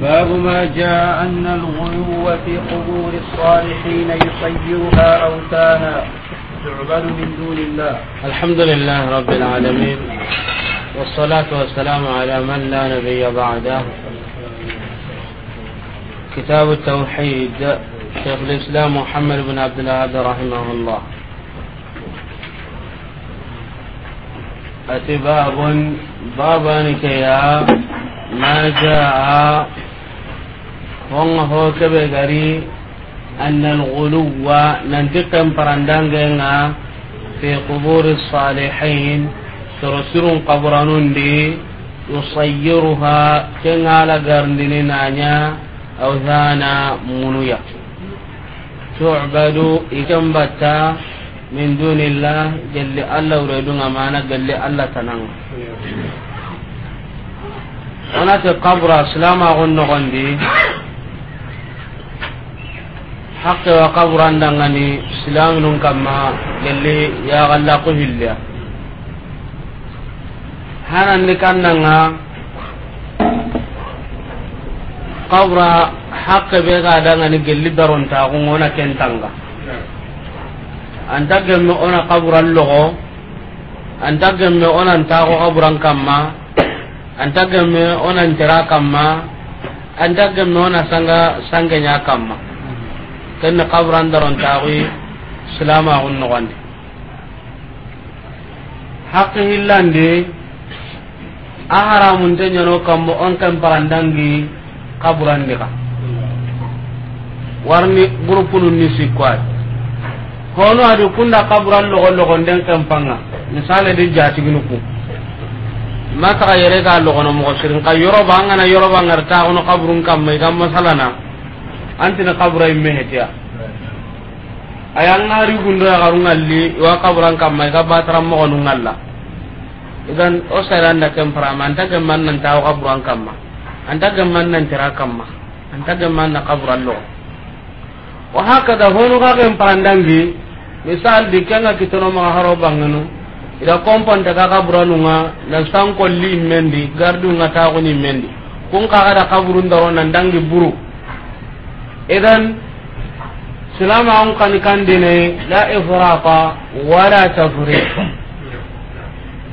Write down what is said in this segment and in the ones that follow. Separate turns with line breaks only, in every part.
باب ما جاء أن الغلو في قبور الصالحين يصيرها أوثانا
تعبد من دون الله الحمد لله رب العالمين
والصلاة والسلام على من لا نبي بعده كتاب التوحيد شيخ الإسلام محمد بن عبد الله رحمه الله ati babun ke ya ma jaa honga ho kebe gari anna alghuluwa nanti kemparandangenga fi quburi salihin sorosirun qabranundi yusayiruha kengala garndini nanya awthana munuya tu'badu ikambatta min duni dunillah gelli allah uredunga mana gelli allah tananga onate kabra silamagun nogondi hakke wa kaburandangani silaminun kamma gelli yagallaku hilliya hanandi kannanga kabra hakke be gadangani gelli darontagun wona kentanga anta gemme ona kaburan logo anta gemme ona ntago kaburan kamma anta gemme ona jara kamma anta gemme ona sanga nya kamma kenna kaburan daron tawi silama gun nogondi haqqi hillandi a haramun te ñano kammo on ken parandangi kaburandi ka warni groupe nun ni sikkuati hono adi kunda kaburan logon logon den kan panga misale de jati ku mata yere ga logono mo sirin ka yoro banga na yoro banga ta ono kaburun kam mai kam masalana antina kabura imme hetiya ayang nari gundo ya garunga li wa kaburan kam mai ka batara mo onu ngalla idan o saranda kan parama anta kan man nan taw kaburan kam ma anta kan man nan tira kam ma anta kan man na kaburan lo wa hakada hono ga kan pandangi misal di kenga kitono ma haro bangano ida kompon daga kaburanu nga na sanko li mendi gardu nga tago ni mendi kun ka kada kaburun daro nan dangi buru idan silama on kan dine la ifraqa wala tafri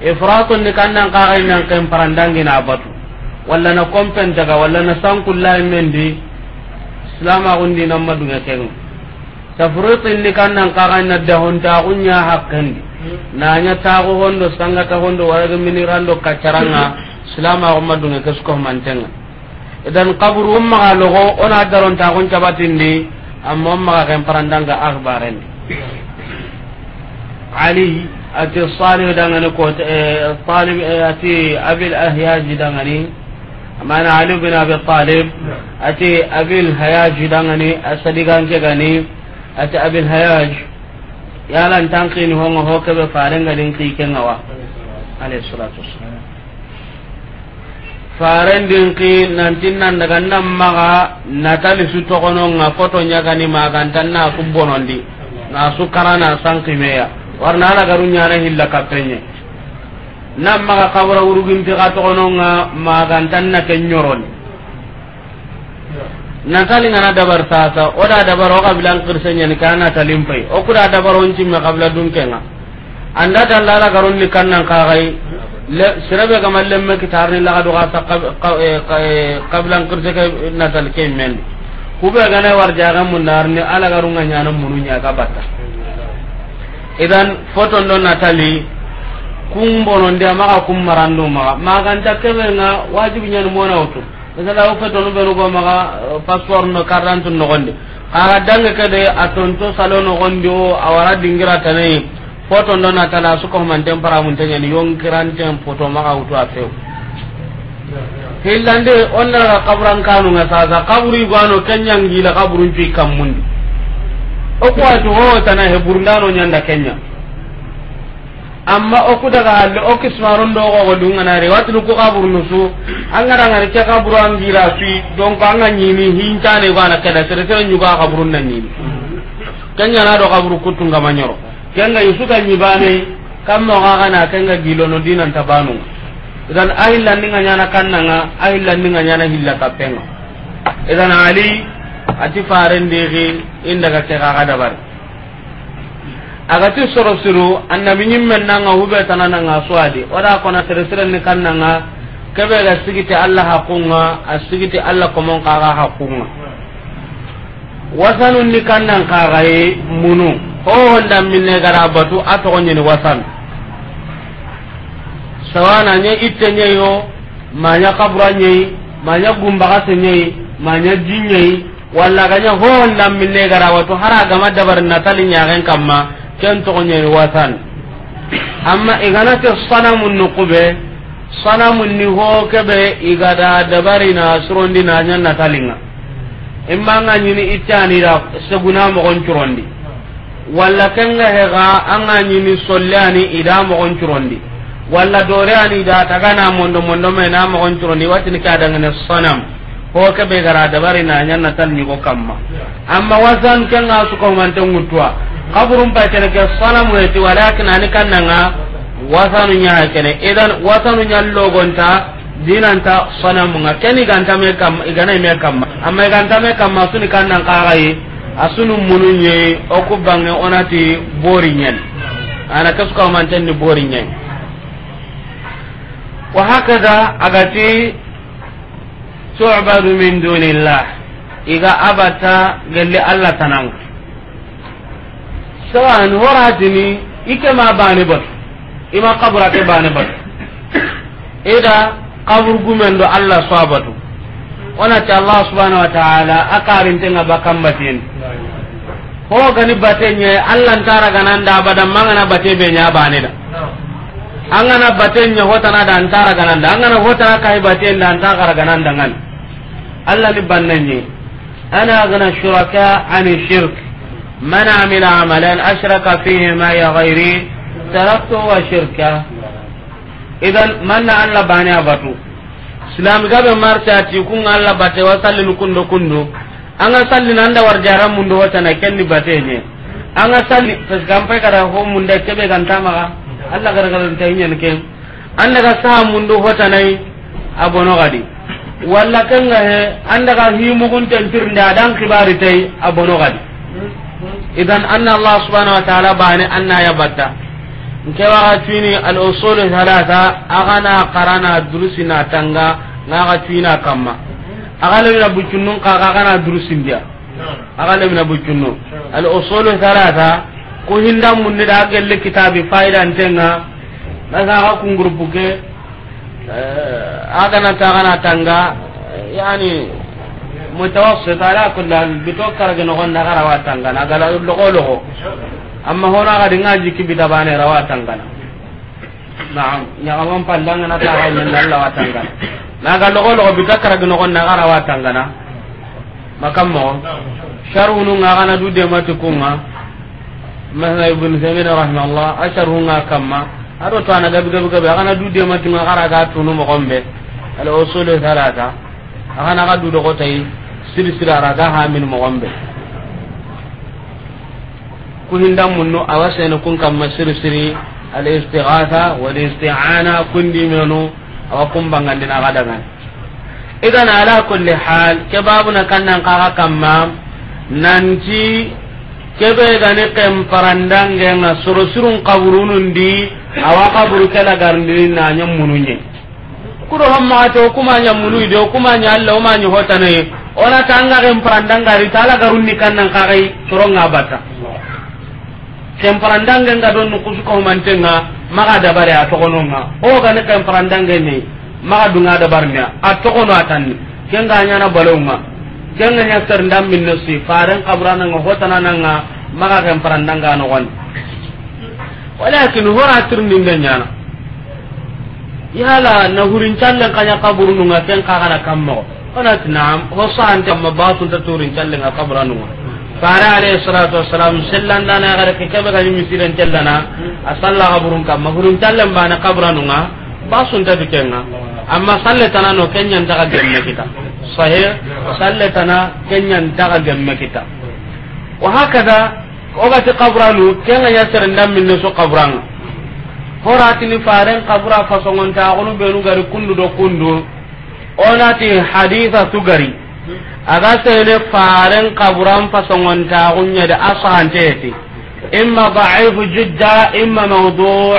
ifraqa ni kan nan ka kai nan kan parandangi na batu walla na kompen daga walla na sanko la mendi silama di nan madunga kenga tafriqin ni kannan kaganna dahonta kunya hakkandi nanya tago hondo sanga ta hondo waraga minirando kacaranga silama ko madunga kesko mantenga idan qabru umma galogo ona daron ta kun cabatindi amma umma ga kan parandanga akhbaren ali ati salih dangane ko talib ati abil ahyaj dangane amana ali bin abi talib ati abil hayaj dangane asadigan ke ati abil hayaj yalan tankini hongo hokebe farenga din kikenga wa alayhi salatu wassalam faren din ki nantin nan daga nan maga natali su tokono nga koto nyagani magantan na su bonondi na su karana sanki meya warna ala garu nyana hilla kapenye nan maga kabura urugin ti nga magantan na ke kenyoroni natali ngana dabar sasa oda dabar oka bilang kirsenya ni kana o okura dabar onci me kabla dunkenga anda dan lala garun ni kannan kai le sirabe gamal me kitarni la ga gasa kabla e, e, kirse ke natal ke men kube gana warja ga ni ala garunga nyana mununya bata. idan foto ndo natali kumbono ndia maka kummarando maka maka ntakewe nga wajibu nyana mwana otu misala o fetonu ɓenu go maxa eh, passeport no cardante nogondi kaga dange kede a tonto salo nogondi o oh, a wara dingira tanayi foto ndo na tala su ko man dem komanten paramunteñani yonkiranten poto maxa wutu a few hillande on naraga kaburankanunga sasa kaburi gano kenyangila kaburun cuyi kammundi o kuwati howotana oh, he burundano ñanda kenya amma oku daga halle oku smarun do ko dunga na rewatu ko kabur nusu an gara ngari ke kabur an gira fi don ko an ga nyini hinta ne bana kada sere sere nyuga kaburun nan nyini kanya na do kabur kutu ngama nyoro kenga yusu kan nyibane kam no ga na kenga gilono dinan tabanu idan ahilla ninga nyana kannanga ahilla ninga nyana hilla kapenga idan ali ati inda indaga ke ga dabar agati soro siru annabi nyimmen nanga hube tanana nanga swadi oda kona teresere ni kannanga kebe ga sigiti allah hakunga asigiti allah komon kaga hakunga wasanu ni kannan kaga e munu ho honda minne gara batu ato ni wasan sawana nye itte nye yo manya kabra nye manya gumbaga se nye manya jinye walla ganya ho honda minne gara watu hara gama dabar natali nyagen kamma ken togonye watan amma iganate sanamun nukube sanamun ni ho kebe igada dabari na surondi na nyan na talinga imma nga nyini itani da seguna mo gonchurondi walla kenga hega anga nyini sollani ida mo gonchurondi walla dore ani da taga na mondo mondo me na mo gonchurondi watini kada ngene sanam ho kebe gara dabari na nyan na tal ni ko kamma amma wasan kenga su ko man tan mutwa kaburum pa tene ke salamu eti walakin ani kannanga wasanu nya kene idan wasanu nya logonta dinanta sanamu nga keni ganta me kam igana me kam amma ganta me kam masuni kannan qarai asunu mununye okubange onati borinyen ana kasuka manten ni borinyen wa hakaza agati tu'badu min dunillah iga abata gelli allah tananga sawan horatini ikema bane bat ima kabura ke bane bat ida kabur gumen do allah sabatu onati allah subhanahu wa ta'ala akarintenga bakambatien ho gani bate nye allah ntara gananda badan mangana bate be nya bani da angana bate nye hotana da antara gananda angana hotana kai bate da antara gananda ngan allah ni bannanye ana gana shuraka ani shirki من عمل عملا اشرك فيه ما غيري تركته وشركه اذا من الله باني أبطو سلام قبل مرتاتي يكون الله باتي وصلي نكندو كندو anga salli nanda war jaram mundo watana kenni batenye anga salli tas gampai kada ho munda kebe gantama ga Allah gara gara tayinya ne ken anda ga sa mundo watana abono gadi walla kanga he anda ga hi mugun tentir nda dan kibari tay abono gadi idan anna allah subhanahu wa ta'ala bani anna ya batta nke wakatini al usul thalatha agana qarana durusi na tanga ngaga tuina kamma agale na bucunnu kaga kana durusi ndia agale na bucunnu al usul thalatha ko hinda munni da gelle kitabi faida ntenga daga ka ta agana na tanga yani mutawassit ala kulli hal bito karage no gonna gara na gala logo logo amma hona ga dinga jiki bi dabane rawa tangana na'am nya ga wan na ta hayin Allah watanga na ga logo logo bito karage no gonna gara watangana makammo sharhunu nga mahna ibn zamin rahimahullah nga to ana gabi gabi gabi ga tunu mo gombe al usul thalatha ga ko tayi silisirara ga hamin mogonɓe kuhindan munnu awa sene kun kamma sirisiri alistighatha walisti'ana kundi menu awa kumbangandina ga dagani idan ala kulli hal ke babuna kannan kaga kamma nanti kebe gani kem parandange nga soro surun kaburunun di awa kaburu kala garndini na nyam mununye kuro hamma to kuma nyam munu ide kuma nya Allah kuma nya hotane ona tanga ke perandang gari tala garunni nang kagai soronga abata kem parandanga ga don nukusu ko mantenga maga dabare a tokononga o oh, ga ne kem parandanga ni maka dunga dabarnya a tokono atanni kenga nyana balonga ga nya tar ndam min no si faran qabrana ngo hotana nanga maga kem ga no kon walakin hora tirni ndanyana yala na hurin challe kanya kaburu ken kagana kammo onati naam ho sahan kamma batun ta turin callenga kabranuwa fare alayhi salatu wassalam sellandana gare ke kebe gani misiren cellana a salla kaburun kamma hurun callen bana kabranunga basun ta dukenga amma salle tana no kenyan daga gemme kita sahih salle tana kenyan daga gemme kita wa hakada ogati kabranu kenga yaseren dam minne so kabranga horatini faren kabra fasongonta agonu benu gari kundu do kundu onati haditha sugari aga sene faren kaburan ta da de tete imma daifu jidda imma maudu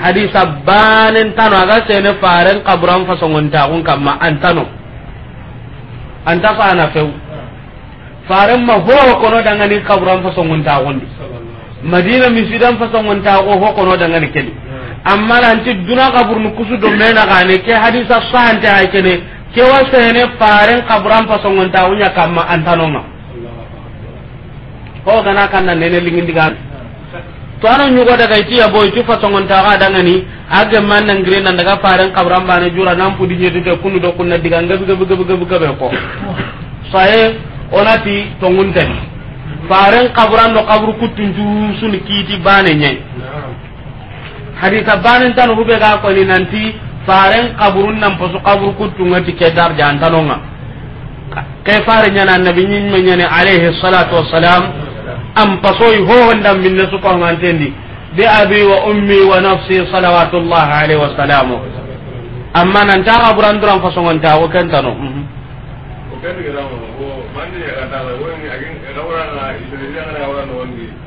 haditha banin tano aga sene faren kaburan ta fasongontaxun kamma antano anta na fe faren ma howa kono dangani kaburan ta gun madina misidan ta ho kono dangani kedi amma nanti duna kaburnu kusu do mena gane ke hadisa sahante ha kene ke wase wasene faren kaburan pasongon tawunya kamma antanonga ko gana kanna nene lingindiga to ano nyugo daga iti ya boy tu fasongon taga dangani age man nan gire nan daga faren kaburan bana jura nan pudi nyedu te kunu do kunna diga ngabi gabi gabi gabi gabi ko sae onati tongun tani faren kaburan do kaburu kutun tu sun kiti bane nyai hadisa banen tan hube ga ko ni nanti faren kaburun nan posu kabur kuttu ngati ke dar jan tanonga ke fare nyana annabi nyin me nyane alaihi salatu wassalam am pasoi ho honda ngantendi bi abi wa ummi wa nafsi salawatullah alaihi wassalamu amma nan ta duran ngonta kan tanu ko
kan mo ya kata agin na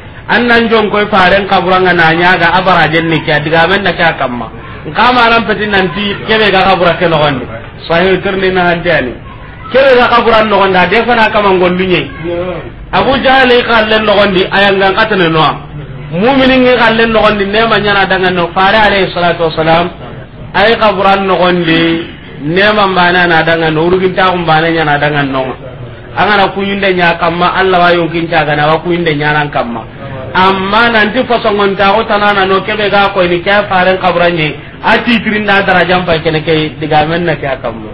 annan jon koy faren kaburanga na nya ga abara jenni kya diga men na kya kamma kama nan peti nan ti kebe ga kabura ke nogondi sahil terni na handani kebe ga kabura nogonda de na kama ngollu nyi abu jahali kalle nogondi ga katene no mu'minin ngi kalle di ne ma nyana daga no fare alayhi salatu wassalam ay kabura di ne ma mbana na daga no urugin ta mbana bana nyana daga no angana kuyinde nya kamma allah wa yonkin ta ga na wa kuyinde nya nan kamma amma nanti tanana no keɓe ga koyni ke a faren kaburanye a na darajan pay kene ke digamen na ke a kammo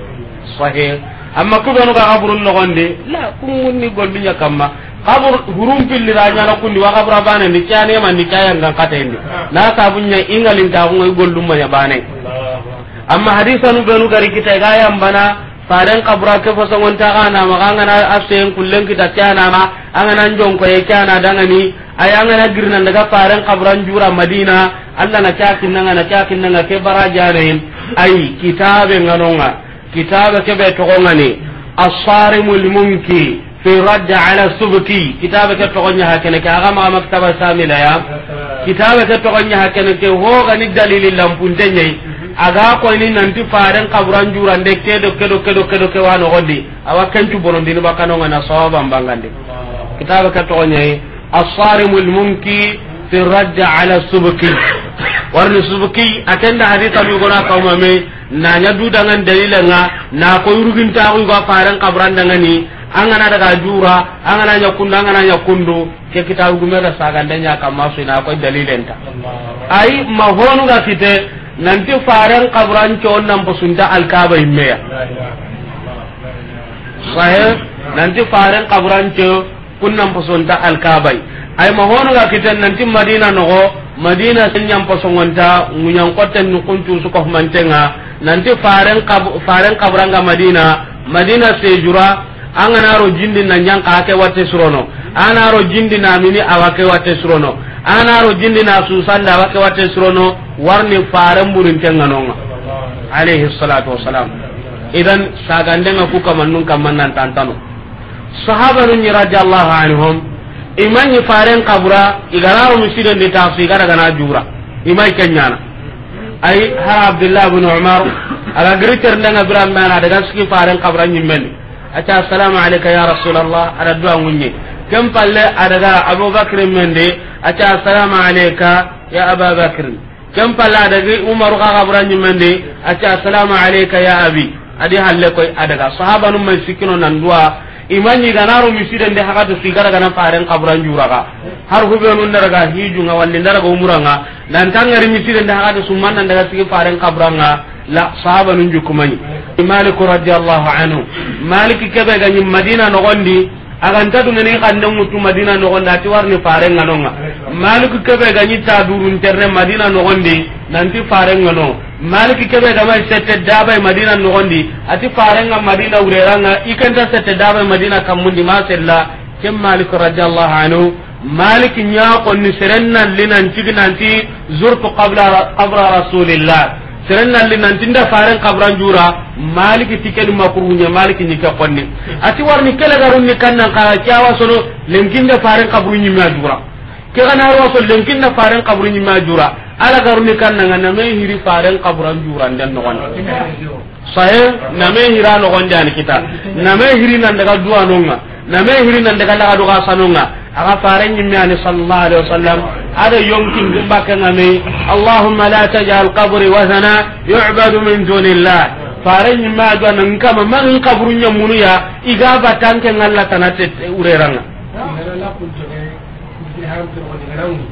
sahi amma kuɓenuga kaburun nogondi la kungunni golliña kamma kabur hurum pillira ñana kundi wa ni banandi ma ni ke ngan yangan katendi na sabuña ingalintaxunga i gollummaña bane amma hadisanu ɓenu gari kita ga yambana faren kabura ke fasongontaxa anama xa ngana a seen kullen kita ke ma a ngana njonkoye ke ana dangani ngana girna daga faran qabran jura madina allah na cakin nan na cakin nan ke baraja ne ai kitabe nganonga kitabe ke be tokonga ne as-sarimul mumki fi radd ala subki kitabe ke tokonya hakene ke aga ma maktaba samila ya kitabe ke tokonya hakene ke ho gani dalilin lampuntenye aga ko ni nanti faran qabran jura de kedo kedo kedo kedo ke wano godi awakan tu bonon dinu bakano ngana sawaba mbangande kitabe ke tokonya الصارم المنكي في الرد على السبكي warni subuki akenda hadita mi gona kawma me na nya da ngan dalila nga na ko yurugin ta ko ga faran kabran da ngani an angana daga jura angana nya kundu angana nya kundu ke kita gume da saga danya kamma su na ko dalilen ta ai mahonu ga kite nanti faran kabran ko nan basunta alkaba immeya sahih nanti faran kabran ko kunnan posonta alkabai ay ma hono ga kitan nanti madina no madina senyan posongonta munyang kotten nu kuntu su mantenga nanti faren kab faren kabranga madina madina sejura anga naro jindi na nyang ka ke watte surono anaro jindi na mini awake wate surono anaro jindi na susan da awake wate surono warni faren burin tenga no alaihi salatu wassalam idan sagandenga ku kamannun kamannan tantano sahaba nun yi radiyallahu anhum iman yi faren kabura igararu misiden di tasu igara gana jura imay kenyana ay har abdullah ibn umar gritter ndanga mana daga ski faren kabura assalamu alayka ya rasulullah du'a kem palle abubakar assalamu alayka ya kem palle umar ka kabura assalamu alayka ya abi adi halle koy adaga sahaba mai sikino nan du'a imanyi ganaro misiden de haga to sigara gana faren kaburan juraga har hubbe nun daraga hiju nga walli daraga umuranga nan tangari misiden de haga to summan nan daga sigi faren kaburanga la sahaba nun jukumani malik radiyallahu anhu malik kebe ganyi madina nogondi aganta dungene kande mutu madina nogondi ati warni faren nganonga malik kebe ganyi ta durun terne madina nogondi nanti faren nganonga maliki kebe dama sette dabai e madina nogondi ati farenga madina wureranga ikenta sette dabai e madina kammundi masella ken malik radiallahu anhu malik nya konni serenna linan ciginanti zurtu qabla qabra rasulillah serenna linan tinda faren qabran jura malik tikeli makrunya malik ni ka konni ati warni kele garunni kannan ka kyawa sono lenkinda faren qabrunyi ma jura ke gana rasul len kinna faren kaburu ni majura ala garuni kan na na me hiri faren kaburan juran den no gon sahe na me hira no gon dan kita na me hiri nan daga duwa no nga na me hiri nan daga daga duwa sanonga aga faren ni mi sallallahu alaihi wasallam ada yonkin gumba kan ame allahumma la taj'al qabri wazana yu'badu min dunillah faren ni ma do nan kama man kaburu nyamunuya iga batanke ngalla tanate ureranga
ti haramta ko diga rauni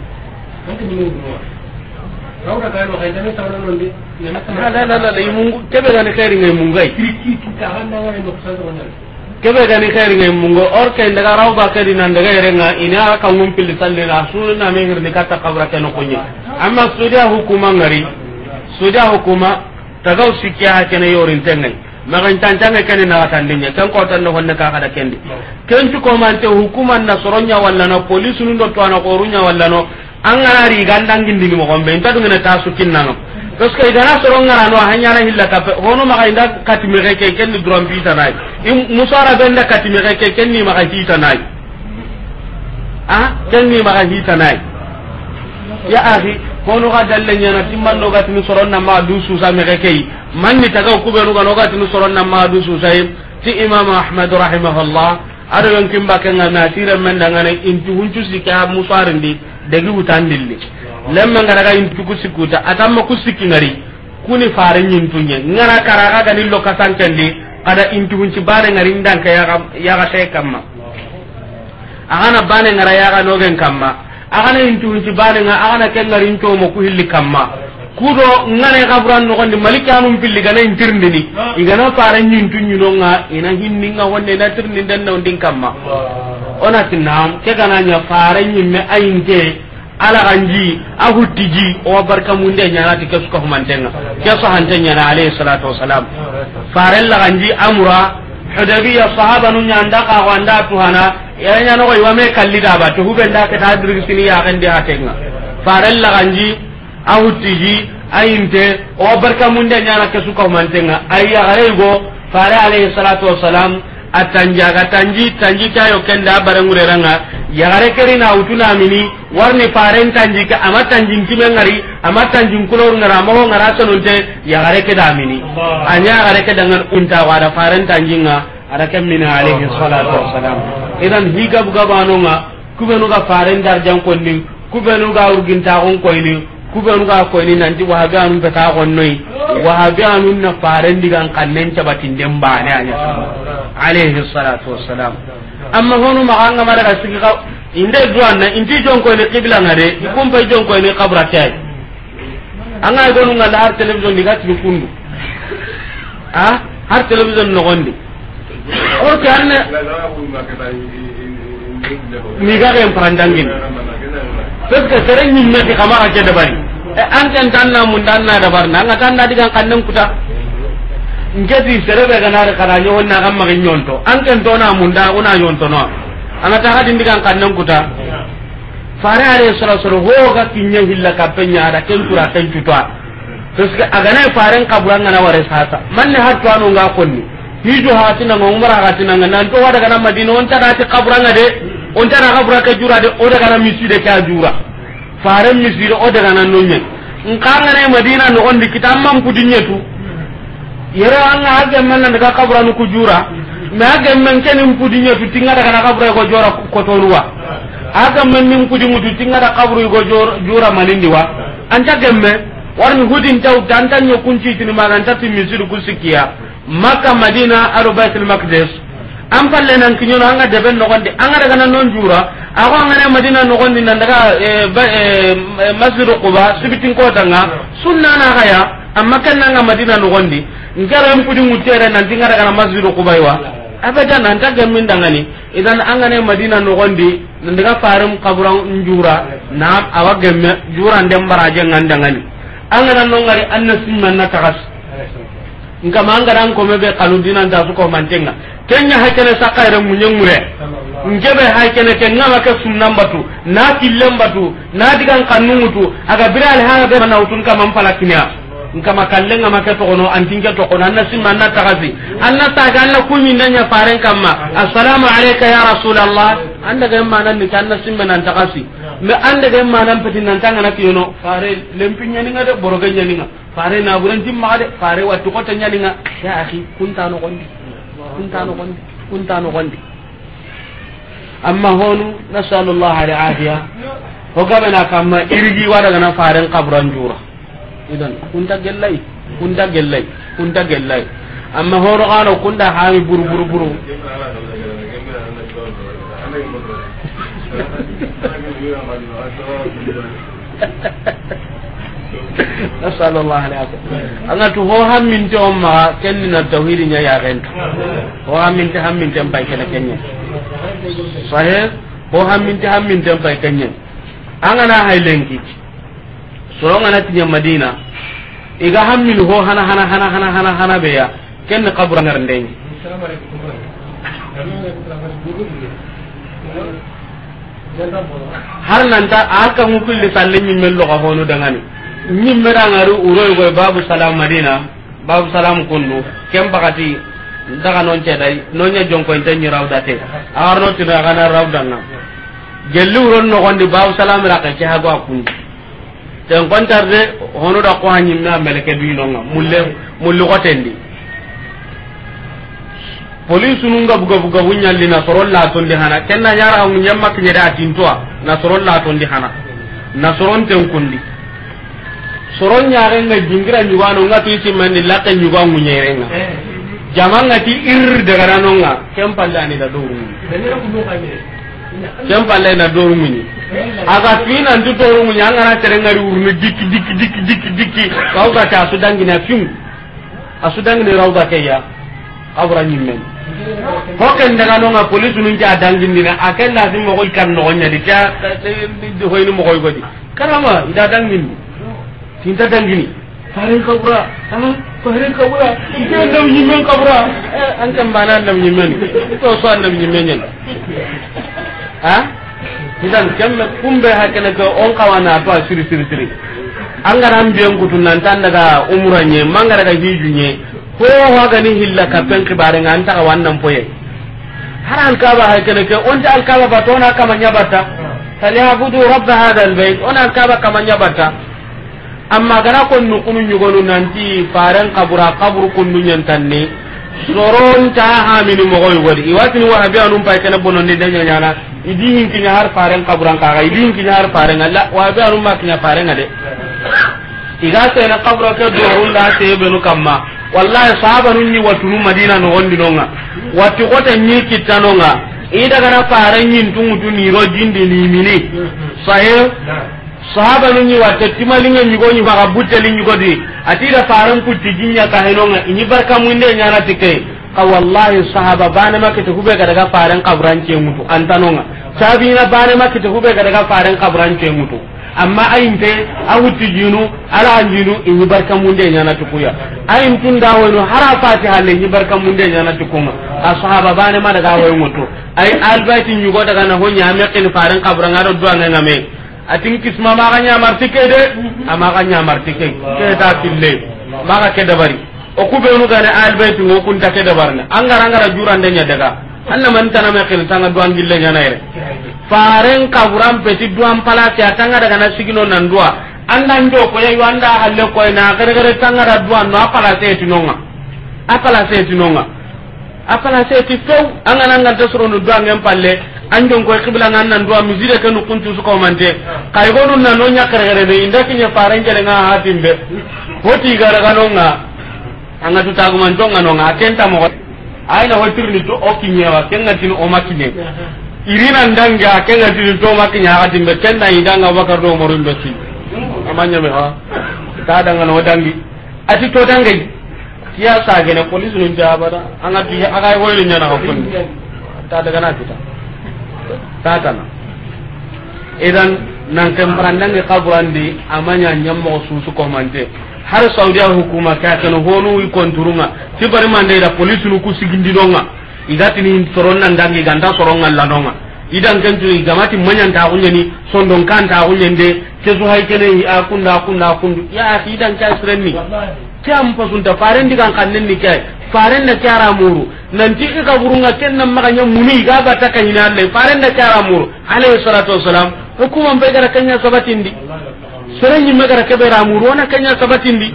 an kan yimu duwa rawda ka kebe
ga ne ngai ki ki ko mungo or kay daga raw ba kadi nan daga yerenga ina ka ngum pil talle na sunu na me ngirni kata kabra ke no amma sudia hukuma ngari sudia hukuma tagaw sikya hakene yorin tengai magan tantanga kene na tandinya kan ko tan honne ka kada kendi ken ko man te hukuman na soronya walla na police nun do to ana korunya walla no an ngara ri gandang gindi mo gombe ta dunga ta su sukin nano parce que idana soronga rano hanya na hilla ka hono ma inda katime ke ken ni drum bi tanai im musara benda katime ke ken ni ma ka hi tanai a ken ni ma ka hi tanai ya akhi kono ga dalle na timman do gatini soronna ma du susa me ke man ni taga ku nu gano gati nu soron nan ma du susai ti imam ahmad rahimahullah ada yang kimba ke ngana tire men daga ne intu hunju sika musarindi degi utandilli lemma ngara ga intu kusikuta atamma kusiki ngari kuni fare nyintunye ngara karaga gani lokasan kasantendi ada intu hunji bare ngari ndan ka ya ya ga sai kamma agana bane ngara ya ga nogen kamma agana intu hunji bare ngara agana ken ngari into mo ku hilli kamma kudo ngane kaburan no gondi malikanu pilli gana intirndini ah. igana fare nyintu nyino nga ina hinni nga wonde na tirni den no undin kamma ah. ona tinam ke kana nya fare nyimme ainge ala ganji ahutiji o barka munde nyana ti kesu ko mantenga kesu hantenya na alayhi salatu wasalam ah, pare la ganji amura hudabiya sahaba nya nyanda ka wanda tuhana ya nya no ko yame kallida ba to hubenda ka tadirgisini ya gande tenga pare la ganji awutiji ayinte o barka munde nyana ke suka mantenga ayya garego fare alayhi salatu wassalam atanja ga tanji tanji ta yo kenda barangure ranga yagare keri na utuna mini warni faren tanji ka ama tanji kime ngari ama tanji kulor ngara mo ngara sonunte yagare ke da mini anya yagare ke dangan unta wada faren tanji nga ada kem min alayhi salatu wassalam idan higa buga banonga faren darjan konni kubenuga ga urginta on koyni kuben ga ko ni nanti wahabi anun beta gonnoi wahabi anu na faren digan kannen cabatin den bane anya alayhi salatu wassalam amma honu maganga mara ga sigi ka inde duan na inti jon ko ni qibla ngare ikum pai jon ko ni qabra tay anga gonu ngala har television diga ti kundu ha ah, har television no gondi
orke anne mi ga ren parandangin parce que sere nyimme ti kamara ke dabari e an tan
tan na mun tan na dabar na ngata na digan kannan kuta ngeti sere be ga na re kana nyon na gamma ga nyonto an tan to na mun da una nyonto no anata ha din digan kannan kuta fare are soro soro ho ga kinya hilla kapenya ada ken kura ken tutwa parce que agana faren kaburan na e ware sasa manne har to anu ga konni hijo hatina nga umra hatina nga nan to wada kana madina on tara ti qabra nga de on tara qabra ka jura de o daga na misi de ka jura fare misi de o daga na nonye nkanga ne madina no on dikita amam ku dinyetu yere anga hage man nan daga qabra nu ku jura ma hage man ken im ku dinyetu tinga daga na qabra ko jura ko to ruwa hage man nim ku dinyetu tinga daga qabru ko jura manindi wa anja gemme warni hudin taw dantan yo kunci tin maganta tin misi ku sikiya makka madina aro baitul maqdis an palle nan kinyo an ga deben no gonde anga ga daga nan non jura ago an ga madina no gonde nan daga eh, eh, eh, masjid quba sibitin ko tanga sunna na ga ya amma kan nan ga madina no gonde ngara an pudi mutere nan tinga daga masjid quba wa abadan nan ta gamin dangani idan an ga madina no gonde nan daga farum kaburan njura na awa gemme jura ndem baraje ngandangani an ga nan no ngari an na sunna na tagas nka mangara ko me be kanu dinan ta su ko mantenga kenya ha kene saka ere munye mure ngebe ha kene ke ma ke sumnan batu na killen batu na digan kanungutu aga biral ha ga na utun kam pala kinya nkama kallen nga make to kono to kono anna simma anna tagasi anna taga anna kumi ndanya faren kamma assalamu alayka ya rasulullah anda ga ma ni mana anna simma me anda ga ma nan nan tanga na kiyono fare lempinya ninga ngade boroga nga pare na buran timma de pare wattu ko tanya ninga ya akhi kunta no gondi kunta no gondi kunta no gondi amma honu nasallallahu alaihi afiya ho gamena kamma irgi wada gana faren kabran jura idan kun gellai kun gellai kun gellai amma horo kano kun da buru buru buru
asal allah ala
ko an ga to sorongana tinya madina iga hammin ho hana hana hana hana hana hana be ya ken qabra ngar ndeng har nanta aka mu kulli salle min mello ka honu dangani min mera ngaru uro go babu salam madina babu salam kundu kem bakati daga non cedai nonya jonko inte ni rawdate arno tinaga na rawdan na gelli uron no gondi babu salam raka ke hago akundi ten kontarde honu da ko hanyim na meleke binonga mulle mullu gotendi police nun gabu gabu gabu nyalli na soron la tondi hana kenna yara mun nyamma kinye da tintoa na soron la tondi hana na soron ten kundi soron nyare nga jingira nyugano nga tu isi mandi lakke nyuga munyere nga eh. nga ti ir daga ranonga kempalla ni da doru kempalla na doru munyi
aga fina ndu
toru mu nyanga na tere ngari urnu dikki dikki dikki dikki dikki kau ka ta su dangi na fim a su dangi ne rauda kaya abra nyimmen ko ken daga no nga police nun ja dangi ni na akel lazim mo koy kan no nya di ta di hoyni mo koy godi karama ida dangi eh, ni tinta dangi ni farin kabura farin kabura ke ndam nyimmen kabura an kan bana ndam nyimmen to so ndam nyimmen ha idan kemme kumbe hakene ga on kawana to a siri siri siri angara ambiyen kutu nan tan daga umra nye mangara daga hiju nye ko waga ni hilla ka pen kibare ngan ta wannan poye haran ka ba hakene ke on ta alkaba ba to na kama nyabata falyabudu rabb hada albayt on alkaba kama nyabata amma gara kon nu kunu nyugonu nanti faran kabura kaburu kunnu nyantanni soron ta ha mini mo goy wadi iwatin wa habi anum pa kana bonon de na idi kinya har faren kaburan kaga idi kinya har faren alla wa be anum ma kinya faren ade iga se na kabura ke do hunda te be no kamma wallahi sahaba nun ni watunu madina no wondi nonga wati kota ni kitanonga ida gara faren yin tun tungu ni ro jindi ni mini sahe sahaba nun ni watte timali ngi nyugo nyi baka butte li nyugo di atida faren ku tijinya ka henonga inyi barka mu inde nyana tikai ka wallahi sahaba bana makete hube ga daga faran kaburan ke mutu antanonga sabina bane makita hube ga daga faran kabran ce mutu amma ayin te wuti jinu ala jinu in barkan mun de nyana tukuya ayin tun da wani hara fati halle in barkan mun de nyana tukuma ashaba bane ma daga wayo mutu ay albaitin yugo daga na honya mekin faran kabran ngado duwa ngame atin kisma ma ganya martike de amma ganya martike ke ta tille ma ga ke dabari o ku be nu gane albaitin o kun ta ke dabarna angara angara da nya daga anna man tana me kin tanga duan gille nyana ire faren kaburan peti duan palati tanga daga na sigino nan dua anda ndo ko yayi wanda halle ko na gare gare tanga da duan no apala se tinonga apala se tinonga apala se ti few anga nan nganta soro no duan ngem palle anjon ko qibla nan nan dua mizire kanu kuntu su ko mante kay go nun nan no nya gare gare be inda kinya faren jele nga hatimbe hoti gara ganonga anga tutaguman jonga no nga kenta mo ayna hotirni to o kiñewa kengatini o makkine irina ndanga kengatini to makkine hakatimɓe kenna yidanga bakar do omarun do
amanya
amañame ha ta danga no dangi ati to dangay kiya gene police nunte abada agati aga hoyri na hokkoni ta na kita tatana idan nan kembarandange kaburandi amaña su suusu komante har saudiya a hukuma ka no honu wi konturunga ti bari mande da police ku sigindi donga igati ni soronna ndangi ganda soronga lanonga idan kentu gamati manyan ta kunye ni sondon kan ta kunye nde ke su hay kene a kunda kunda kundu ya akhi idan ka srenni kyam pasun sunta faren digan nen ni kai faren na kyara muru ti ka burunga kenna nyam muni ga bata kan ina le faren na kyara muru alayhi salatu wassalam hukuma be gara sabatin di serenyi megara kebera muru ona kenya sabatindi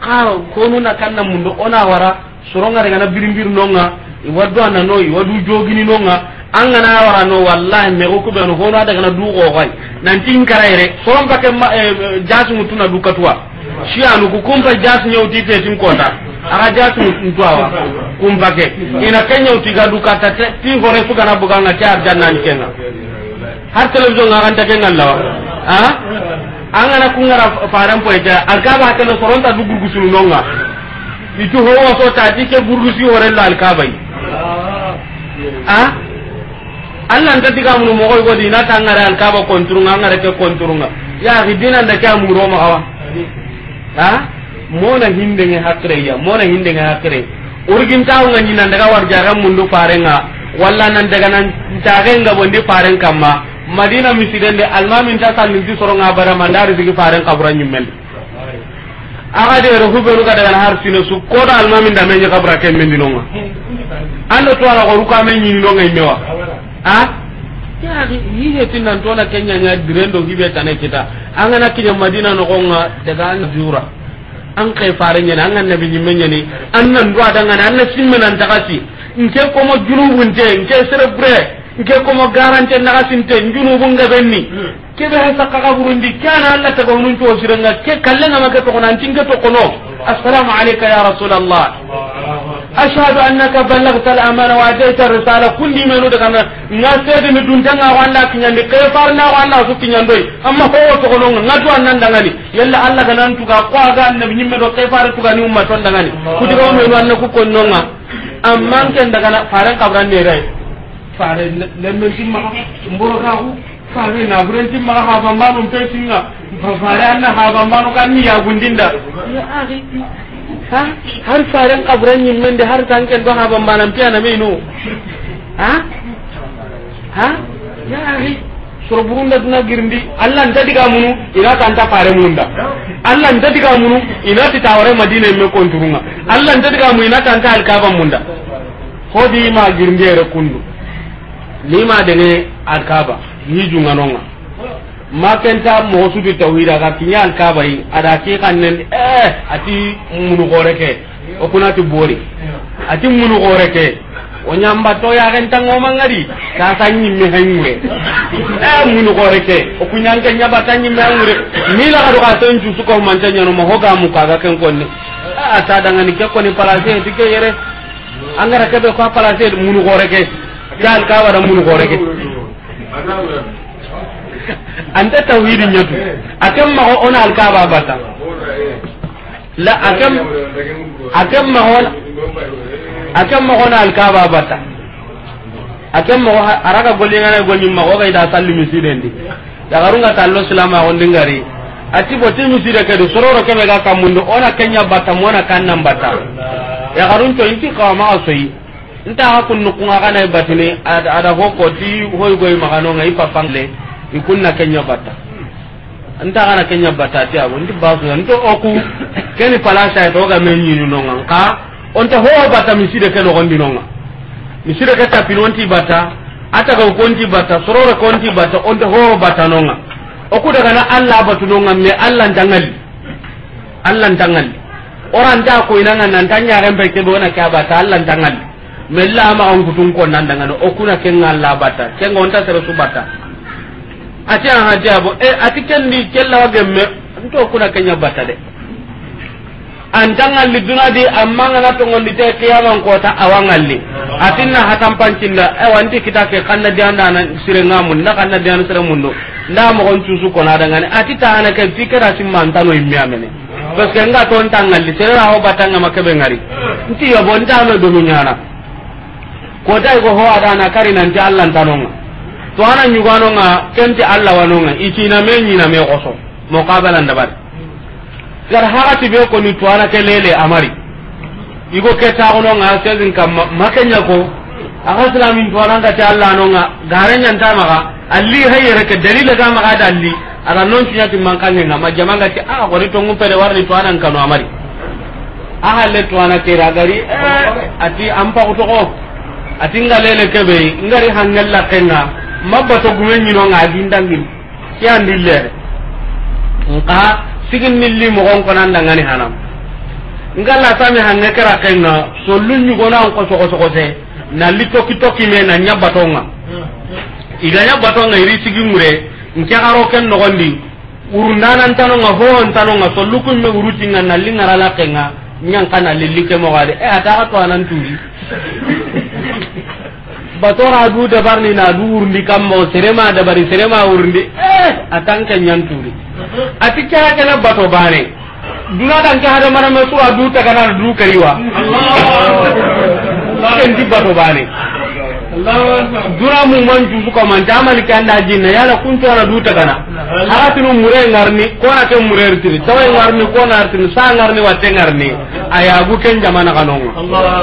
ka konu na kanna mundo ona wara soronga daga na birimbir nonga iwadu ana no iwadu jogini nonga anga na wara no wallahi me ko be no hono daga na dugo gai nan tin karaire soron pake eh, jasu mutuna dukatwa shi anu ku kumpa jasu nyauti te tin kota aga jasu kumpa ke. ina kenya utiga dukata ti hore su kana buganga ta jannan kenga har television ga kan ta kenga lawa
ha
angana kungara faran poyta alkaba hakana soronta du gurgusunu nonga itu howa so ta dike gurgusi la alkaba yi a ah? allah nta diga mo mogoy godi na ta ngara alkaba konturunga angara ke konturunga ya hidina nda ke amuro ma hawa ah? na hinde nge hakre ya hinde nge hakre urgin tawo ngani nan daga warjaga mundu farenga walla nan daga nan tagenga bondi faren kamma madina misidende min ta sallin ti soronga bara mandari sigi faren kabura nyimmen aga de ro hubelu ka daga har sino su ko da min da menye kabura ken men dinonga ando to ala ko ka men nyin nonga imewa ha
ya ni he
tinan to na kenya nya direndo gibe tane kita anga na kinya madina no gonga daga an jura an kai faren yana an annabi nyimmen an nan ruwa adanga an na simmen an takasi nke ko mo junubun te nke bre ike komo garante naga sinte njunubunge benni hmm. kebe ha sakka kaburundi kana allah tagonun coosirenga ke kallenama ke togono antinke tokono assalamu alayka ya rasul allah ashhadu annaka ballagta amana wa adayta risala kulli menu daga na nga sede mi duntanga ko allah kinyandi ke farna ko allah su kinyandoi amma ko ho togono nga to annan dangani yalla allah nan tuga ko aga annabi nyimme do ke far tuga ni umma ton dangani kudiga o menu annaku konnonga amman ken daga na faran kabran ne rai fare lemme timma mboro ka ku fare na buren timma ha ba manu pe tinga ba fare anna ha ba manu kan ni ya gundinda ya ha har faren kabran yin mende har tanken do ha ba manan pe na meino ha ha ya ari soro burunda duna girindi allah nta diga munu ina ta nta fare munda allah nta diga munu ina ti taware madina me konturunga allah nta diga munu ina ta nta alkaba munda hodi ma girindi ere kundu lima dene alkaba hiju nganonga makenta mo su bi tawhida ga kinya alkaba yi ada ki kannen eh ati munu goreke o kuna ti bori ati munu goreke o nyamba to ya kan tango mangari ta sanyi me hanwe eh munu goreke o kunya kan nyaba tanyi me hanwe mila ga do ka tanju su ko mantanya no mo hoga mu kaga kan konne a ah, ta ni ke koni palase tike yere angara kebe ko palase munu goreke cal ka wara mun gorege anta tawhidin nyatu akem ma ona al kaaba bata la akem akem ma ona akem ma ona al kaaba bata akem ma araga golli ngana golli ma oga ida salli misidendi da garunga tallo silama on dingari ati boti miside kedi sororo kebe ga kamundo ona kenya bata mona kanna bata ya garun to inti qama asoyi nta ha kunnu kunga kana batini ada ho ko di hoy goy magano ngai papangle na kenya batta nta kana kenya batta ti di ba basu nto oku keni palasa to ga men nyinu nonga ka onta ho batta sire ke gondi mi sire ke tapin ti batta ata ga konti batta sorore konti batta onta ho batta nga oku daga na alla batu nonga me alla ndangali alla ndangali oran ta ko inanga nan tanya rembe ke bona ka batta alla ndangali mella ma on kutun ko nan daga o kuna ken ngalla bata ken gonta sere su bata ati an hajabo e ati ken ni la wa gemme nto kuna kenya bata de an antangalli dunadi amma ngana tongondi te kiyaman kota awangalli atinna hatan pancinda ewanti kita ke kanna diandana sire ngamun na kanna diana sire mundo nda mogon cusu kona ne ati ta tahana ke fikira simmantano immiamene parce que nga ton tangalli serera ho batanga makebe ngari nti yobo ntano domi ñana kota go ho ada na kari nan ti Allah tanonga to ana nyugano nga kenti Allah wanonga na me nyina me koso muqabala ndabar gar haati be ko ni to ana kelele amari igo keta ono nga sezin kam makenya ko aga islamin to ana ta Allah nonga garenya ntama ga alli hayere ke dalila ga ma ga dalli ara non tinya ti mankanya nga majamanga ti a ah, ko ni to ngumpere warni to ana kanu amari aha le to ana ke ragari eh, ati ampa ko to ko atinga lele kebe ngari hangella kenga mabba to gumen nyino nga dindangi kyan dille nga sigin nilli mo gon konan dangani hanam la tami hanne kera kenga sollun nyugo na ko soko soko se na lito kitoki me na nyabba tonga iga nyabba nga iri sigin mure nke haro ken no gondi urundanan tanonga ho tanonga sollukun me urutinga na lingara la kenga nyanka na li ke mo gade e eh, ata ka to anan turi batora du dabar ni na ndi kam mo serema dabari serema urndi eh atanka nyanturi ati kya kana bato bane duna dan ka hada marama sura du ta kana du kariwa
allah allah ndi
bato bane dura mu man ju ko man jamal kan da jinna yala kun to na du ta kana haratinu mure ngarni ko na ke mure ritiri tawai ngarni ko na artin sa ngarni watte ngarni aya gu ken jamana kanongo allah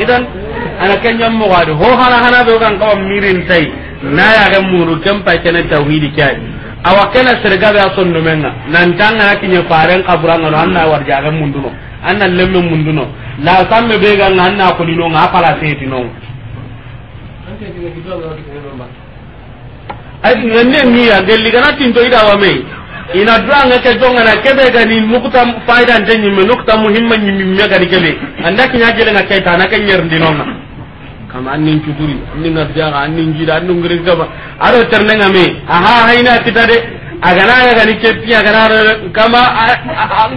idan ana kanyam mo wadu ho hana hana be kan ko mirin tai na ya ga muru kan pa kana tauhidi kai awa kana serga be son no menga nan tanga na kinye faren kaburan no na war jaga munduno anna lemme munduno la samme be ga na ko dino nga pala seti no ay nenne ni ya gelli kana tin to ida wa me
ina duwa nga ke
jonga na kebe ni nukta faida nte nyimme nukta muhimma nyimme gani kebe anda kinya gele nga kaita na kenyer gaba aro terne nga me aha haina kita de agana ga gani kepi agana kama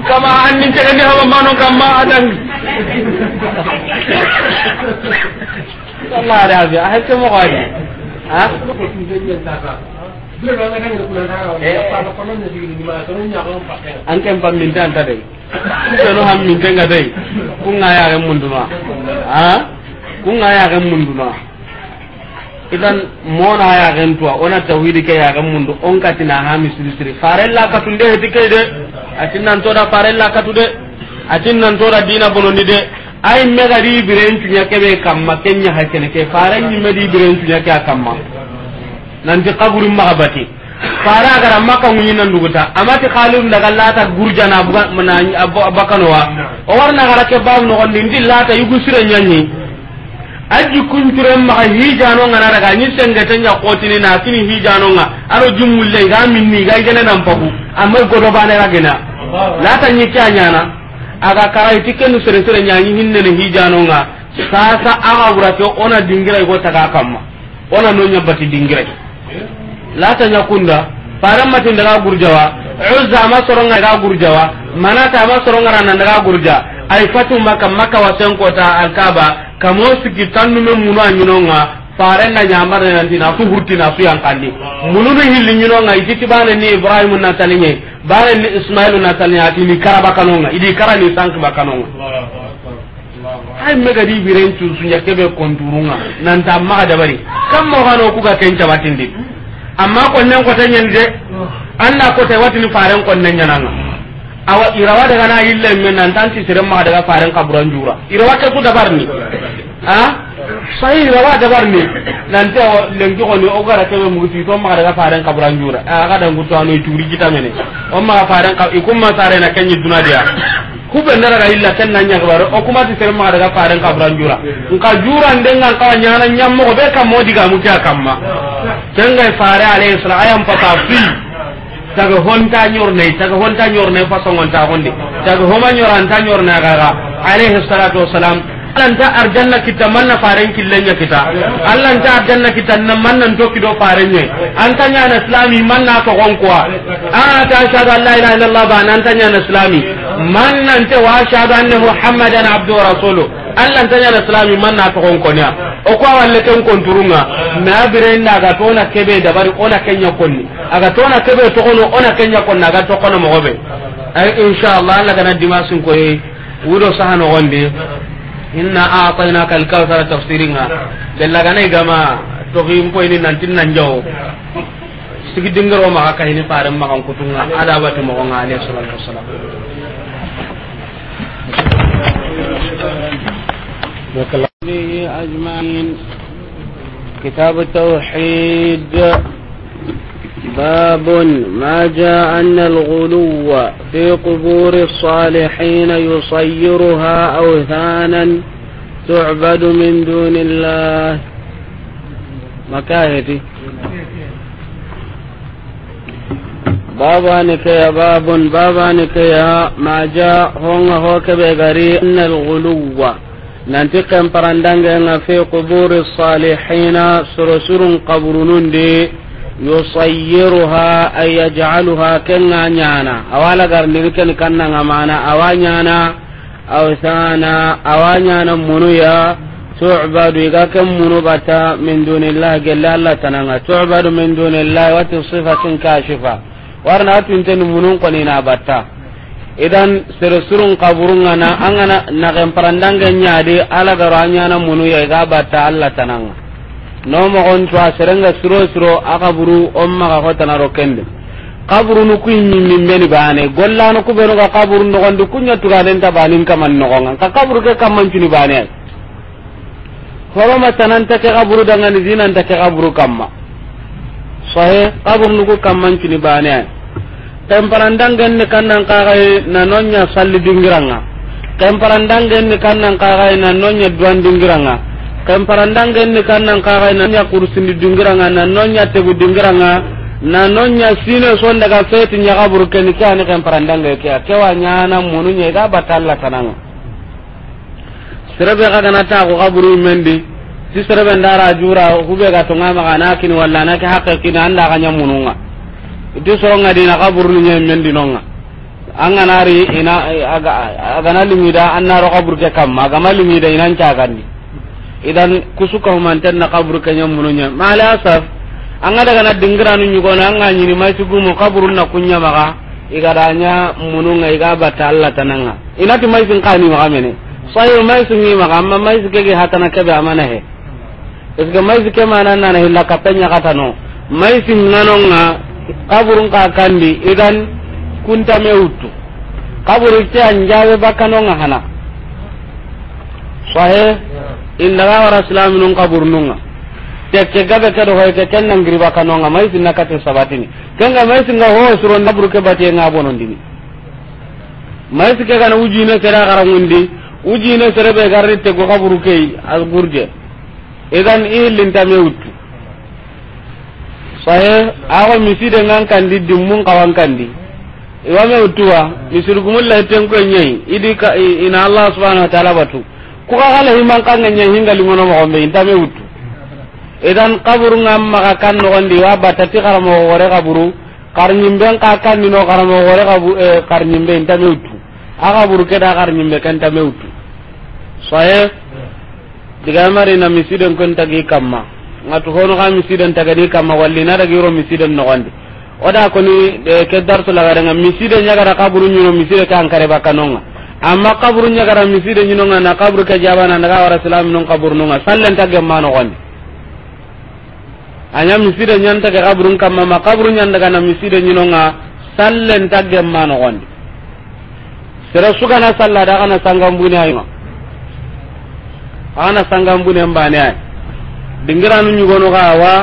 kama annin cegani hawa mano kama adang Allah ha
an ken pam min tan ta dai keno ham min ta ga dai
kun ga ya mun duna ha kun ga ya mun duna idan mona ya gen tuwa ona tawhidi ke ya gen mun du on katina ha ¿ah? mi siri siri farella ka tunde hedi ke de atin nan to da farella ka tude atin nan to da dina bonondi de ay mega di birentu nya kebe kamma kenya hakene ke farenni medi birentu nya ke kamma nanti kaburu magabati fara gara maka munyi nan duguta amati khalil daga lata gurja na bakano wa o warna gara ke babu no gondi ndi lata yugu sire nyanyi aji kunture ma hijano ngana daga nyi sengete nya kotini na kini hijano nga aro jumulle ga minni ga gene nan pagu amma godo bane ragena lata nyi kyanyana aga karai tikenu sire sire nyanyi hinne ne hijano nga sasa aga burate ona dingira go taga kama ona no nyabati dingira lata ñakunda matin daga gurjawa uzza ma soronga daga gurjawa manata ma soronga nan daga gurja ay fatu maka maka wasan kota alkaba kamo sigi tannu men munu anyinonga faren na nyamar na dina su hurti na su yang kandi munu ni hilli nyinonga ititi bana ni ibrahim na talinye bana ni ismailu na talinye atini karaba kanonga idi karani sank bakanonga ay mega di biren tu sunya kebe konturunga nan ta ma da bari kam mo gano ku ga ken tabatin dit amma ko nan ko tanyen de anna ko ta watin faran kon nan awa irawa daga na illa men nan tan ci sirem ma daga faran kaburan jura irawa ta ku da barni ha sai irawa da barni nan ta lengi ko ni o gara ta mu ti to ma daga faran kaburan jura a ga dan gutu anoi turi kita mene o ma faran ka ikum ma sare na kanyi dunadiya ku dara daga illa tan nanya ga baro o kuma ti ma daga faran buran jura ka jura ndenga ka nyana nyammo ko be kam modi ga mutiya kamma tengai fare alayhi salam ayam pata fi ta honta nyorne daga honta nyorne hon songonta ta ga homa na ga ga alayhi salatu wassalam ta arjanna kita manna faren killenya kita ta arjanna kita nan manna to kido farenye tanya na islami manna ko gonkuwa a ta shahadu an la ilaha illallah ba nan tanya na islami manna ta wa shahadu anna muhammadan abdu rasulu tanya na islami manna ko gonkonya o ko walle ken konturunga na na ga to na kebe da bari ona kenya konni aga to na kebe to kono ona kenya konna ga to kono mo gobe ay eh, insha Allah kana dimasun yi wudo sahano gonde inna aatayna kal kawthar tafsirina bella nah. gane gama to gim ko ini nanti tin nan jaw sigi dingaro ma ka ini faram ma kan kutunga ada batu ma ko ngale sallallahu alaihi wasallam أجمعين كتاب التوحيد باب ما جاء أن الغلو في قبور الصالحين يصيرها أوثانا تعبد من دون الله مكاهتي بابا يا باب بابا يا ما جاء هون هوك بغري أن الغلو nanti في قبور الصالحين سرسر قبر نندي yusayyiruha ay yaj'aluha kenga nyana awala garni ken kanna ngamana awanyana awsana awanyana munuya تعبد إذا كم منوبة من دون الله جل الله تنانا تعبد من دون الله وتصفة كاشفة warna tinten munun koni na batta idan seresurun kaburunga ana angana na kemparandange nyaade ala garo anyana munu ya ga batta Allah tananga no mogon to aserenga siro siro akaburu omma ga hotana ro kende kaburu nu kuin min min beni bane golla no kubeno ga kaburu no gondi kunya tuga den ta banin kaman no gonga ka kaburu ke kaman cuni bane horo matanan ta ke kaburu daga ni dinan ta ke kaburu kamma sahe kaburu nu ku kaman cuni bane temparandan ganne kannan kaga na nonya salli dingiranga temparandan ganne kannan kaga na nonya duan dingiranga kemparandangenni kannan kaxay nanya kursindi dungiranga na nonya tegu dungiranga na nonya sine son daga feti ñaxaburu keni ke ani kemparandange kea kewa ñana munu ka batalla tananga serebe xagana taxu xaburu mendi ti serebe ndara jura kube ga tonga maga na kini walla na ke hakke kini anda ga nyamununga itu nga dina kaburu nye mendinonga anganari ina aga aga na limida anna ro kaburu ke kamma aga ma limida ina ncagandi idan kusuka humanten na kaburu kenya mununya mala asaf anga daga na dingiranu nyugona anga nyini maisi gumu kaburu na kunya maka igadanya mununga iga bata Allah tananga inati maisi nkani maka mene sayo maisi ngi maka amma maisi kege hatana kebe amana he iska maisi kema nana na hilla kapenya katano maisi nanonga kaburu nka kandi idan kunta me meutu kaburu kya njawe bakanonga hana sahih indaga wara silami nun kabur nunga tekke gabe ke do hoyte ken nan griba kanonga mai sinna kate sabatini ga mai sinna ho suro nabru ke bate nga bonon dini mai sike uji ne sera uji ne sere be te go kaburu ke al gurje idan ilin tame uttu sahe awa miside ngan kandi mun kawan kandi iwame utuwa misirgumulla te ko nyai idi ina allah subhanahu wa ta'ala batu ku ka gala himan kan nga nya hinga lingono mo gombe inta me wutu idan kaburu ngam maka kan no gondi wa batati karamo gore kaburu karnyimbe ka kan ni no karamo gore kabu eh, karnyimbe inta me wutu ke buru keda karnyimbe kan ta me wutu soye diga mari na misiden kon tagi kamma ngatu hono ga misiden tagani kamma walli na dagi ro misiden no gondi oda koni eh, ke darsu lagare ngam misiden nyaga ra kaburu nyuno misiden kan kare bakanonga amma kaburu ñagara miside ñinonga na kaburu ke jabana ndaga wara silami non kaburu nonga sallen tagge mano gondi anya miside ñantage kaburun kamma ma kaburu ñandaga na miside ñinonga sallen tagge mano gondi sere sugana salla da kana sangambune ayma kana sangambune mbane ay dingiranu ñugono ga wa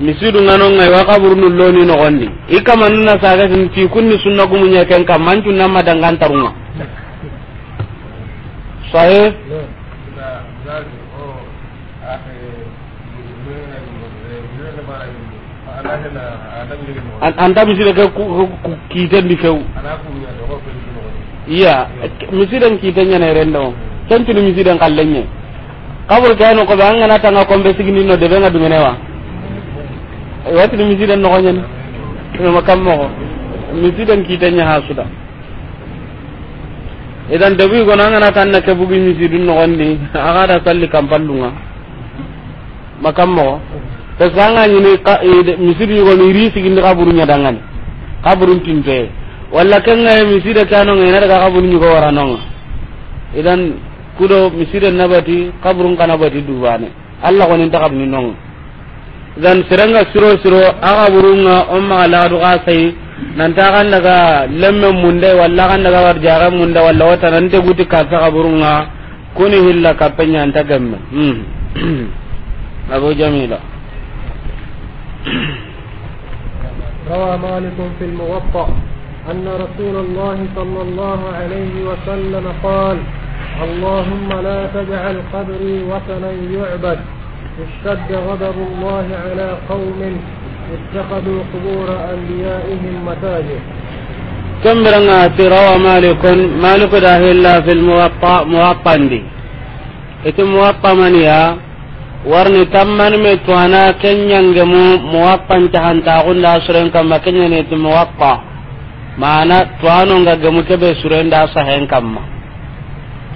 misidu ngano ngai wa kaburu nu loni no gondi ikama nuna saga sin ti kunni sunna gumu nya ken kam manju namma dangan tarunga sahe anta misida ku kiten di feu iya misidan kiten nya ne rendo tantu misidan kallenye kabur kayano ko be angana tanga kombe sigini no de be ngadumenewa watini misiden noxoñani ma kam moxo misiden kiitenya ha suda idan go gono ngana tan na ke bugi no noxondi aga da salli kam pallunga ma kam moxo ni que anga ñini misidu yugoni iri sigindi xaburu ñadangani xaburun tinte walla kengaye miside ke ka ina daga xaburu ñugo waranonga idan kudo miside nabati xaburun kanabati dubane allah gonin taxabni nongo. dan siranga siro siro aga burunga umma ala du sai nan ta kan daga lemme munde walla kan daga warjaga munde walla wata nan te guti ka ta burunga kuni hilla ka penya anta gamme hmm abu jamila
روى مالك في الموطأ أن رسول الله صلى الله عليه وسلم قال اللهم لا تجعل قبري وثنا يعبد اشتد غضب الله على قوم اتخذوا قبور أنبيائهم متاجر
كم برناتي روى مالك مالك داهلا في الموطأ موطأ دي iti muwappamaniya warni tamman me tuana kenyange mu muwappan tahantagunda suren kamma kenyani iti muwappa mana tuano nga gemu kebe suren da sahen kamma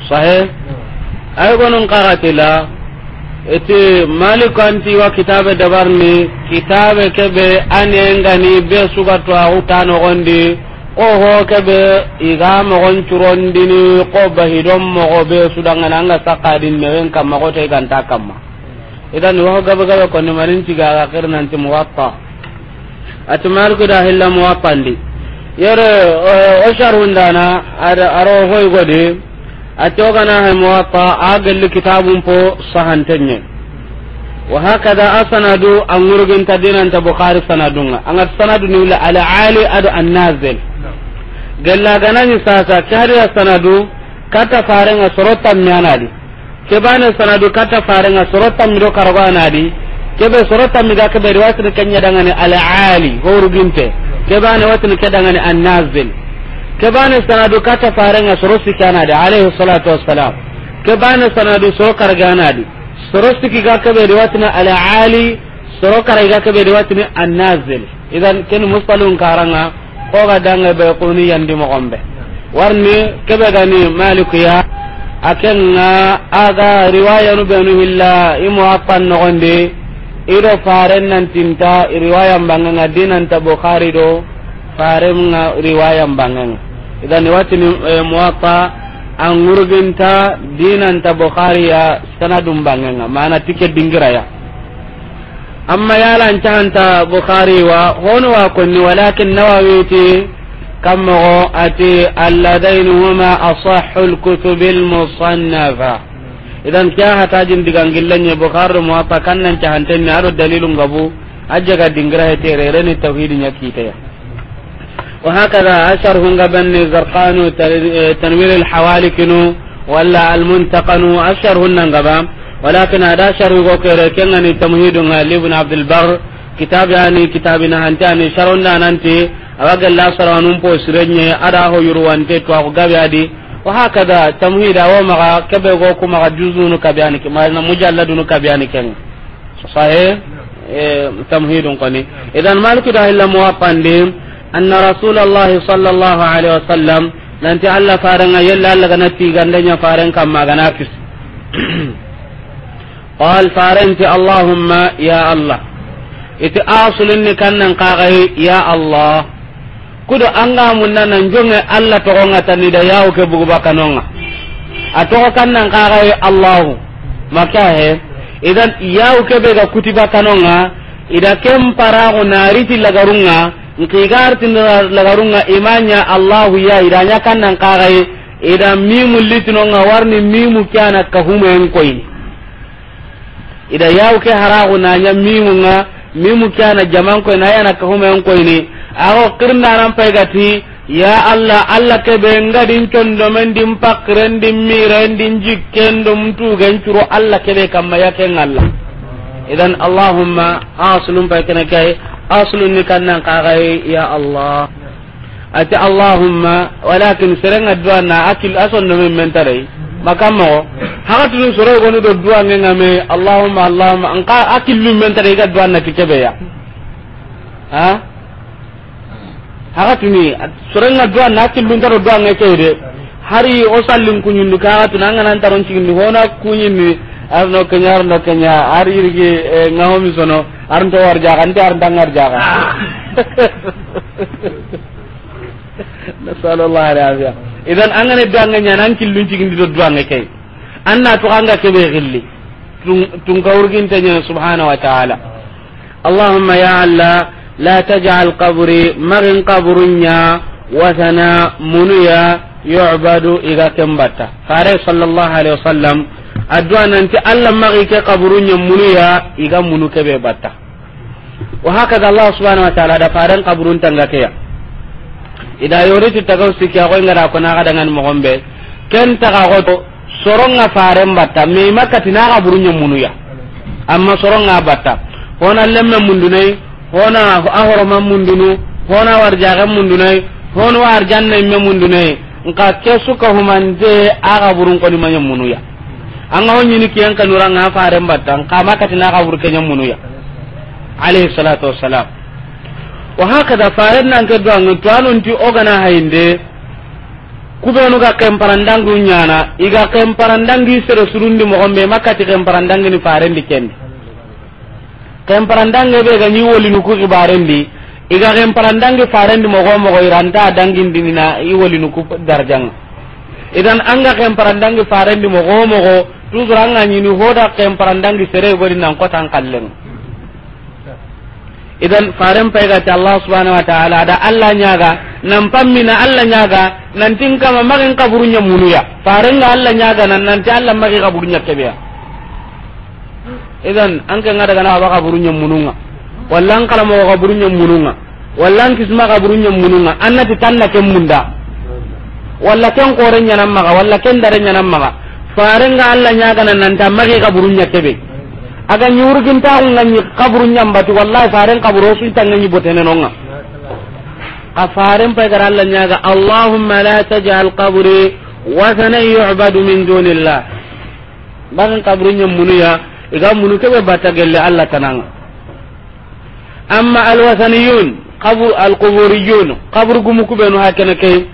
sahe iti maliku anti wa kitabe dabarni kitabe kebe anengani be sugatu axu tanoxondi ko ho kebe iga mogon curondini ko bahidon mogo be sakadin idan marin muwatta ati da hilla eh, o aro atogana muwatta a galli kitabun po sahantenye wa hakada asanadu an tadinan ta bukhari sanadunga sanadu ni ala ali adu annazil galla ganani sasa sanadu kata farenga sorota mianadi kebane sanadu kata farenga sorota karwanadi kebe sorota miga kebe kenya dangane ala ali horuginte kebane kedangane annazil kebane sanadu kata farenga soro sikanadi alayhi salatu wassalam kebane sanadu soro karganadi soro sikiga keɓedi watini ala ali soro karaiga keɓedi watini annazil idan keni mustalun karanga koga dange ɓe kuni yandi mogonɓe warni keɓegani malikuya akenga aga ido faren nantinta riwayan bukhari do farenga riwayan idan watini muwatta an dinan dinanta bukhari ya sanadun bangenga mana tiket dingira ya amma yala ta bukhari wa hono wa kunni walakin nawawiti kammogo ati alladain huma asahu lkutubi lmusannafa idan jin hatajin digangillanye bukhari muwatta kannancahantenni aɗo dalilu ngabu a jaga dingira heterereni tawhidi ñakkiteya وهكذا أشر هنغا بن زرقان تنوير الحوالي كنو ولا المنتقن أشر هنغا ولكن هذا أشر وكير كنغني تمهيد لابن عبد البر كتاب يعني كتاب نهانتي يعني شر نهانتي أوغل لا شر نمبو سرني أراه يروانتي تواغو غابي وهكذا تمهيد أو مغا كبه غوكو مغا جزو نكبياني كما مجلد نكبياني كنغ صحيح تمهيد قني إذا مالك ده إلا موافقا anna rasulullahi sallallahu alaihi wasallam nanti alla faranga yella alla gana tigandanya faren kamma gana kis qal farenti allahumma ya allah iti asulinni kannan kagai ya allah kudo anga munna nan jonge alla to gonga tanida yawo ke bugu bakanonga kan kannan kagai allah maka he idan yawo ke be ga kutiba kanonga ida kem lagarunga nti gartin lagarunga imanya allahu ya idanya kannan kagai ida mimu litinonga warni mimu kana kahumen koyni ida yaw ke haragu nanya mimu nga mimu kana jaman koy na yana kahumen koyni awo kirna ran paigati ya allah allah ke be ngadin condo men dim pakren dim miren dim jikken dum tugen curo allah ke be ya yaken allah idan allahumma aslum paikene kai aslun ni kannan kagai ya allah ati allahumma walakin serenga dua na akil ason no men mentare makamo haka tunu soro gonu do dua ngenga me allahumma allahumma an ka akil lu mentare ga dua na kikebe ya ha haka tuni serenga dua na akil lu ntaro dua ngeke de hari o sallin kunyundi ka haka tunanga nan taron cigindi hona kunyindi arno kenyar no kenya ari irgi ngahomi sono arnto warjaga nte arntang arjaga nasal allah alafia idan angane duange ñana an killun cigindi do duange kai anna to anga keɓe xilli tun kawurginte ñana subhanahu wa taala allahumma ya allah la tajal qabri magin qaburunya wasana munuya yu'badu iga kembatta fare sallallahu alaihi wasallam addu'a nanti allah magi ke kaburu nyemmunu ya iga munu kebe batta wa da allah subhanahu wa ta'ala da faran kaburun tanga ke ya ida ti tagaw sikya ko ngara ko na ngan mogombe ken taga ko to soronga faran batta me makati na kaburu munu ya amma soronga batta hona lemme mundunai hona ahoroma mundunu hona warjaga warjan hona me mundu mundunai nka ke suka humande aga burun ko ni manya munuya anga on nyini kiyan kanura nga faren battan kama katina ka nyam munuya alayhi salatu wassalam wa hakada faren nan ke duwan to anunti ogana hainde kubenu ga kemparandangu nyana iga kemparandangi sere surundi mo gombe makati kemparandangi ni faren dikendi kemparandangi ebe ga nyiwoli nuku di iga kemparandangi faren di mo gombe ko iranta dangindi na iwoli nuku darjang idan anga kemparandangi faren di mo gombe ko toujours an ga ñini hoda ken parandangi sere godi nan kotan kallen idan faren ta allah subhanahu wa taala ada allah ga nan pammina allah nan nantin kama magin kaburuña munuya farenga allah ga nan nan ta allah magi kaburuña keɓeya idan an ke nga dagana awa kaburuña mununga walla an kalamogo kaburuña mununga walla an kisma kaburuña mununga annati tanna kem munda walla ken kore ñanan maga walla ken dare ñanan maga farenga allah ñagana nanta maxi kaburu ñakkebe aga ñurugintaxunga ñi kaburu ñambati wallahi faren kaburo suitanga ñi nonga a faren paygara allah ñaga allahumma la tajal kaburi wasanan yubadu min dunillah baxen kaburu ñammunuya iga munu keɓe batta gelle allah tananga amma alwasaniyun kabur alkuburiyun kabur gumukuɓenu ha kene key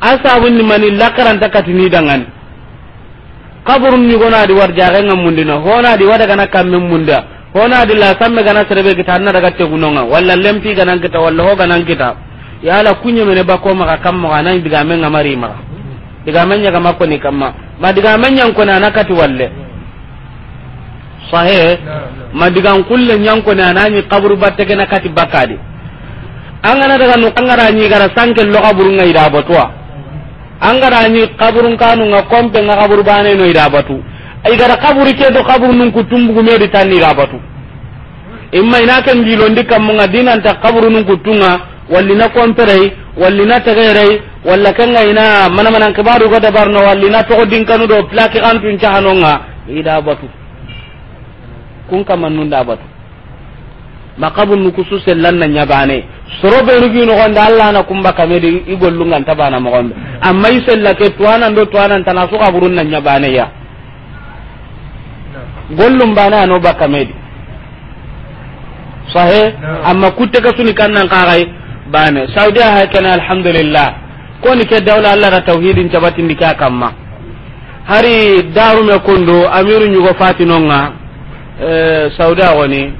a sabunni mani lakaranta katini dangani kaburun ni gona di war jare ngam mundina hona di wada kana kamme munda hona di la samme kana serebe kita na daga te gunonga walla lempi kana kita walla ho kana kita ya la kunye mene bako maka kamma kana diga men ngamari maka diga men nyaga mako ni kamma ma diga men nyang na nakati walle sahe ma diga kulle nyang na nani kaburu batte kana kati bakadi angana daga no angara nyi gara sanke lo kaburu ngai da botwa angarani kaburun kanu nga kompe nga kabur bane no ida batu gara kaburi ke do kabur nun kutumbugu medi tanni ida batu imma ina kan gilo ndika nga dinan ta kabur nun tunga walli na rei walli na rei walla nga ina mana mana kabaru go da barno walli na to din kanu do plaki kan tun jahanonga ida batu kun nun da batu su nukusu sellan na nyabane soro be rugi no gonda Allah na kumba kamedi igollungan tabana mo gonda amma isella ke tuana ndo tuana tana suka burun na nyabane ya gollum bana no bakamedi sahe amma kutte ka suni kannan kagai bane saudi ha kana alhamdulillah ko ni ke dawla Allah ra tauhidin tabatin dika kamma hari daru me kondo amiru nyugo fatinonga eh saudi woni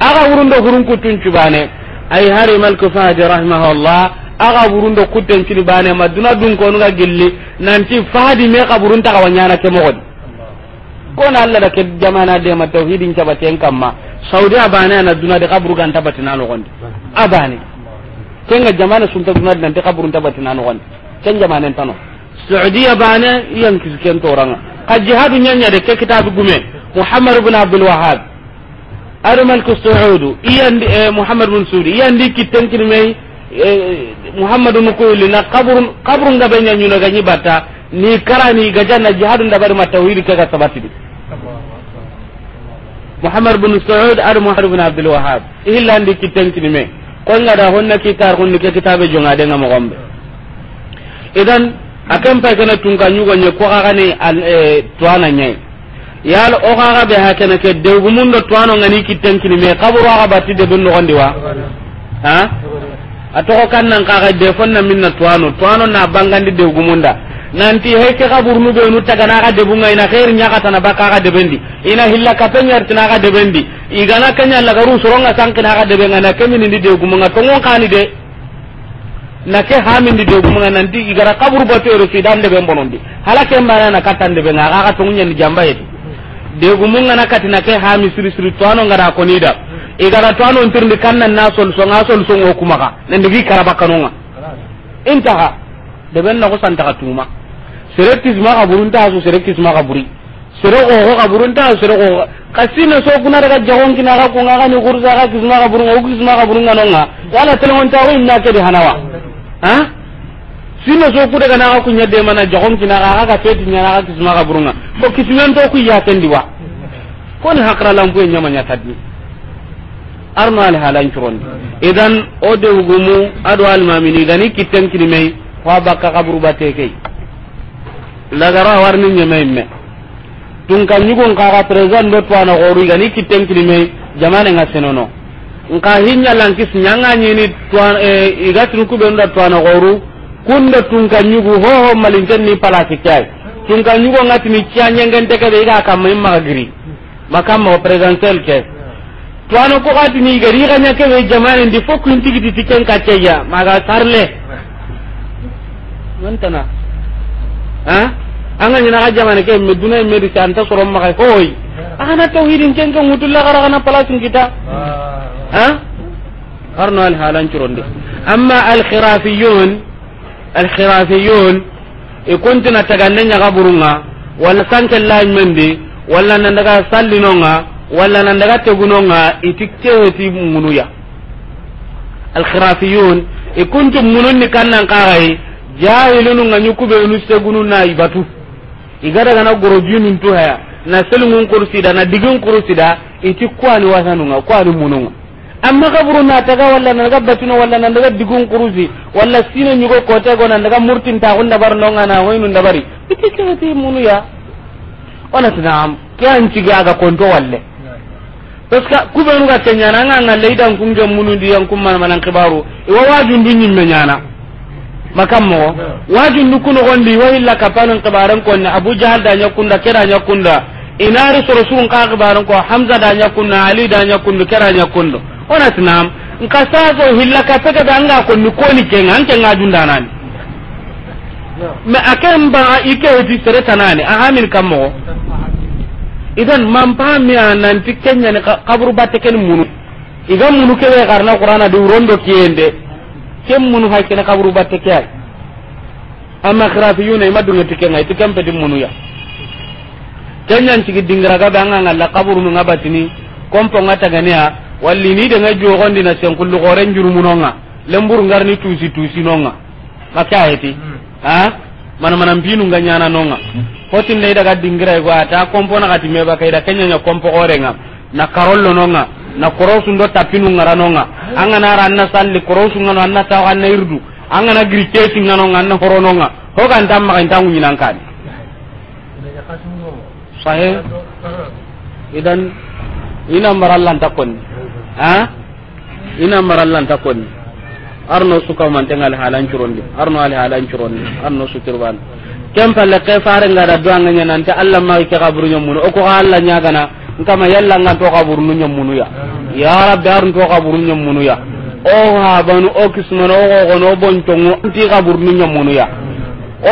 aga wurundo hurun kutun cubane ay hari mal kufaji rahimahullah aga wurundo kutun cini bane maduna dun ko nga gilli nanti fadi me kaburun ta na ke mogodi kona Allah da ke jamana de ma tauhidin cabaten kamma saudi abane na duna de kaburu kan tabatina no gondi abane kenga jamana sunta duna de nanti kaburun na no gonde ken jamana tano saudi abane yan kisken toranga ka jihadu nyanya de ke kitabu gume muhammad ibn abdul wahhab armal ku suudu iyan eh, muhammad bin sudi iyandi di kitten kirmei eh, muhammad bin kuyuli na qabru qabru ga benya nyuna ga nyibata ni karani ga janna jihadun da bari matawhid ka ga sabati di muhammad bin suud ar muhammad bin abdul wahhab ilan di kitten kirmei ko ngada honna kitar honni ke kitabe jonga de ngam gombe idan akan pa kana tunga nyugo nye ko ga ne to yal o ga be hakana ke de gumun do twano ngani kitten kini me kaburu ga batti de dun gondi wa ha atoko kan nan ka ga de fonna minna twano twano na bangandi de gumunda nanti he ke kaburu nu be nu taga na ga de bunga ina khair nya ga tana baka ga de bendi ina hilla ka penya tina ga de bendi igana kanya la garu suronga sankina ga de benga na kemini ni de gumunga to ngon kani de na ke hamin hamindi de gumunga nanti igara kaburu batero sidan de ben bonondi halake mbana na katande be nga ga to nyen jamba yetu degumungana katina ke ha mi siri toano ngada konida igara toano ntirndi kannan na solsonga inta ha de ben na ko santa santaka tuma sere ma ka buru so sere ma ka buri sere ogo ka buru ntaha sere ogo kasina so kuna daga jagonkina ka kunga ka ni kursa ka kisma ka buru nga ukisma ka buru nga nonga yala telengontago inna de hanawa ha sino so kuda kana ka kunya de mana jagon kina ka ka peti nya ka kisma ka burunga ko kismen to ku ya tendi wa ko ni hakra lampu e nya manya tadi arno al halan kiron idan o de ugumu adu al mamini gani kitten kini mai wa baka kaburu bate kai lagara warni nya mai me tun kan nyugon ka ka prezan do to ana goru gani kitten kini mai jamane senono. nka hinya lan lankis nyanga nyini tuan e igatru kubenda tuana goru kunda tunka nyugu ho malinten ni palati kai tunka nyugo ngati ni kyanya ngente ka dega ka mai magri makam mo presentel ke to ano ko ati ni gari ganya ke be jamane ndi fokku intigi ti tiken ka ya. maga sarle wantana ha anga na ga jamane ke me dunai me di santa sorom maga hoy ana tauhidin ken ko mutulla gara pala sun kita ha karno al halan curonde amma al khirafiyun alkhirafiyun ikuntina tagande ñaga burunga walla sankellay mendi walla nandaga sallinonga haya na selungun kursida na digin kursida iti kuani wasanunga mununga amma kaburu na taga wala na daga batuna wala na daga digun kuruzi wala sino nyugo kote go na daga murtin ta hunda bar nonga na hoynu ndabari iti kati munu ya wala tinam kyan ga ga konto walle paska kubenu ga kenya na nga ngalle idan kunjo munu di yang kumman manan kibaru wa wajun dunyin menyana makam mo wajun dukuno gondi wa illa kapanan kibaran konna abu jahal da nyakunda kera nyakunda inari soro surun ka gibaran ko hamza da nya kunna ali da nya kundu kara nya kundu ona tinam nka sazo hilla ka pega da nga ko ni ko ni kenga anke nga jundana ni me akem ba ike odi sere tanani ahamin kammo idan man pami anan tikenya ne ba batte ken munu iga munu ke na qur'ana de urondo kiyende kem munu hakene kaburu batte kiyai amma khrafiyuna imadunga tikenga itikam pedi munu ya kenyan cigi dingiraga be anga ngalla kaburu nu ngabatini kompo ngata ganiya walli ni de ngajo gondi na sen kullu goren nonga lembur ngar ni tusi tusi nonga ka heti hmm. ha mana mana mbinu nga nyana nonga hotin ne daga dingira go ata kompo na kati meba kaida kenya nya kompo nga na karollo nonga na korosu ndo tapinu ngara nonga anga na ranna salli korosu ngano anna tawa na irdu anga na griketi ngano anna horononga hoga ndamma kan tangu nyinankani sahih idan ina marallan takon ha ina marallan takon arno suka man tengal halan curondi arno al halan curondi arno sutirban kem palle ke fare ngada do anganya nante allah ma ke kaburu mun o ko allah nyaga na nkama yalla ngan to kaburu mun ya ya rabbi arno to kaburu mun ya o ha banu o kismano o ko no bon tongo nti kaburu nyamunu ya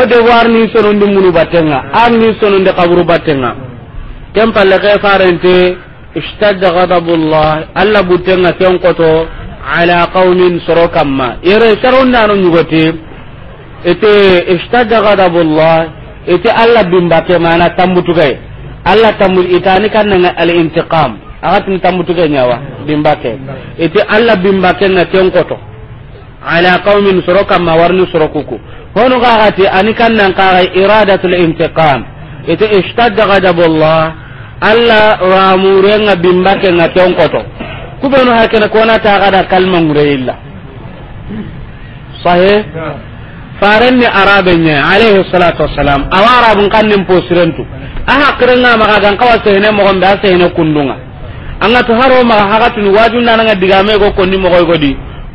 o devoir ni sonondi munu battenga ar ni sonondi kaburu battenga ken palle ke farente ghadabullah alla buttenga ken koto ala qaumin soro kamma sarondano ete ghadabullah ete alla bimbake mana alla tambu itani al intiqam bimbake ete alla bimbake ken koto ala qaumin soro kamma warni soro kuku hono kaxati ani kannan kaxa iradatul intiqam ite ishtadda gadabullah allah ramurenga bimbakenga ken koto kubenu hakene kona taxada kalmangure illa sahe farenni arabe ñe alayhi salatu wassalam awa arabun kannin posirentu a hakirenga maxa gan kawa sehene moxonɓe a sehene kundunga angatu haro maxa haxatuni wajundananga digamego konni moxoygodi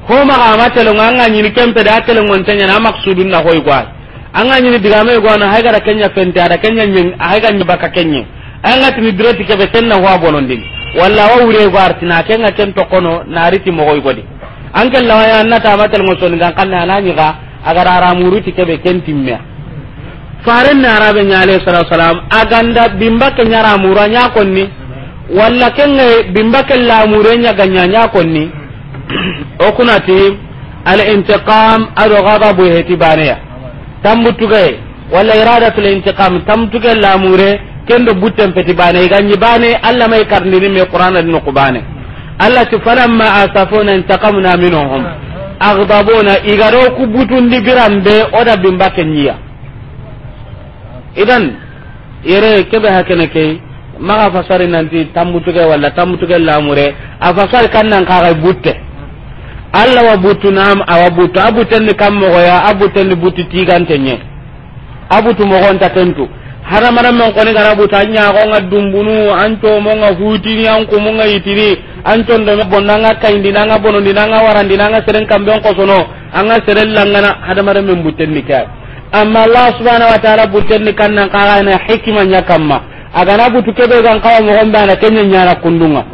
ko maga ma telo nganga ni kempe da telo nya na maksudun na hoy kwa anga ni digame go na haiga da kenya fente ada kenya nyi haiga nyi ka kenya anga tini direti kebe na wa bonon din walla wa wure go artina kenga ken to kono na riti mo hoy godi anga la ya na ta matal ngoson ngan kan na ga agar ara muruti kebe ken timme faren na arabe nya alayhi salatu wasalam aganda bimba ke ramura nya konni walla kenga bimba ke la murenya ganya nya konni okunati alintiqam aɗo gadabu heti baneya tambutugaye walla iradatul intiqam tambutuge lamure kendo butten peti bane iganyi bane allah may karndini me qur'ana dino ku bane allah ti falamma asafuna intaqamna minhum aghdabuna igaro ku butundi birambe oda bimba kenyiya idan yere kebe hakene kee maga fasari nanti tammutuge walla tammutuge lamure a fasari kan nan kaxa butte alla wa butu na am awa butu abuten ni kam mo ya abuten ni butu tigante nye abutu mo gon ta tentu hara maram mon ko ni gara butu anya ko nga dumbunu anto mo nga huti ni an ko mo nga yitini anto ndo me bonna nga kaindi na nga bono ni nga warandi na nga seren kambe on ko sono anga seren langana hada maram men buten ni ka amma allah subhanahu wa ta'ala buten ni kan nan ka na hikima nya kamma aga na butu kebe gan kawo mo gon bana kenya nya na kundunga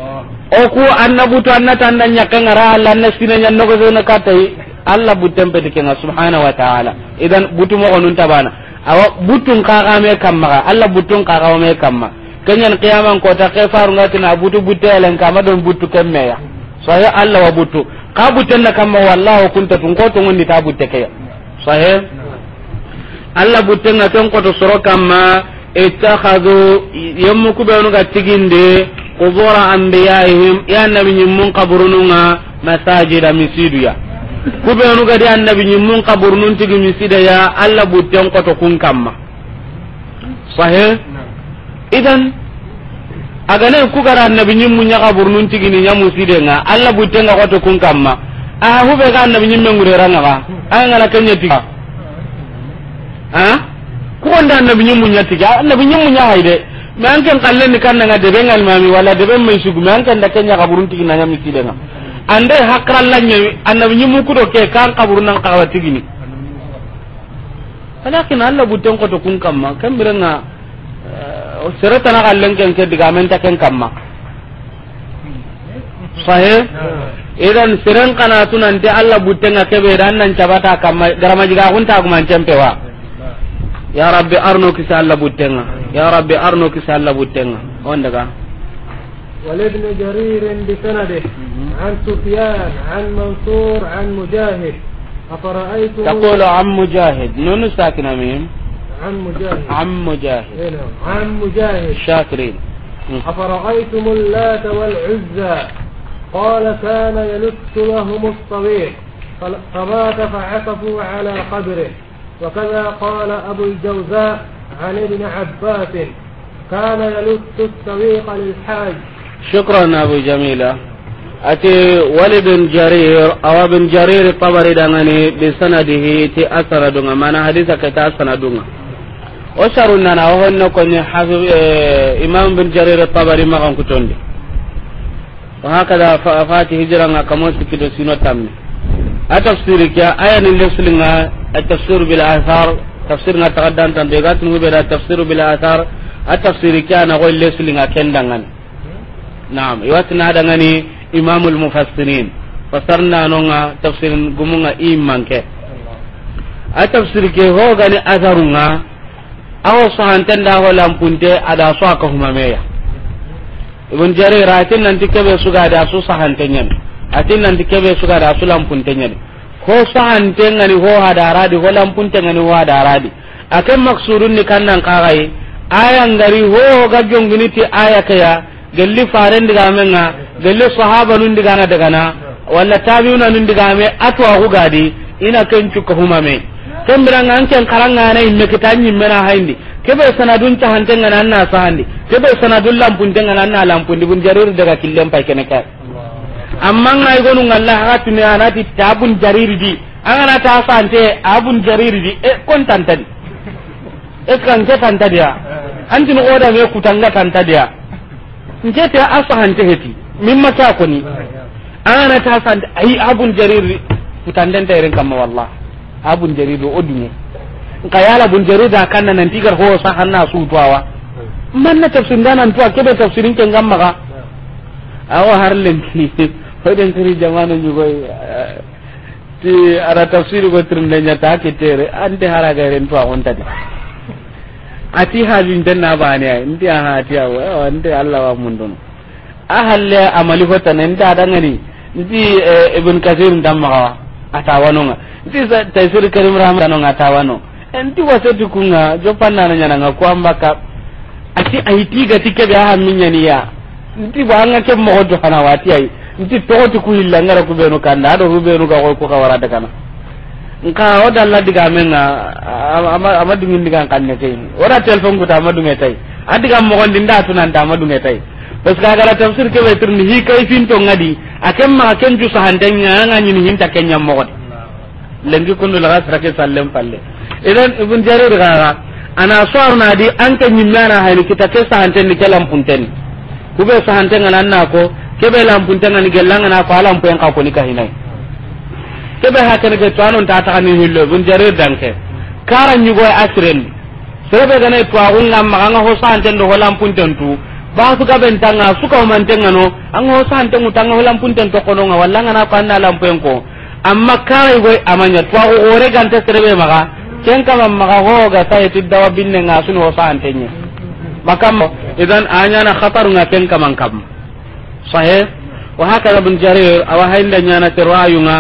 oku anna butu anna tanda nyaka ngara alla anna sina nyan nogo zona katai alla butem pedi nga subhanahu wa ta'ala idan butu mo gonun tabana awa butu kaga me kamma alla butu kaga me kamma kenyan qiyaman ko ta kefaru ngati na butu butelen kama don butu kemme ya sahe alla wa butu ka butu na kamma wallahu kunta tun ko tun ni ta butu ke sahe alla butu na ton ko to soro kamma ittakhadhu yemmu kubenu ga tiginde قبور أنبيائهم يا النبي من قبرنا مساجد مسيديا kubenu gadi annabi mun kabur nun tigi misida ya alla butten ko to kun kamma sahe idan agane ku gara annabi mun nya kabur nun tigi ni nyamu side nga alla butten ko to kun kamma a hube ga annabi nyim men gure ranga ba an ngala kenya tiga ha ko nda annabi mun nya tiga annabi mun nya haide mais an ken kallen ni kan nga deben mami wala deben mai sugu mais an kan da kenya kaburun tigi na nyamni tidena ande hakralla nyawi annabi nyimu kudo ke kan kaburun nan kawa ni. walakin Allah buten ko to kun kamma kan birenga sirata na kallen ken eh, ke diga men ta ken kamma sahe idan siran kana tunan te Allah buten ga kebe dan nan cabata kamma garama jiga hunta guman cempewa ya rabbi arno kisa Allah buten يا ربي أرنو kisa alla buttenga on
ولابن جرير بسنده عن سفيان عن منصور عن مجاهد أفرأيت تقول عن
مجاهد نون ساكنة ميم عن مجاهد عن مجاهد إيه عن نعم. مجاهد شاكرين
أفرأيتم اللات والعزى قال كان يلت لهم الصبيح فمات فعكفوا على قبره وكذا قال أبو الجوزاء عن ابن عباس كان يلت
السويق للحاج
شكرا أبو جميلة أتي ولد جرير او ابن جرير الطبري دغني بسنده تي اثر أسر دغا معنى حديثك تأسر دغا وشرنا وهن كن حافظ امام بن جرير الطبري ما كان كتوندي وهكذا فات هجرة كما سكت سنة تامني التفسير كيا آية للسلنا التفسير بالاثار tafsir nga takaddan tan de gatin hube da tafsir bil athar a tafsir kana go lesli nga kendangan na'am na i iwatina dangani imamul mufassirin fasarna nonga tafsir gumunga imanke a tafsir ke ho gani azarunga awo so hanten da ho lampunte ada so aka humameya ibn jarir atin nan tikabe suga da su sahantenyen atin nan tikabe suga da su lampuntenyen ho sante ngani ho hadaradi ho lampun ngani ho hadaradi akan maksudun ni kannan kagai aya gari ho ga jongini ti aya kaya gelli faren diga menga gelli sahaba nun diga na daga na walla tabiuna nun diga me atwa hu gadi ina ken cukka huma me ken biran an ken karanga na imme kitanyi mena haindi kebe sanadun cahantenga na anna sahandi kebe sanadun lampuntenga na anna di bun jarir daga killem pai kenekai amma ngai gonu ngalla ha tumi anati tabun jariri di angana ta sante abun jariri di e kon tantadi e kan ke tantadiya antin oda me kutanga tantadiya nje ta asa hante heti mimma ta koni angana ta sante ai abun jariri kutanden ta irin kamma wallah abun jariri odunye nkayala bun jarida kanna nan tigar ho sa hanna su tuwa man na tafsirin nan tuwa kebe tafsirin ke ngamma ga awa har lenti hoden tiri jamana koy ti ara tafsir go tirnde ñata ki tere ante haragaren to tadi ati den na bane ay nti aha ati awa eh, nti allah wa don a halle amali da da ngani nti eh, ibn kasir ntan nga ndi nti taisir karim rahmanonga atawano eh, nti waseti kunga nyana nga ko ambaka ati ayitigati keɓe ni ya nti ba nga ke hana wa ti ay nti togoti ku hilla ngara ku benu kanda ado ku benu ga ko ka warada kana nka o dalla diga menga ama ama dingin diga kanne tay ora telefon ku ta ma dunga tay adiga mo gon dinda tunan ta ma dunga tay parce que agara tafsir ke wetir ni hi kay fin to ngadi akem ma ken ju sahantanya nga ni nyini ta kenya mo gon lengi kunu la gasra ke sallem palle idan ibn jarir gara ana swar na di an kan nyimmana hayni kita ke sahanten ni kelam punten kube sahanten ngana na ko kebe lampuntenga ni gellanga na ko alam pen ka ko ni kahinai kebe ha kan ke tuano ta ta ni hillo bun jarir danke kara nyugo asiren sebe gane to agun lam maganga ho santen do lampunten tu ba su ga ben tanga su ka man tanga no an ho santen tanga ho lampunten to kono nga wallanga na kwa na lampu lampen ko amma kara go amanya tuwa u ore gante sebe maga ken kama maga ho ga ta yiti dawa binne nga sun ho santen ni makam idan anya na khatarunga ken kama kam sahih wa hakala bin jarir awa hainda nyana tirayunga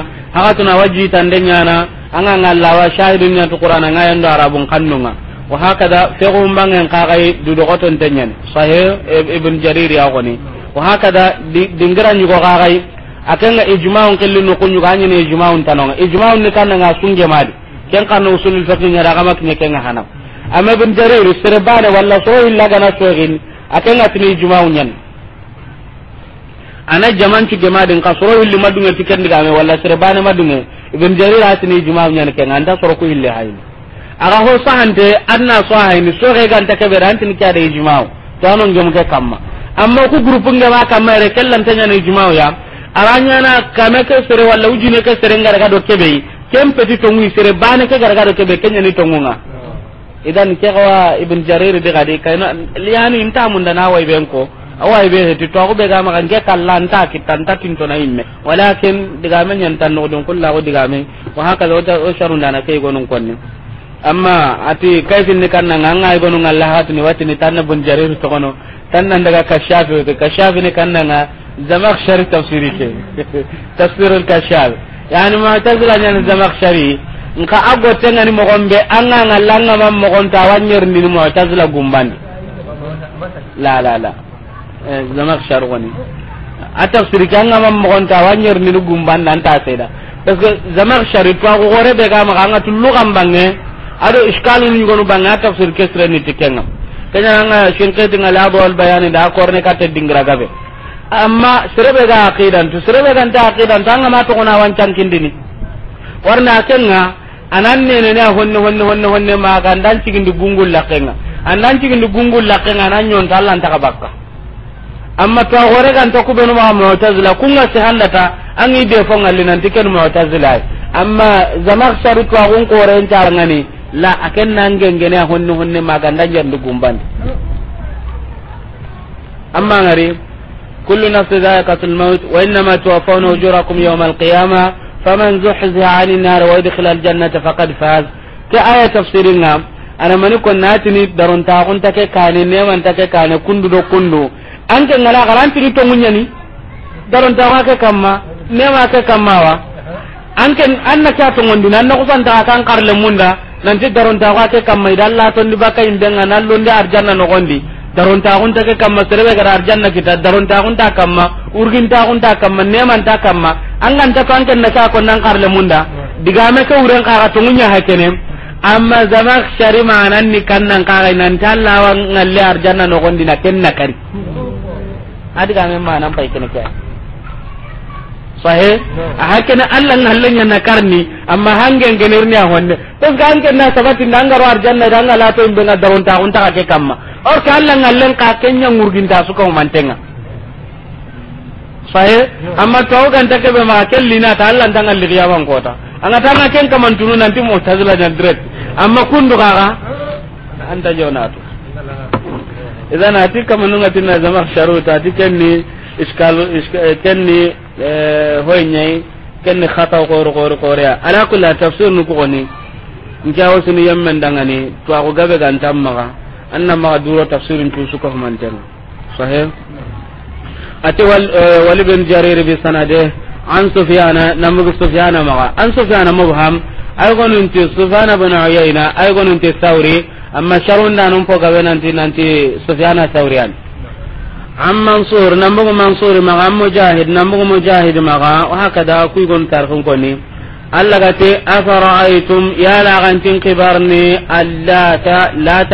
tuna waji tande nyana anga ngalawa shahidun nyana to qur'ana ngayan do arabun kannunga wa hakada fiqhum bangen kagai dudogoton tenyen sahih ibn jarir ya goni wa hakada dingiran yugo kagai akenga ijma'un kellinno kunyugo anyine ijma'un tanonga ijma'un ni nga sunge mali ken kan usul fiqh nya daga mak nya ken hana amma bin jarir sirbane wala so laga na so gin akenga tini juma'un nyan ana jaman cuge madin ka soro hilli madunge tiken diga me wala sere bane madunge ibn jarir atini juma nyane ken anda soro ko hilli hayni aga ho sahante anna so hayni so re ganta ke beran tin kya de juma to anon jom ke kamma amma ku grupu nge ma kamma re kellan tanya ne juma ya aranya na kame ke sere wala ujine ke sere ngara ga do kebe kem peti to ngi sere bane ke gara ga do kebe kenya ni to ngunga idan ke wa ibn jarir diga gade kayna liyani inta mun dana way ibenko ko awai be he to ko be ga magan ke kallan ta kitan ta to na imme walakin diga men yan tan no don kullahu diga men wa haka do ta sharun dana kai gonun konni amma ati kaifin ni kan nan ngai go gonun Allah hatini wati ni tan bun jarir to kono tan nan daga kashafi to kashafi ni kan nan shari tafsiri ke tafsir al kashaf yani ma tazla nan zamakhshari nka agote ngani mo gombe an an Allah ngam mo gonta wanyer ni mo tazla gumbani la la la zama zamakshar goni a tafsiri ke anga mam mogon ta wanyer ni gumban nan ta seda parce que zamakshar to ko gore be ga ma anga tullu bange ado iskalu ni gonu banga tafsir ke sire ni tikenga kanya anga shinke dinga labo al bayani da korne ka te dingra gabe amma sire be ga aqidan to sire be ga ta aqidan tanga ma to kona wancan kindini warna kenga anan ne ne na honne honne honne honne ma kan dan cigindi gungul lakenga anan di gungul lakenga nan nyon tallan ta bakka amma to gore kan to ku benu ma mu'tazila kunga se an yi be fo ngalli nan tiken mu'tazila amma zamakhshari to agun ko ren ngani la aken nan gengene honne ne maganda jandu gumban amma ngari kullu nafsin dha'iqatul maut wa innama tuwaffawna ujurakum yawmal qiyamah faman zuhziha 'anil nar wa idkhala al jannata faqad faz ta aya tafsiringa ana mani ko natini daron ta kun take kane neman take kane kundu do kundu anke ngala garan tiri to munyani daron ta ka kamma ne ma ka kamma wa anke anna ta to ngondi nan na kusan ta kan karle munda nan ti daron ta ka kamma idan Allah to ndi baka inde ngana londe arjanna no gondi daron ta kun ke kamma serebe gar arjanna kita daron ta kun ta kamma urgin ta kun ta kamma ne man ta kamma an kan ta kan na ta ko nan karle munda diga me ka uren ka to munya hakene amma zamak shari nan ni kannan kaga nan tallawa ngalle arjanna no gondi na kenna kari adiga men ma nan pai kene kai sahe a hakene allah ngalle nya na karni amma hangen gener ni a honne pes ga hangen na sabati ndangaro arjanna danga la to imbe na daronta unta ka ke kamma or ka allah ngalle ka kenya ngurginta suka mantenga sahe amma to ga ndake be ma kelli na ta allah ndanga riya wan kota anga tanga ken kamantunu nanti mo tazila jan dret amma kundu kaga anta jonatu idan ati kamanunga tinna zamakhsharu ta ati kenni iskal kenni hoynyai kenni khata qor qor qoria ala kulli tafsir nu ko ni njawo sunu yamman dangane to ako gabe gan tammaga anna ma duro tafsirin tu suko manten sahih ati wal wal jarir bi sanade an sufyana namugo sufyana maga an sufyana mubham ay gonunti sufyana bin uyayna amma da non po gawe nanti nanti sufyana thawriyan am mansur nambo ko mansur ma am mujahid nambo ko mujahid ga wa hakada ku gon tar ko ni alla gate afara'aytum ya la gantin qibarni ta la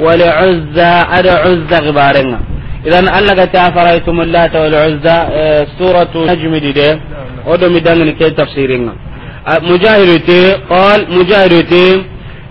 wa li uzza ada uzza ghibarenga idan alla gate afara'aytum wa li uzza eh, suratu najm dide odo mi dangni ke tafsirin. mujahid te qal mujahid te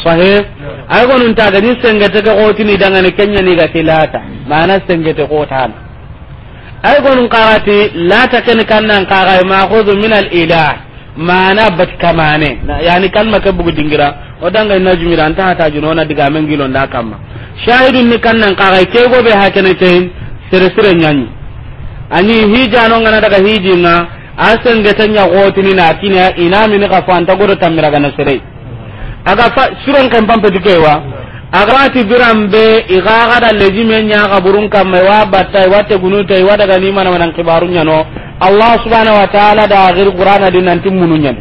sahe ay gonun ta gani sengete ke kotini dangane kenya ni ga tilata mana sengete kotan ay gonun qarati ta ken ka ga ma khudhu min al ilah mana bat kamane yani kalma ka bugu dingira o danga na jumira anta ta na diga men gilo nda kama shahidun ni kan ka ga ke go be ken te sere sere nyani ani jano ngana daga hijinga asengete nya kotini na tinya ina min ka fanta go ga na sere aga fa suran kan pampe wa aga ati biram be iga gada da leji men nya ga burun kam me wa batai wa te gunuta wa daga ni mana manan kibarunya no allah subhanahu wa ta'ala da agir qur'ana din nanti mununya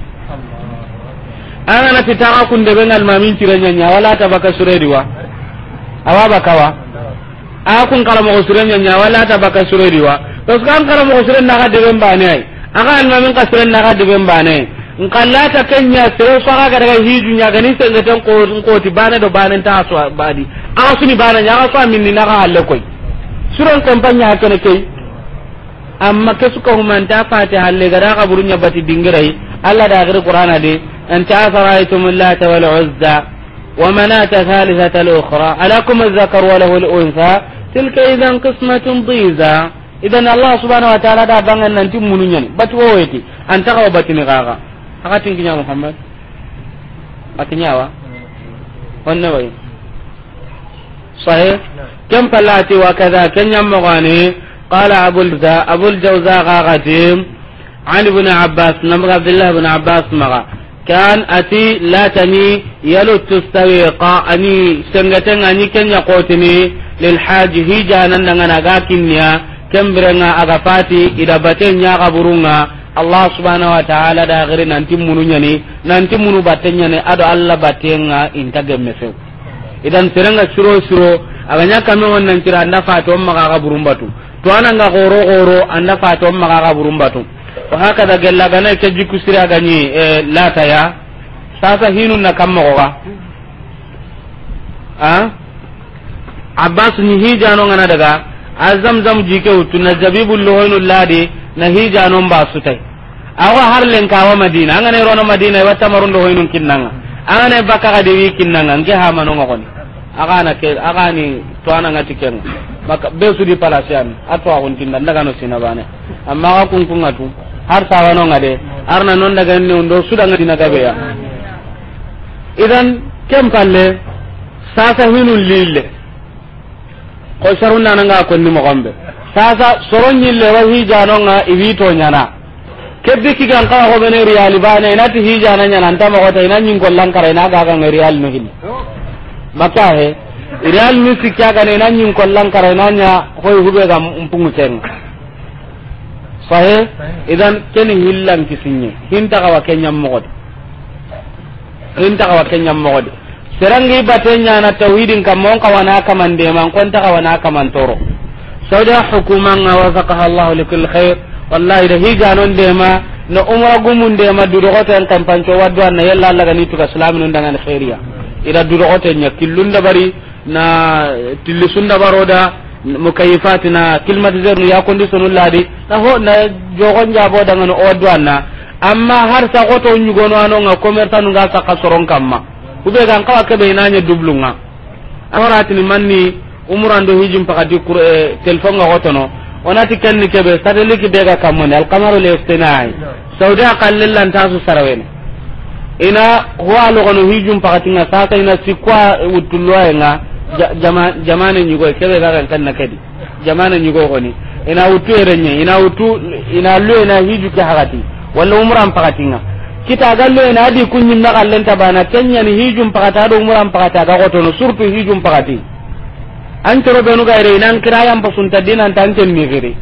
ana na fita ka kun de bengal mamin tiranya nya wala ta baka suredi diwa awa baka wa a kun kala mo surenya nya nya wala ta baka suredi diwa to kan kala mo suren na ga de ben bane ai aga almamin ka suren na ga de ben bane nkallata kenya sere faga ga daga hiju nya ganin sen ga tan ko ko ti bana do bana ta so badi aga suni bana nya aga fa min na ga halle koy suran kampanya hakene kay amma ke suka humanta fati halle ga daga burunya bati dingirai alla da gari qur'ana de anta asaraitum lata wal uzza wa manata thalithata al ukhra alakum al zakar wa lahu al untha tilka idan qismatun dhiza idan allah subhanahu wa ta'ala da bangan nan timununya bati wo an ta ga batini gaga haka tinkinya muhammad akinyawa onne way sahih كم فلاتي وكذا كن يمغاني قال أبو الجوزاء أبو الجوزاء غاغتيم عن ابن عباس نمر عبد الله بن عباس مغا كان أتي لا تني يلو تستوي قا أني سنغتن أني كن يقوتني للحاج هي جانا نغانا غاكنيا كم برنا أغفاتي إذا بتن يا غبرونا allah subhanahu wa ta'ala da gari nanti munu nyani nanti munu batte nyani ado allah batte nga inta gemme few idan serenga suro suro aganya kame wannan tira anda fato maga ga batu to ananga goro goro anda fato maga ga batu wa haka hakada gella gana ke jikku sira ni e, lata ya sasa hinun na kam ko ga a abbas ni hi hijano ngana daga azam zam jike utuna na zabibul lohoinu ladi na hijanon ba sutai awa har len kawa madina an ne rono madina wa tamarun do hoynun kinnanga an ne baka ga dewi kinnanga nge ha manon ko ni aga na ke aga ni to ana ngati ken maka be su di palasian atwa hon tinda daga no sina bane amma ka kun kun atu har sawano ngade arna non daga ne ondo suda ngati na gabe ya idan kem palle sasa hinul lille ko sharunna nanga ko ni mo gombe sasa soroñillewa hijanonga iwito ñana kebbi kigan kaa xomene riyali bane inati hijana ñananta maxota ina ñinkollankara ina gaganga riyal no hil makkaxe riyal nu sikkagana ina ñinkollankara ina ña hoy huɓega mpugutenga sahe idan keni hillanki sinñe hintaxawa keñam moxode hintaxawa keñam moxode serangi bate ñana tawhidin kam moon kawana kaman deman kon taxawana kaman toro sauda hukumanga wasakaha allah likul khair wallahi da higanon ma na umra gumun dema dudogoten wa waddu na yalla allah gani tuga silaminun dangani khairiya ida dudogoten nya killunda bari na mu baroda fati na ya nu yakonditionu ladi na ho na jogon jabo dangani owaddu na amma har sa ko mer anonga ga saka soron kamma kube gan kawa be inanye dublunga tin manni umurando hijim pakati eh, telefon ga hotono onati kenni kebe alqamaru saudi tasu ina pakati nga sasa ina sikwa nga jamane kenna jamane ina erenye ina ina hiju hakati kita ga lu ina kunyin na kallenta bana hijum pakata do pakata ga gotono hijum pakati an toro benu ga ire nan kira yam basun ta dinan tan tan mi gire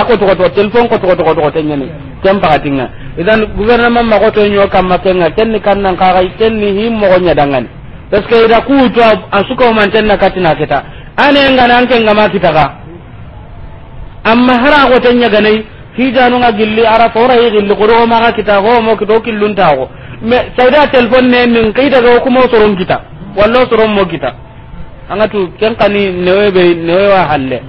ako to to telefon ko to to to tanya ni tem pakatinga idan gouvernement ma ko to nyo kam ma tenga ken ni kan nan ka ga ken ni him mo nya dangan parce que ida ku to asuko man tan na katina keta ane nga nan ken ga ma kita ga amma hara ko tanya ga nei hijanu nga gilli ara to yi gilli ko ma ga kita ho mo to killun ta ko me da telefon ne min kai daga ko mo soron kita wallo soron mo kita angatu ken kani newe be newe wa halle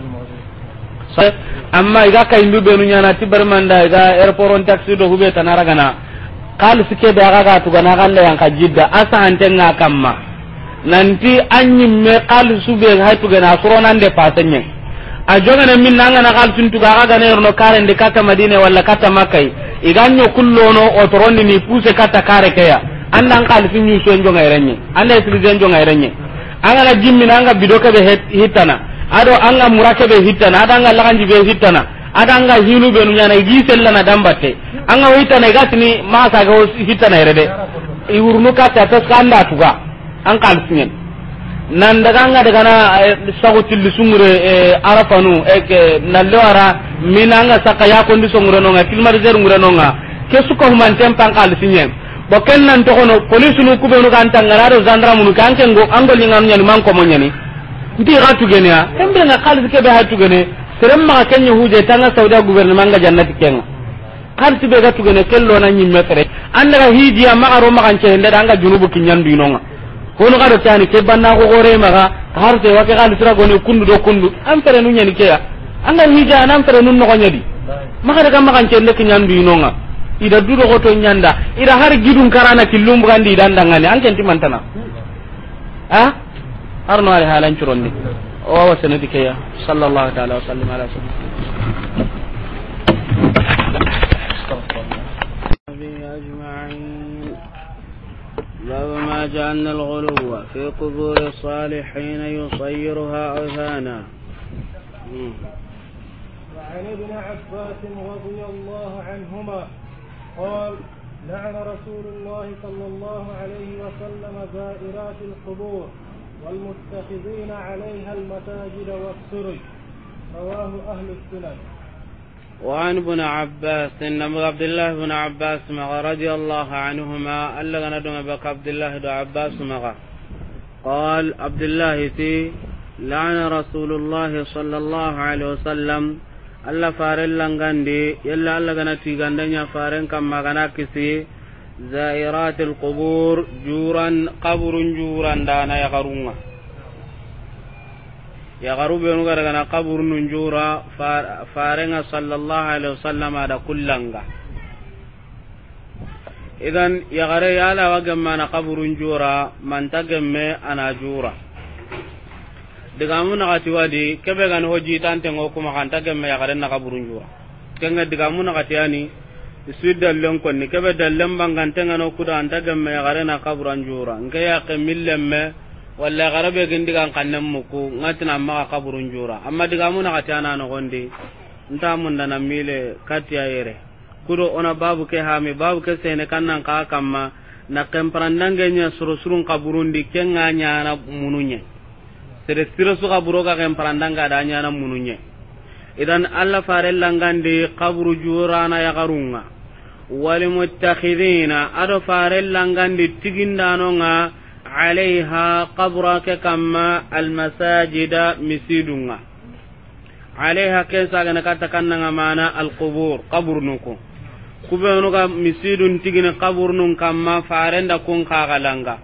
amma iga kay ndu be nu nyana ti manda iga airport on taxi do hube tanara gana kal sike be aga ga tuga na galle yang kajidda asa ante nga kamma nanti anyi me kal sube ha tuga na korona de patenye a joga ne min nanga na kal tun tuga aga ne no kare de kata madine wala kata makai iga nyo kullono o toroni ni puse kata kare kaya andan kal fin nyu so njonga irenye anda isri njonga irenye angana jimmina anga bido kebe hittana ado anga mura kebe hittana ada anga laganji be hittana ada anga hinu be nunya na igi sellana dambatte anga hittana igatini masa ga hittana irede iwurnu kata tas kanda tuga an kalsingen nan daga anga daga na eh, sagutilli sungure eh, arafanu eke nallewara mina anga saka ya kondi sungure nonga kilmarizer ngure nonga kesuko humanten pan kalsingen bo ken nan to kono police nu kubenu kan tangara do zandra mun kan ken go ango ni ngam nyani man ko mo nyani ndi ga tu gene ya ken be na khalis ke be ha tu gene serem ma ken nyu huje tanga sauda gouvernement ga jannati ken khalis be ga tu gene ken lo na nyimme fere anda ga hiji ya ma aro ma kan ce nda anga junubu kinyan du inonga kono ga do tani ke banna ko gore ma ga har te wa ke khalis go ne kundu do kundu am fere nu nyani ke ya anga hiji an am fere nu no nyadi ma ga ga ma kan ce nda kinyan inonga ida dudo goto nyanda ida har gidun karana killum gandi idan dangane an kenti mantana ha arno ari halan curonni o wa sanati kaya sallallahu ta'ala wa sallam ala باب ما جاء أن الغلو في قبور الصالحين يصيرها اوثانا.
وعن ابن عباس رضي الله عنهما قال لعن رسول الله صلى الله عليه وسلم زائرات القبور والمتخذين عليها المساجد والسرج رواه أهل السنن
وعن ابن عباس إن عبد الله بن عباس مغا رضي الله عنهما ألا ندم بك عبد الله بن عباس مغا قال عبد الله في لعن رسول الله صلى الله عليه وسلم alla faren langande yalla alla gana tigandanya faren kam magana kisi zairat qubur juran qaburun juran dana ya garunga ya garu be nu gara gana qaburun jura farenga sallallahu alaihi wasallam ada kullanga idan ya gare yala ala wagamma na qaburun jura man tagamme ana jura diga mu na kati wadi kebe gan hoji tan te ngoku kuma kan tagem me ya na kaburu jura kenga diga mu na kati ani dal len kon ni kebe dallen bangan te ngano kuda an tagem me ya na kaburu njura nge ya ke millemme walla garabe gen diga kan ku muku na ma kaburu njura amma diga mu na kati ana no gondi nta mun da na mile kati ayere kudo ona babu ke hami babu ke sene nan ka kamma na kemprandange nya suru surun kaburun di kenga na mununya sere sire suka buroga ken parandanga da nyana mununye idan alla fare langande qabru jurana ya garunga wal muttakhidina ado fare langande tigindanonga alaiha qabra ke kama al masajida misidunga alaiha ke saga na kata kannanga mana al qubur qabr nuko kubenu ga misidun tigine qabr nun kama farenda kun kagalanga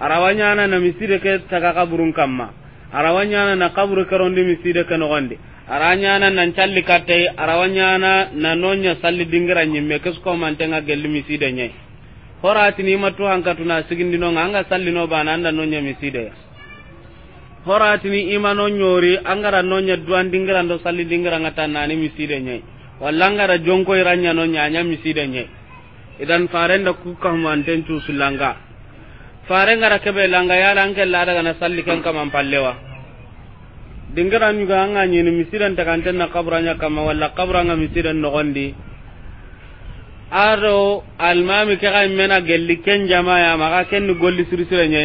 arawanya na na misire ke taga qabrun kama. arawanyana na kaburu karondi miside ke nogondi aranyana nan calli katte arawanyana na nonya sali dingira nyimme kesko mantenga gelli miside nye horati ni matu hankatu na sigindi no anga salli no bana anda nonya miside horati ni imano nyori angara nonya duan dingira ndo salli dingira ngata nani miside nye wallangara jonko iranya nonya anya miside nye idan farenda kukahmanten cusulanga fare ngara kebe langa yala anke lada gana salli kan kaman pallewa dingara nyuga anga nyini misiran ta kan na kabranya kama walla kabranga misiran no gondi aro almami ke ga mena gelli ken jamaa ma ka ken golli sirisire nye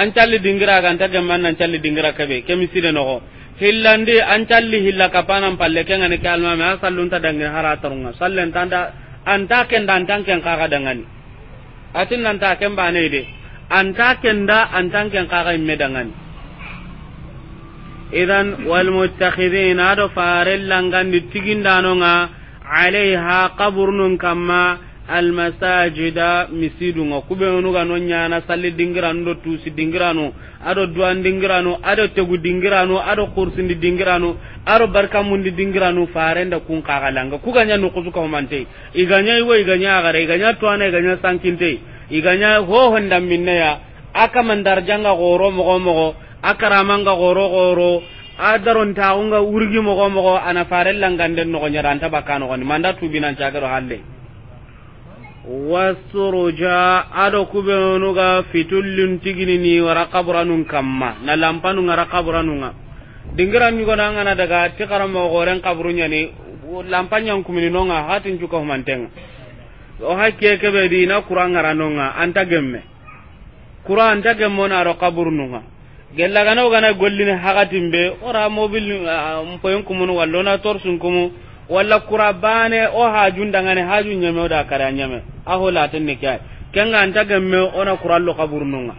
an calli dingira kan ta gamman nan calli dingira kebe ke misire no hillandi an calli hilla kapanan palle ke ngani ke almami a ta dangin hara tarunga sallen tanda anta ken dan tan ken ka ga dangani atin nan ta ken bane de anta kenda antan ken kaga imme dangan. idan wal muttakhidin ado fare langandi tigindanonga alaiha qabrunun kamma almasajida misidunga kuɓenunu ga no ñana salli dingiranu ɗo tusi dingiranu ado duwan dingiranu ado tegu dingiranu aɗo kursindi ado aɗo barkamundi dingiranu farenda kun kagalanga kugaña nukusukahumante igaña iwo igaña agara igaña toana igaña sankinte igaña hohondamminneya a kamandarjanga goro mogo mogo a karamanga goro goro a darontaxunga wurgi mogo mogo ana farellanganden nogoñera anta bakka nogoni manda tubinancagero halle wasuruja ado kubenu ga fitullun tigini ni wara qabranun kamma na lampanu ngara qabranun ga dingiran ni gona ngana daga ti mo goren qabrunya ni lampanyan kumini nonga hatin juka humantenga o hakke kebe di na kuranga ranonga anta gemme qur'an ta gemmo na ro kabrununga gella gana gana gollini hagatimbe ora mobil uh, mpoyen kumunu wallona torsun kumunu wala kura bane o hajun dangane hajun nyame o da kara nyame aho latin ne kay kenga anta gamme ona kura lo kaburnunga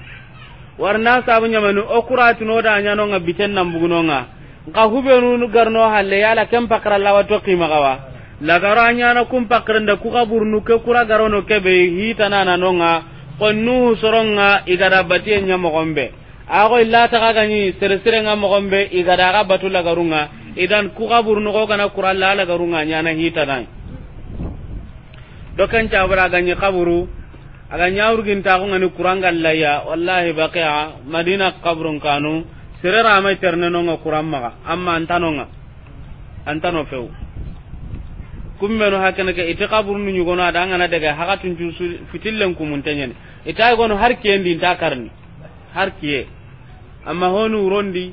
warna sabu nyame no o kura no da nyano nga biten nan bugunonga nka hubenu no garno halle yala kem pakra lawa to qima gawa la garo nyana kum nda ku kaburnu ke kura garono kebe hitana nanonga konnu soronga igara batien nyamo gombe ago illa ta ga ni sire nga mo gombe igada ga batula garunga idan ku kabur no kana qur'an la la garunga nyana hita nan dokan ta bara ga ni kaburu aga nyawur gin ta ko ni qur'an gallaya wallahi baqi'a madina qabrun kanu serera ramai terne no nga qur'an maga amma antano nga antano feu kummeno hakene ke ite kaburu nu nyugono ada ngana daga hakatun ju fitillen kumuntenyen ita gono har kendi ta karni har kiye amma honu rondi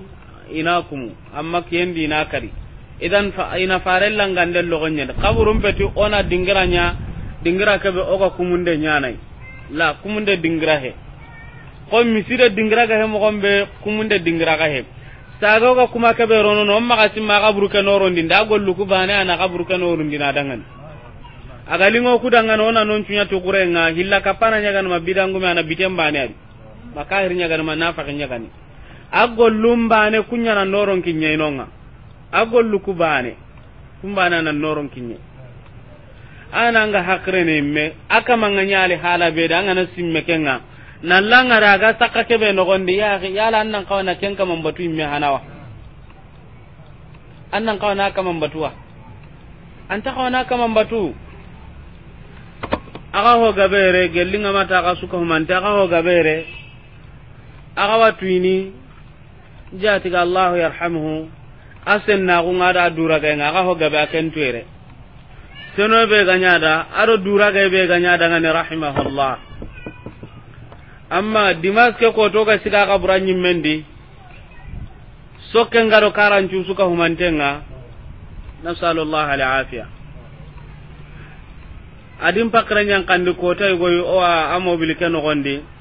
ina kumu amma kiyendi ina kari idan fa ina farella ngande logonye kaburum beti ona dingiranya dingira kebe oga kumunde nyanai la kumunde dingira he ko misire dingira ga he mogombe kumunde dingira ga he saga oga kuma kebe ronono no amma kasi ma kaburu ke norondi da gollu ku bane ana kaburu ke norondi na dangan aga lingo ku dangan ona non cunya to kurenga hilla kapana nyaga no mabidangu me ana bitem bane ari maka hirnya ga no nafa nyaga ni a gollum bane kunyana noron kinye inonga a gollu ku bane kumbana na noron kinye ana nga hakre ne me aka manganya ali hala be da ngana simme kenga na langa raga saka kebe no gondi ya yala annan kawana kenka mambatu imme hanawa annan kawana aka mambatuwa anta kawana aka mambatu aga ho gabere gelinga mata aga suka humanta aga ho gabere aga ini jatiga allahu yarhamhu asen da naxunga ada duragaenga aga gabe a kentuere seno be gañada aɗo duragae be gañadangani rahimahullah amma dimas ke ko kotoga siga xa ɓura ñimmendi sokke ngaro karancu suka humantenga nasalullah alafiya adin pakira ñankandi kotai goyi owa a mobili ke gondi.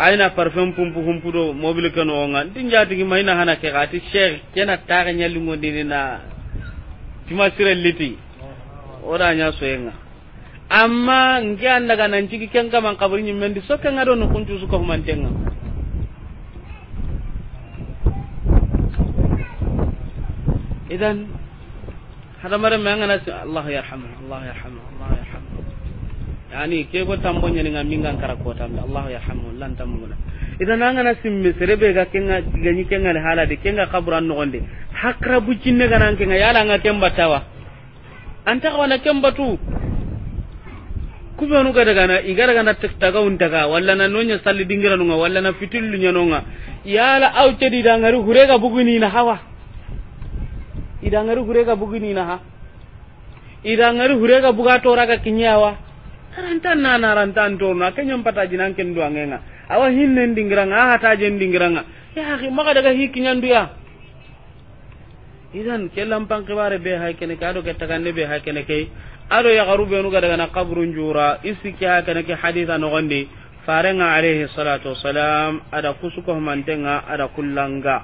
aina parfum pumpu humpu do mobil kan wonga din jati gi maina hana ke gati sheikh kena taga nyalungo dinina tima sire liti ora nya soyenga amma nge anda ga nan ciki ken kabri nyi mendi sokka ngado no kuntu su ko mantenga idan hada mare mangana Allah yarhamu Allah yarhamu Allah yani ke go tambo nyani ngam mingan kara ko karakota Allah ya hamu lan tambo tamuna idan an gana simme serebe ga kenga ganyi kenga hala de kenga kabran no gonde hakra bu cinne ga nan kenga yala nga kemba tawa anta ko na kemba tu kubenu ga daga na igara ga na taga un daga walla na nonya salli dingira no walla na fitillu nyano nga yala au cedi da ngari hure ga buguni na hawa idangari hure ga buguni na ha idangari hure ga buga tora ga kinyawa aranta na na aranta to na kanyam pata jinan ken do angenga awa hinne ndingiranga aha ta jen ndingranga ya akhi maka daga hikinyan duya idan ke pan kibare be hay kene ka do ketta kanne be hay kene kay ado ya garu be nu gadaga na qabrun njura isi ha kene ke haditha no gonde farenga alayhi salatu wassalam ada kusuko mantenga ada kullanga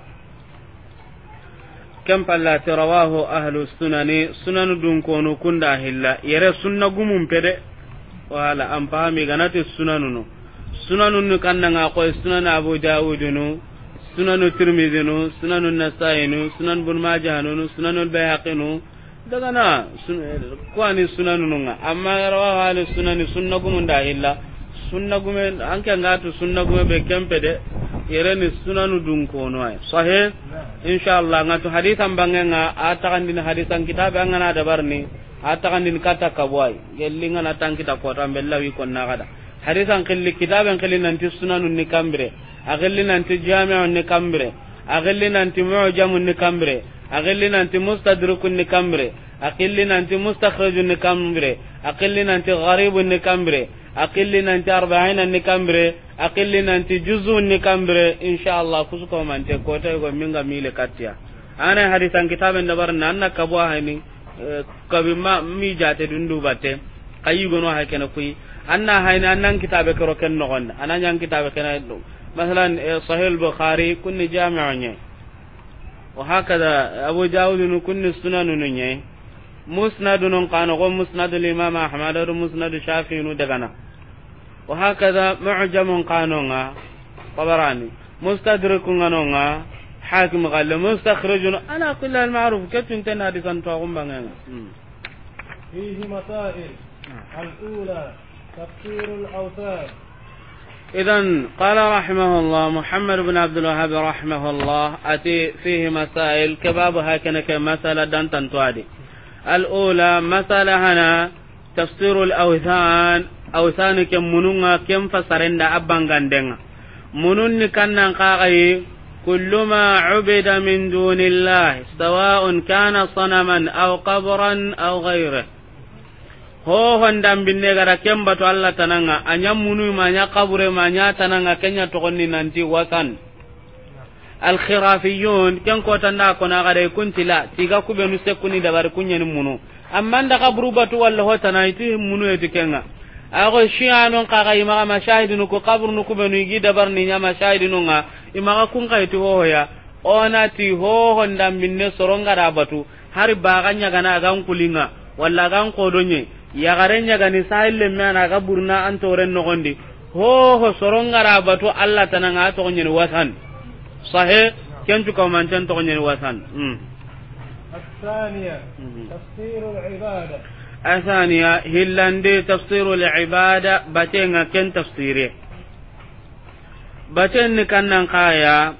كم فلات tirawahu أهل sunani سنن دون كونو كندا هلا يرى سنة wala an pami ganati sunanunu sunanunu kannanga koy sunan abu sunan daga na amma sunani sunna illa sunna sunna be kempe de sunanu dun ay sahe ngatu bangenga angana atagandin kata kabwai gellinga na tankita ko tambella wi konna gada hadisan qilli kitaban qilli nanti sunanun ni kambre nanti jami'un ni kambre nanti mu'jamun ni kambre nanti mustadrukun ni kambre nanti mustakhrajun ni kambre nanti gharibun ni kambre nanti arba'ina ni kambre nanti juzun ni kambre insha Allah kusuko go minga mile katya ana hadisan kitaban dabar nanna kabwa hani ma mi jate dundu batte kayi gono ha kana kuyi anna hayna annan kitabe kero ken no anan yan kitabe kana masalan eh, sahih bukhari kunni jami'un ne wa hakada abu daud kunni sunanun ne musnadun qano go musnadul imam ahmad ar musnad shafi nu dagana wa hakada mu'jamun qano nga qabarani no nga حاكم قال له مستخرج انا كل المعروف كيف انت نادي سنتوغم بانغانا
فيه مسائل الاولى تفسير الاوثان
إذا قال رحمه الله محمد بن عبد الوهاب رحمه الله أتي فيه مسائل كباب هكذا مسألة دان تنتوادي الأولى مسألة هنا تفسير الأوثان أوثان كم منونا كم فسرندا دا أبان منون كان نقاغي كل ما عبد من دون الله سواء كان صنما او قبرا او غيره هو هندم بنيغرا كم باتو الله تنانغا انيا منو ما نيا قبر ما نيا تنانغا كنيا توغني نانتي وكان الخرافيون كن كو تاندا كونا غاري كنتي لا تيغا كوبي نو سيكوني دبار كوني منو اما ندا قبر باتو الله هو تناي تي منو يتكنغا ago shianon kaga imaga mashahidinu ko kaburnu kubenu igi ni nya mashahidinu nga imaga kun kayti hohoya ho honda minne soronga da batu har baga na gan kulinga walla gan kodonye yagare nyagani sahille mana ga burna antoren ho ho soronga da batu alla tananga to nyen wasan sahe kencu ko man tan to nyen wasan mm
الثانية تفسير العبادة
الثانية هلاندي تفسير العبادة بتين كن تفسيره بتين كان قايا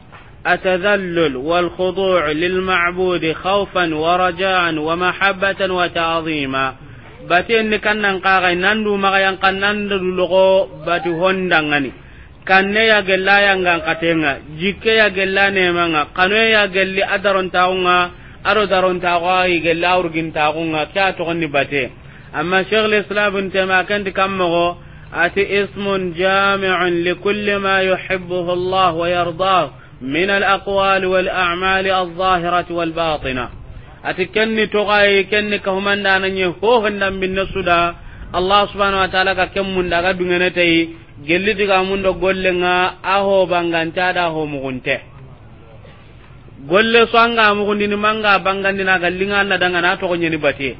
التذلل والخضوع للمعبود خوفا ورجاء ومحبة وتعظيما بتين كان قايا نندو مغيان كان نندو لغو باتي هندغني kanne ya gella ya ngan katenga jikke ya gella ne manga kanwe ya gelli adaron taunga aro daron ta ga yi gella urgin ta gunga kya to ni bate amma shaykhul islam bin tama kan di ati ismun jami'un li kulli ma yuhibbuhu Allah wa yardahu min al aqwal wal a'mal al zahirati wal batina ati kenni to ga yi kenni da humanda nan ye ho handan bin nasuda Allah subhanahu wa ta'ala ka kemmun daga dungene tayi gelli diga mun do gollenga aho banganta da ho mugunte golle so anga mugundini manga bangandina gallinga alla danga na to nyeni batie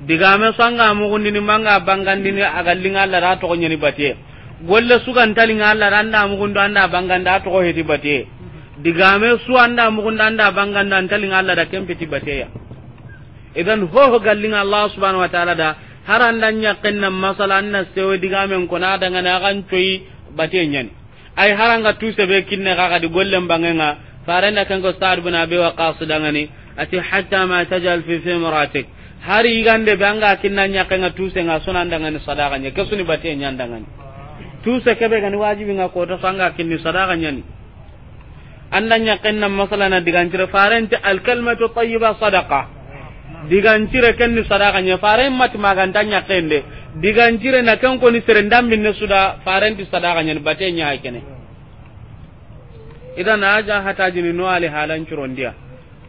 digame so anga ni manga bangandina agallinga alla da to nyeni batie golle su kan sugan talinga alla randa mugundu anda banganda to heti batie digame su anda mugunda anda banganda nga la da kempeti batie ya idan ho ho gallinga allah subhanahu wa ta'ala da haranda nyaqenna masala anna sewe digame ko na danga na kan toyi batie nyani ay haranga tu sebe kinne ga ga di golle bangenga farenda kengo sa'ad bin abi waqas dangani ati hatta ma tajal fi fi maratik hari igande be anga kinna nyaka nga tuse nga sunan dangani sadaqa nya kesuni batte nya dangani tuse kebe gani wajibi nga ko to sanga kinni sadaqa nya ni anda nyaka na masala na digancire farenta al kalmatu tayyiba sadaqa digancire kenni sadaqa nya faren mat maganta nya kende digancire na kan ko ni serendam binne suda farenti sadaqa nya batte nya kene ida na aja hata jini no ali halan dia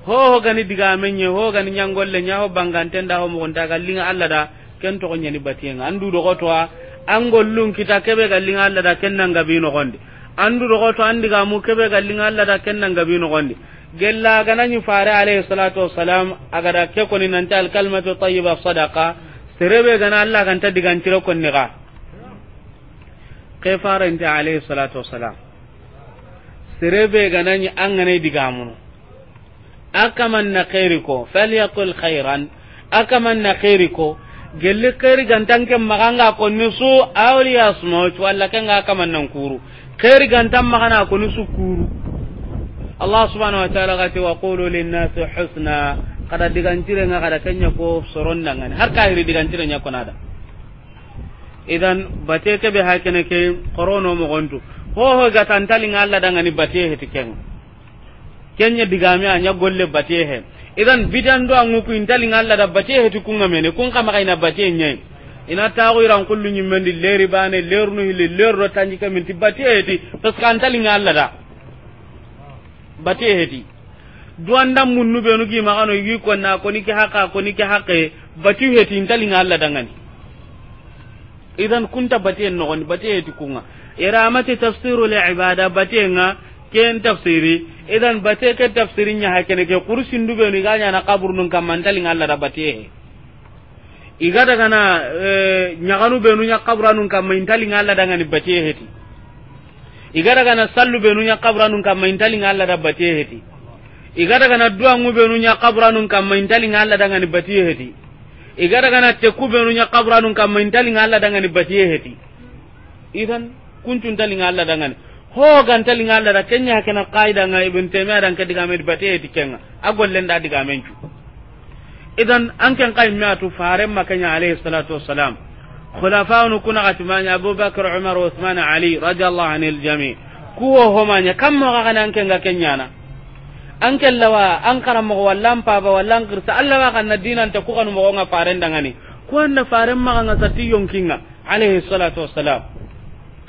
ho ho gani diga menye ho gani nyangolle nyaho ho banganten da ho mo nda galinga alla da ken to gonya ni batienga andu do goto a angollun kita kebe galinga alla da ken nanga bino gonde andu do goto andi ga mu kebe galinga alla da ken nanga bino gonde gella gana ni fare alayhi salatu wassalam aga da ke koni nanta al kalmatu tayyiba sadaqa serebe gana alla kan ta digan tiro konni ga ke fare nta alayhi salatu wassalam serebe ganani an ganai digamunu akaman na khairi ko yaqul khairan akaman na khairi ko gelle khairi gantan ke maganga ko nisu asmo to walla kan ga akaman nan kuru khairi gantan magana ko nisu kuru allah subhanahu wa ta'ala gati wa qulu lin nas husna kada digantire nga kada kenya ko soron dangane har ka hiri digantire nya ko nada idan bate ke be hakene ke qorono mo gontu hoho gatantalinga allah dangani batie heti kenga kenya digami anya golle batie he idan bidan do anguku intali ngalla da bati hetu kunga mene kun kama kaina bati nye ina taru iran kullu nyi mendi leri bane leru no hili leru ro tanji ka minti bati heti pas kan tali ngalla da bati heti do anda munnu be no gi ma kanu gi ko na ko ni ki haqa ko ni ki haqe bati heti intali ngalla da ngani idan kunta bati en no ngani bati heti kunga iramati tafsiru li ibada batenga ken tafsiri idan bate ke tafsiri nya hakene ke kursin dube ni ganya na kabur nun kam mantalin Allah da bate iga daga na e, nyaganu benu nya kabra nun kam mantalin Allah daga ni bate heti iga daga na sallu benu nya kabra nun kam mantalin Allah da bate heti iga daga na duwa ngu benu nya kabra nun kam mantalin Allah daga ni bate heti iga daga na teku benu nya kabra nun kam mantalin Allah daga ni bate heti idan kuncun talinga alla dangan ho gan tali alla da kenya kana qaida nga ibn taymiya dan ka diga med bate kenga agol da diga mencu idan an kan qaim ma tu faren makanya alayhi salatu wassalam khulafa'un kuna abu abubakar umar usman ali radiyallahu anil jami' kuwo homanya kamma ga kana an kan ga na an lawa an karamo mo an pa ba an kirsa Allah wa kan dinan ta ku kan mo nga faren dangani ko na faren ma nga sati yonkinga alayhi salatu wassalam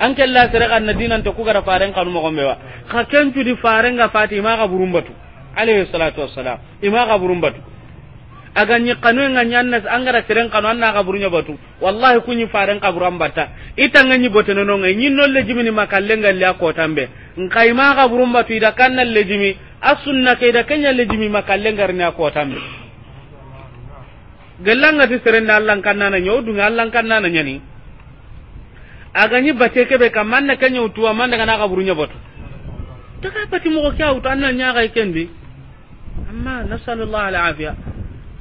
an la sere kan na dinan to gara faren kanu mogon mewa ka tu di faren ga fati ima ga batu alayhi salatu wassalam ima ga batu aga nyi kanu nga an angara sere kanu anna ga burunya batu wallahi kunyi faren ka buran bata nga nyi boten no ngai no le jimini nga le ko tambe nkai ma ga batu ida na le jimi asunna ke ida ya le jimi nga ni ko tambe gellanga ti sere nda allan kannana nyodu na na nyani agani bate kebe ka man na kanya tuwa man daga na kaburunya boto daga bati mo kya utu annan nya ga kendi amma nasallallahu alaihi afiya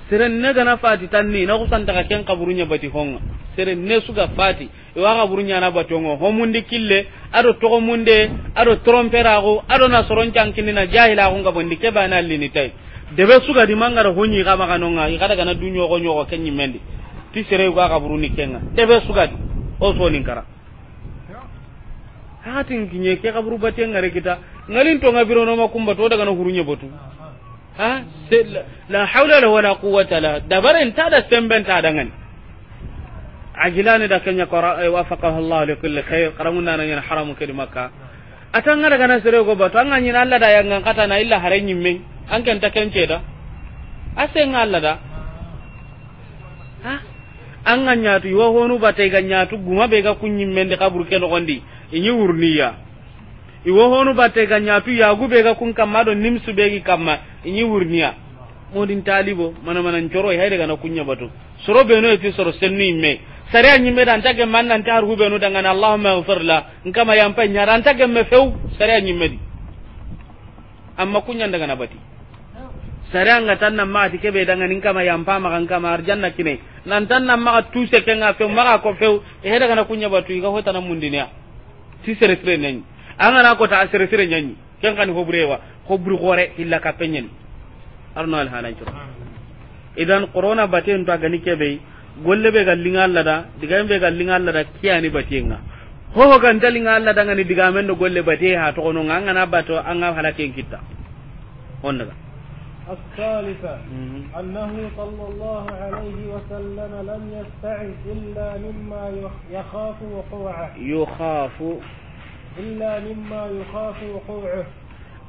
siren ne gana fati tanni na kusan daga ken kaburunya bati honga siren ne suga fati e wa kaburunya na bato ngo homundi kille ado to munde ado trompera go ado na soron jankini na jahila go ngabondi keba na lini tai debe suga di mangara honyi ga maganonga i kada gana dunyo go nyogo kenyi mendi ti sere ga kaburuni kenga debe suga di o so ninkara hatin kinye ke kaburu bate ngare kita ngalin to ngabiro no makumba to daga no hurunye botu ha la hawla wala quwwata la dabaren ta da semben ta dangan ajilani da kanya qara eh, wa faqaha Allah li kulli khair qaramun nan yan haramu ke makka atan ngara na sere go batu an ngani Allah da yang kata na illa hare nyimme an kan ta kance da ase ngalla da ha an ganya tu wa honu batai ganya tu guma be ga kunyimme de kaburu ke no gondi inyi wurniya iwo honu batte ga nyatu yagu be ga kun kamma do nimsu be gi kamma inyi wurniya modin talibo mana mana ncoro hayde ga na kunya batu soro beno no e eti soro senni me. sare anyi me dan tage man nan tar hubenu dangan allahumma ighfir la nkama yampa nyaran tage me few sare anyi me di amma kunya daga na bati sare anga tan nan ma tike be dangan nkama ya mpa ma nkama arjanna kine nan tan nan ma tu se kenga few ma ko few e daga na kunya batu ga hota na mundinya si sere sere nyanyi anga ko ta sere sere nyanyi ken kan ko burewa ko buru gore illa ka penyen arno al halan to idan corona baten to gani kebe golle be gallinga alla da diga be gallinga alla da kiyani batenga ho ho kan dalinga alla da ngani diga men do golle bate ha to nganga na bato anga halake kitta
onna الثالثة أنه صلى الله عليه وسلم لم يستعذ إلا مما يخاف وقوعه يخاف إلا مما يخاف وقوعه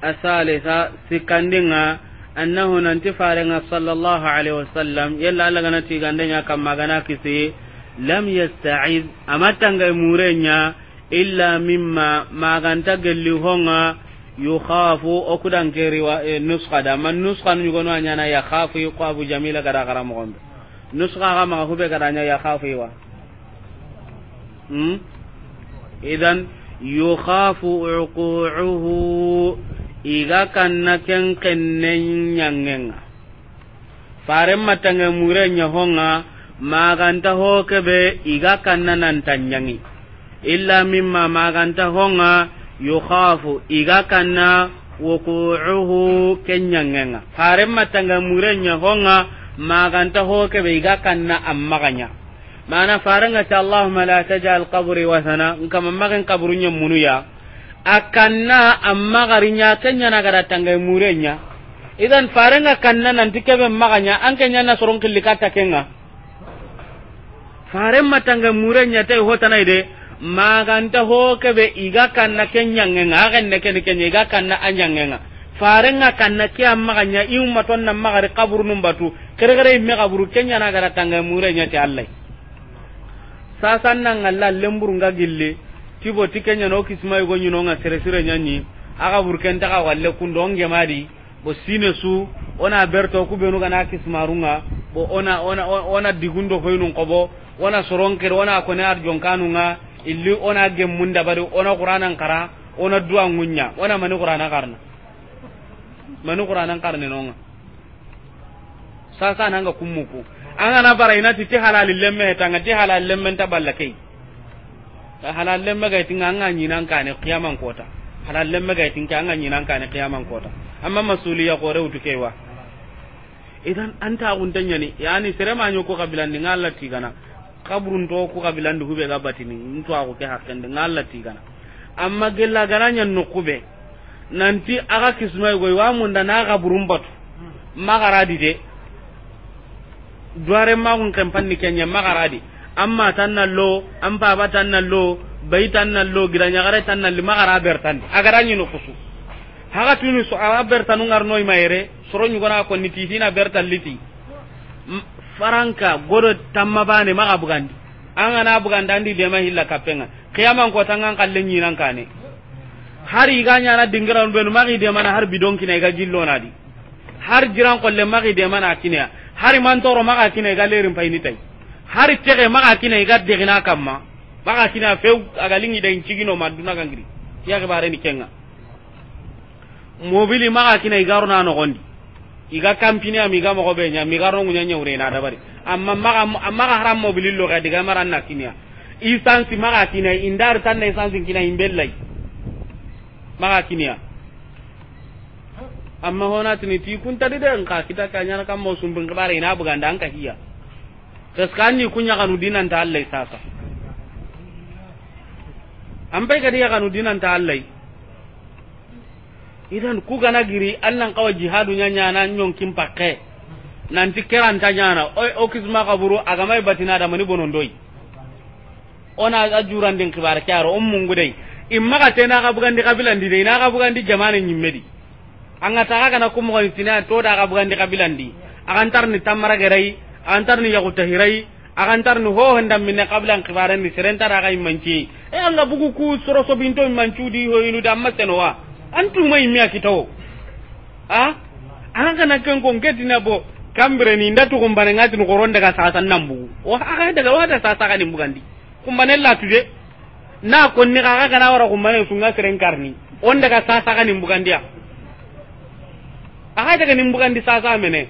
الثالثة سكندنا أنه ننتفارنا صلى الله عليه وسلم يلا لغنا تيغندنا كما غناكسي لم يستعذ أما تنغي مورينا إلا مما ما غنتا قلي yukhafu okudan ke riwa eh, nuskha da man nuskha nu gono anya na yakhafu yuqabu jamila kada gara mo gombe nuskha ga ma hube kada anya yakhafu wa hmm idan yukhafu uquuhu iga kanna ken kennen nyangenga faren matange mure nyahonga maganta hokebe iga kanna nan tanyangi illa mimma maganta honga yukhafu iga kanna wuku'uhu kenyangenga haremma tanga murenya honga maganta hoke be iga kanna ammaganya mana faranga ta allahumma la taj'al qabri wathana kama magan qabrunya munuya akanna ammagarinya kenyana gara tanga murenya idan faranga kanna nanti kebe maganya an kenyana soron kilikata kenga faremma tanga murenya tay hotana ide maganta be iga kanna kenyangenga agenne ken ken iga kanna nga farenga kanna ke amma kanya iumma na magare kaburu num batu kere kere me kaburu kenya na gara tanga mure ti allah sasan nan ngalla lemburu nga bo tibo kenya no kismay go nyuno nga sere sere nyanyi aga burken ta ka walle kundo nge mari bo sine su ona berto ku benu kana nga bo ona ona ona digundo ko qobo ona soronkere ona kone nga. illi ona munda bari ona qur'anan kara ona duwa ngunya ona mani qur'ana karna mani qur'anan karne nonga sasa nanga kumuku anga na bara ina ti halal lemme tanga ti halal lemme ta ballake halal lemme ga tinga anga nyinan kane qiyamang kota halal lemme ga tinga anga nyinan kane qiyamang kota amma masuliya gore wa. idan anta undanya ni yani sere ma nyoko kabilan ni ngalla tigana kaburun to ku kabilan du hube ga batini ntu ako ke hakende ngalla tigana amma gella garanya no kube nanti aga kismai goy wa mun da kaburun batu magaradi de duare magun kampanni kenya magaradi amma tanna lo an baba tanna lo bayi tanna lo giranya gare tanna li magara bertan agaranyi no kusu haga tunu so awa bertanu ngarno imayere soro nyugona ko niti tina bertan liti faranka godo tamma bane maga bugandi an gana buganda andi dema hilla kapenga kiyaman ko tangan kallen yinan kane hari ga nyana dingira ben magi de mana har bidon kina ga gillo nadi har jiran kolle magi de mana kinya hari man toro maga kina ga lerin payni tai hari tege maga kina ga degina kamma maga kina feu aga lingi den cigino maduna gangri ya ga bare ni kenga mobili maga kina ga rona no gondi iga kampini ami ga mo be nya mi ga rongu nya nyawre na dabari amma maga maga haram mobilil lo ga diga maran na kinya isansi maga kinya indar tan na isansi kinya imbellai maga kinya amma hona tini ti kun tadi de ka kita kanya kan mo sumbung kebare ina bugan dan ka hiya kaskani kunya kanu dinan ta Allah sasa ampai kadiya kanu dinan ta Allah idan ku gana giri annan kawa jihadu nya nya nan nyon kim pakke nan ta nya na o kisma kaburu aga batina da mani bonon doi ona ajuran den kibar kyaro ummun gudai imma ka tena ka bugan di kabilan di dai na ka bugan di jamane nyimmedi anga ta kana kum ko tina to da ka bugan di kabilan di akan tar ni tamara gerai akan tar ni hirai akan tar ni ho minna kabilan kibaran ni ka imanci e ku soro so binto di ho inu damma tenowa miya immiya kitawo a an kana ken kon na bo kambire ni ndatu kumbane ngati ni koronda ka sasa nambu o aka daga wada sa ka ni ko kumbane latu de na kon ni ka kana wara ko kumbane sunga keren karni on daga sa ka ni bugandiya aka daga ni bugandi sasa mene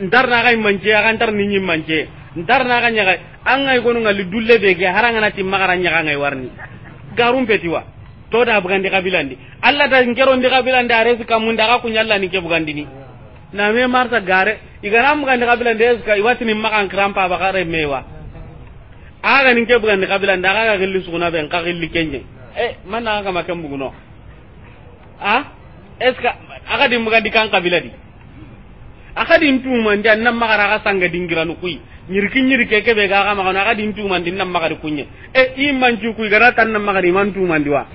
ndar na ga manje aka ndar ni nyi manje ndar na ga nyaga an ngai gonu ngali dulle be ge haranga na timma garanya ga ngai warni garum petiwa toda bugandi kabilandi allah da ngerondi kabilandi a resi kamunda ka kuñallani ke bugandini na me marta gare igana bugandi kabilandi eska ni makan krampa ba gare mewa aga ni ke bugandi kabilandi aga ga gilli suguna ben ka gilli kenje e mana aga makan buguno a eska aga dim bugandi kan kabilandi aga dim tuma ndan nan makara aga sanga dingiranu kuyi nyiriki nyirike kebe ga aga makana aga dim tuma ndin nan makari kunye e iman ju kuyi gana tan nan makari man tuma ndiwa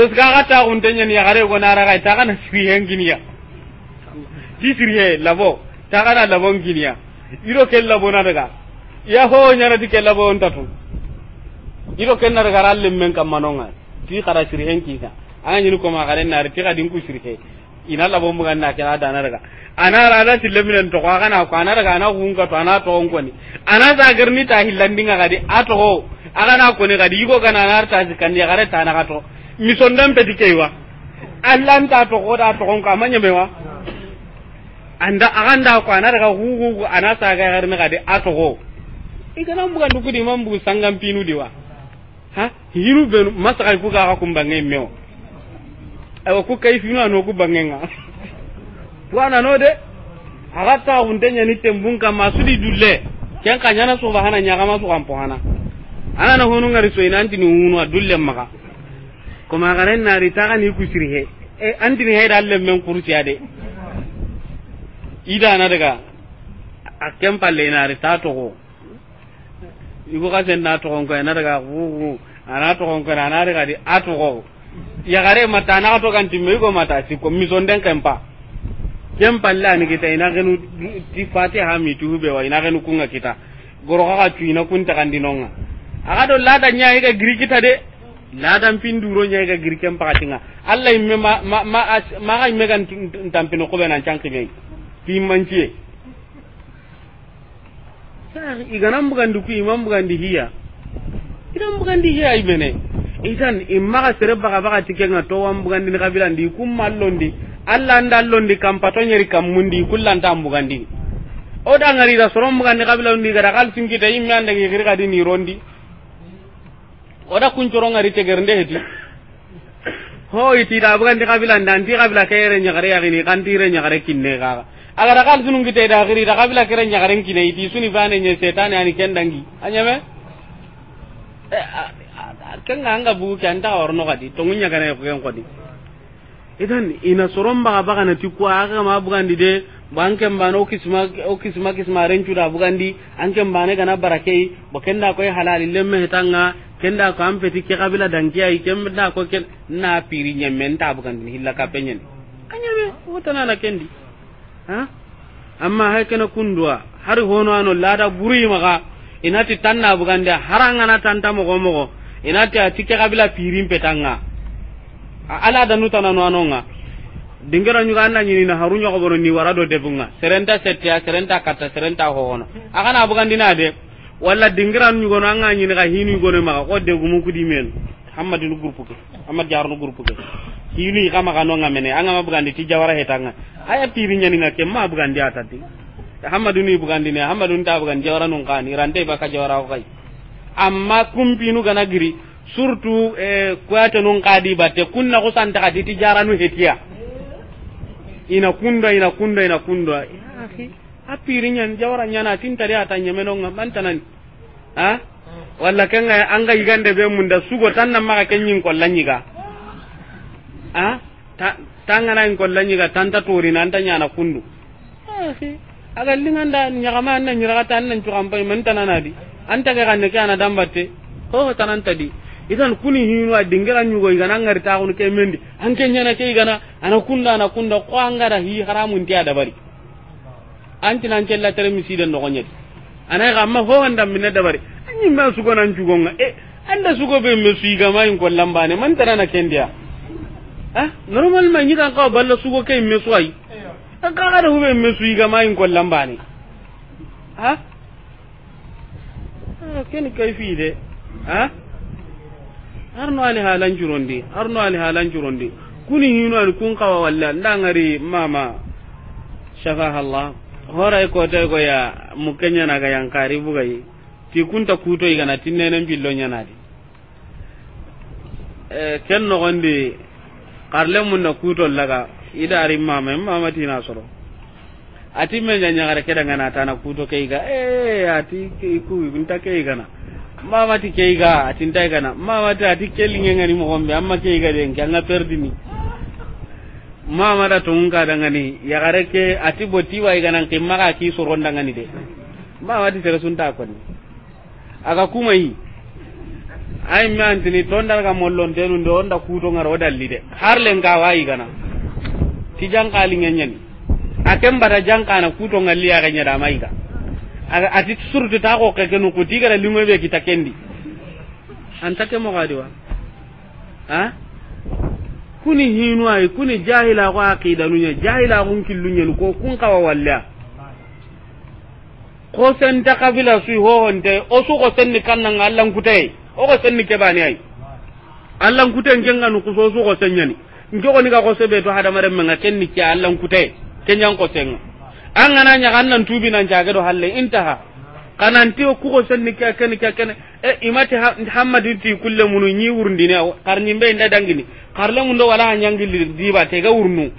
dos ka aga ta gunte nyani ya go nara ga ta kana sihen giniya ti sirhe labo ta kana labo giniya iro kel labo na daga ya ho nyana di kel labo on tatu iro ken na daga ralle men kam manonga ti kara sirhen kika an nyini ko ma gare na ri ti din ku he ina labo mu ganna ke ada na daga ana ra da tilminan to ka kana ko ana daga ana hunga to ana to onko ni ana za garni ta hillandinga di ato ho aga na ko ni di go kana na ta kan ya gare ta na to misondan peti keiwa allanta togoda togon ka manyamewa anda aganda ko ana daga hugugu ana saga garme kade atogo buga e mbuga ndukudi mambu sangam pinu wa. ha hiru be masaka ku ga kumbange meo awa ku kai finu ano ku bangenga wana no de agata undenya ni tembunka masudi dulle kyan kanyana so bahana nyaga masu kampo hana ana na honu ngari so inanti ni hunu adulle maka kuma garen na rita ga ni e men ida na daga palle na rita to go sen na to ko na daga ana to ko na daga di ato go ya gare mata na to kan go mata si ko mi palle kita ina genu ti fatiha mi tu be wa ina genu kunga kita goro kun ta kan dinonga aga do lada nya ga giri kita de ladan pin duro nya ga girken pakatinga allah imme ma ma ma ga imme kan tampino ko benan canki be timanci sa iganam bukan duku imam bukan dihiya idan bukan dihiya ibene idan imma ga sere baga baga tikenga to wan bukan din kabila ndi kum mallondi allah ndallondi kam patonye ri kam mundi kullan tam bukan din o da ngari da sorom bukan kabila ndi gara kalsin kita imme anda ngi gari kadi ni rondi oda kuncorongari tegerinde heti ho iti da bugan di kabila ndan di kabila kayere nyagare ya gini kan dire nyagare kinne ga agar da kal sunun kita da giri da kabila kere nyagare kinne iti suni bane nye setan ani kendangi anyame eh, kan ga anga bu kan ta orno kadi to munya kana ko kan kodi idan ina soron ba ba kana ti ko aga ma bugan di de banken ba no kisma o kisma kisma ren da bugan di anken bane gana barake bakenda ko halalille me tanga kenda ko am feti ke kabila dan ke ay kem da ko ken na piri nyem men ta kan ni hilla ka penyen anya be tana na kendi ha amma hay kana kundwa har hono ano lada buri maga inati tanna kan da haranga na tanta mo go mo inati atike kabila pirin petanga ala da nuta na no anonga dingera nyuga anna nyini na harunya ko bono warado debunga serenta setia serenta kata serenta hohono akana dina de wala dingiran ñugono a nga ni ga hinu yigone ma ko degumu kudi men lu groupe ke jaar lu groupe ke hinu yixa maxanonga mene a ma bugandi ti jawara hetanga aya tiri ñaninga ke ma bugandi a tati hammadunu bugandine hammadunu ta bugandi jawara nun rantai ba ka jawara ko amma kumpinu gana giri surtu eh, kuyate nun di batte kunna ka di ti jaranu hetiya ina kunda ina kunda ina kunda
ya
a piri nyan jawara nyana tinta de ata nyemeno nga bantanan ha walla ga anga yigande be munda sugo tan na maka kenyin ko lanyiga ha ta tangana en ko lanyiga tanta turi nan tanya na kundu aga linganda nyagama nan nyiraga tan nan curam pay man tanana di anta ga kanne kana dambatte ko tanan tadi idan kuni hinu a dingara nyugo igana ngari ta kunu ke mendi anke nyana ke igana ana kunda ana kunda ko da hi haramun tiada bari antina ancella tere misiden nogoñeti anayi ga amma fo ma su go nan jugon e eh, anda go be ko me suigamayin kollambane mantanana kendiya ma ah, normalement kan ka balla sugo ke su suwayi an kakada hube me suigamayin ha ah? ha ken kay fi de ha ah? arno ali jurondi arno ali jurondi kuni hinu al kun qawa walla ndangari mama allah. horay kotoy ko ya mukke ñanaga yankari bugayi ti kunta kutoyi gana tinnenen billo ñanadi e, ken nogondi karle munna kutol laga idari mama in mama tina soro ati menya ñagare keɗangana tana kuto ke yiga e, ati ku nta ke yigana mama ti ke yiga atintayigana mama ti ati kelingengani mogonɓe amma ke yiga de nke anga perdini mamada da dangani ya ati boti wa ki dangani de mamadi tere sunta ko ni aga kuma yi ay man tini tonda ga mollon de ndo onda ngaro dalli de har len ga wa ti ngenyen ngalli ya ganya da maiga aga ati surtu ta ko ke kenu kuti gara mo ha kuni hinu ay kuni jahila ko aqida nunya jahila kun killunya ko kun kawa walla ko sen ta kabila su ho honde o su ko sen ni kannan Allah kutai o ko sen ni kebani ay Allah kutai ngenga nu ko so su ko sen nyani ko ni ka ko sebe to hada mare menga ken ni kya Allah kutai kenyan ko sen an gana nya kannan tubi nan jage do halle intaha kanan ti ku ko sen ni kya ken kya ken e imati hammadi ti kulle munu nyi wurndine karnyi be nda dangini karle mun do wala nyangil diba te ga urnu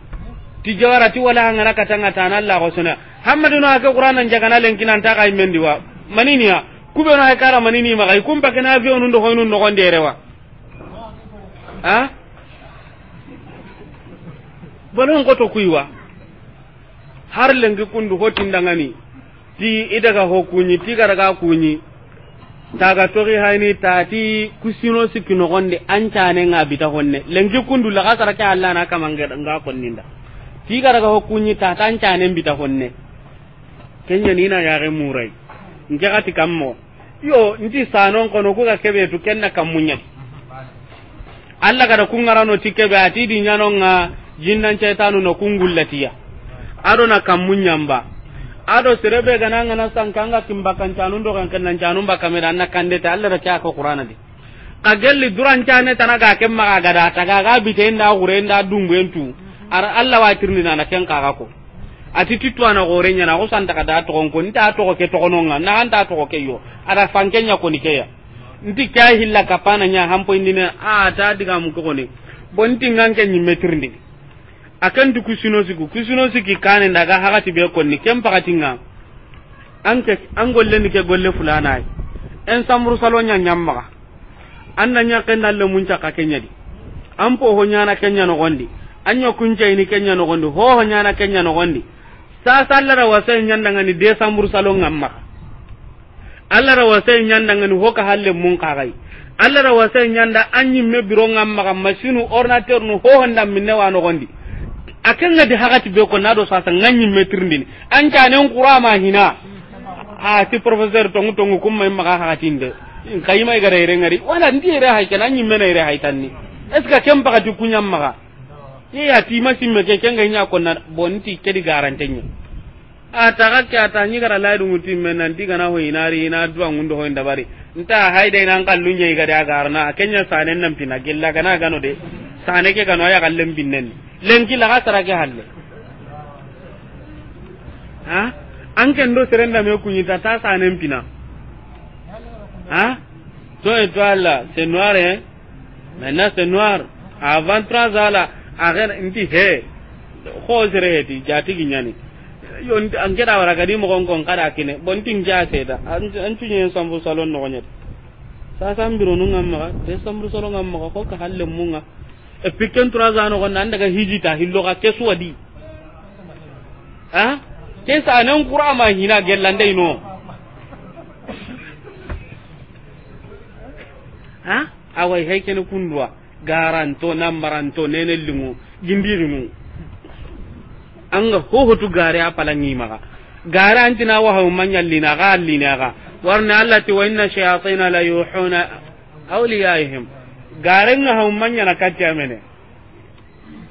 ti jawara ti wala kata ngata na Allah ko sunna hammadu no aka qur'anan jagana len kinan ta kai mendi wa manini ya kube na kara manini ma kai kumpa kana fi onundo ko onundo ko ndere wa ha balon ko to kuiwa har lengi kundu hotin dangani ti idaga ho kunyi ti garaga kunyi taga togi hayni tati kusino sikki nogondi ne nga bita honne lengi kundu laga ka Allah na kama nga konninda ti garaga hokkunyi tata ancane bita honne kenya nina yare murai nke gati kammo yo nti sanon kono ga kebe to kenna kammunya alla kada kungarano ti kebe ati di nyanonga jinnan cetanu no kungullatiya adona mba ado sirebe gana ngana sankanga kimbakan canun do kan nan canun bakamira anna kande ta Allah da ka ko qur'ana di kagelli duran cane tanaga kemma ga da taga ga ga bite nda gure nda dumbentu ar Allah wa tirni na ken ka ko ati titu ana gore nya na ko santa kada to ko nta to ko ke to nonga na anta to ko ke yo ara fankenya ko ni ke ya nti ka hilla kapana nya hampo indine a ta diga mu ko ni bonti nganke nyimetirndi akan du kusino siku kusino siki kane daga hakati be konni kem pakatinga anke an golle ni ke golle fulana ay en samru nya nyamma na nya ken dalle munca ka kenya di an po ho na kenya no gondi anyo kunja ini kenya no gondi ho ho na kenya no gondi sa sallara wasai ndanga ni de samru salonga ngamma alla ra wasai ni ho ka halle mun gai alla ra wasai nyanda anyi me biro ngamma masinu ordinateur nu ho honda minne wa no gondi akan ga hagati be ko sa sasa nganyi metrindini an kanen ma hina ha ti professeur ngu tongu kumma imma hagati hagatinde in mai gare ire ngari wala ndi ire hay kana nyi mena ire hay tanni est ce que kem baka ti kunyam maga ye ya ti ma me ke kenga nya ko na bonti kedi garantenye ata ka ke ata nyi gara laidu mutim mena ndi gana ho inari ina duwa ngundo ho bari nta hayda na an kallu ga da garna kenya sanen nan pina gilla gana gano de sane ke gano ya kallen binnen lenki laga sarage halle ha an ken do serenda me kunyita ta sanen pina ha to et wala c'est noir hein maintenant c'est noir avant trois ans là agen inti he ko sere heti jati ginyani yo an keda wara gadi mo gon gon kada kine bon tin ja da an tunye sambu salon no nyet sa sambiro nunga ma de sambu salon ngamma ko ka halle munga e pikken turazano gonna an daga hijita hilloga kesuwa di a ke nan qur'a ma hina gellande ino ha awai hay kene kundwa garanto namaranto nene lingu jindirimu anga ho hotu gare a palangi maga gare antina wa hawu manyallina ga allina ga allati wa inna shayatin la yuhuna awliyaihim garenga ha ummanya na katti amene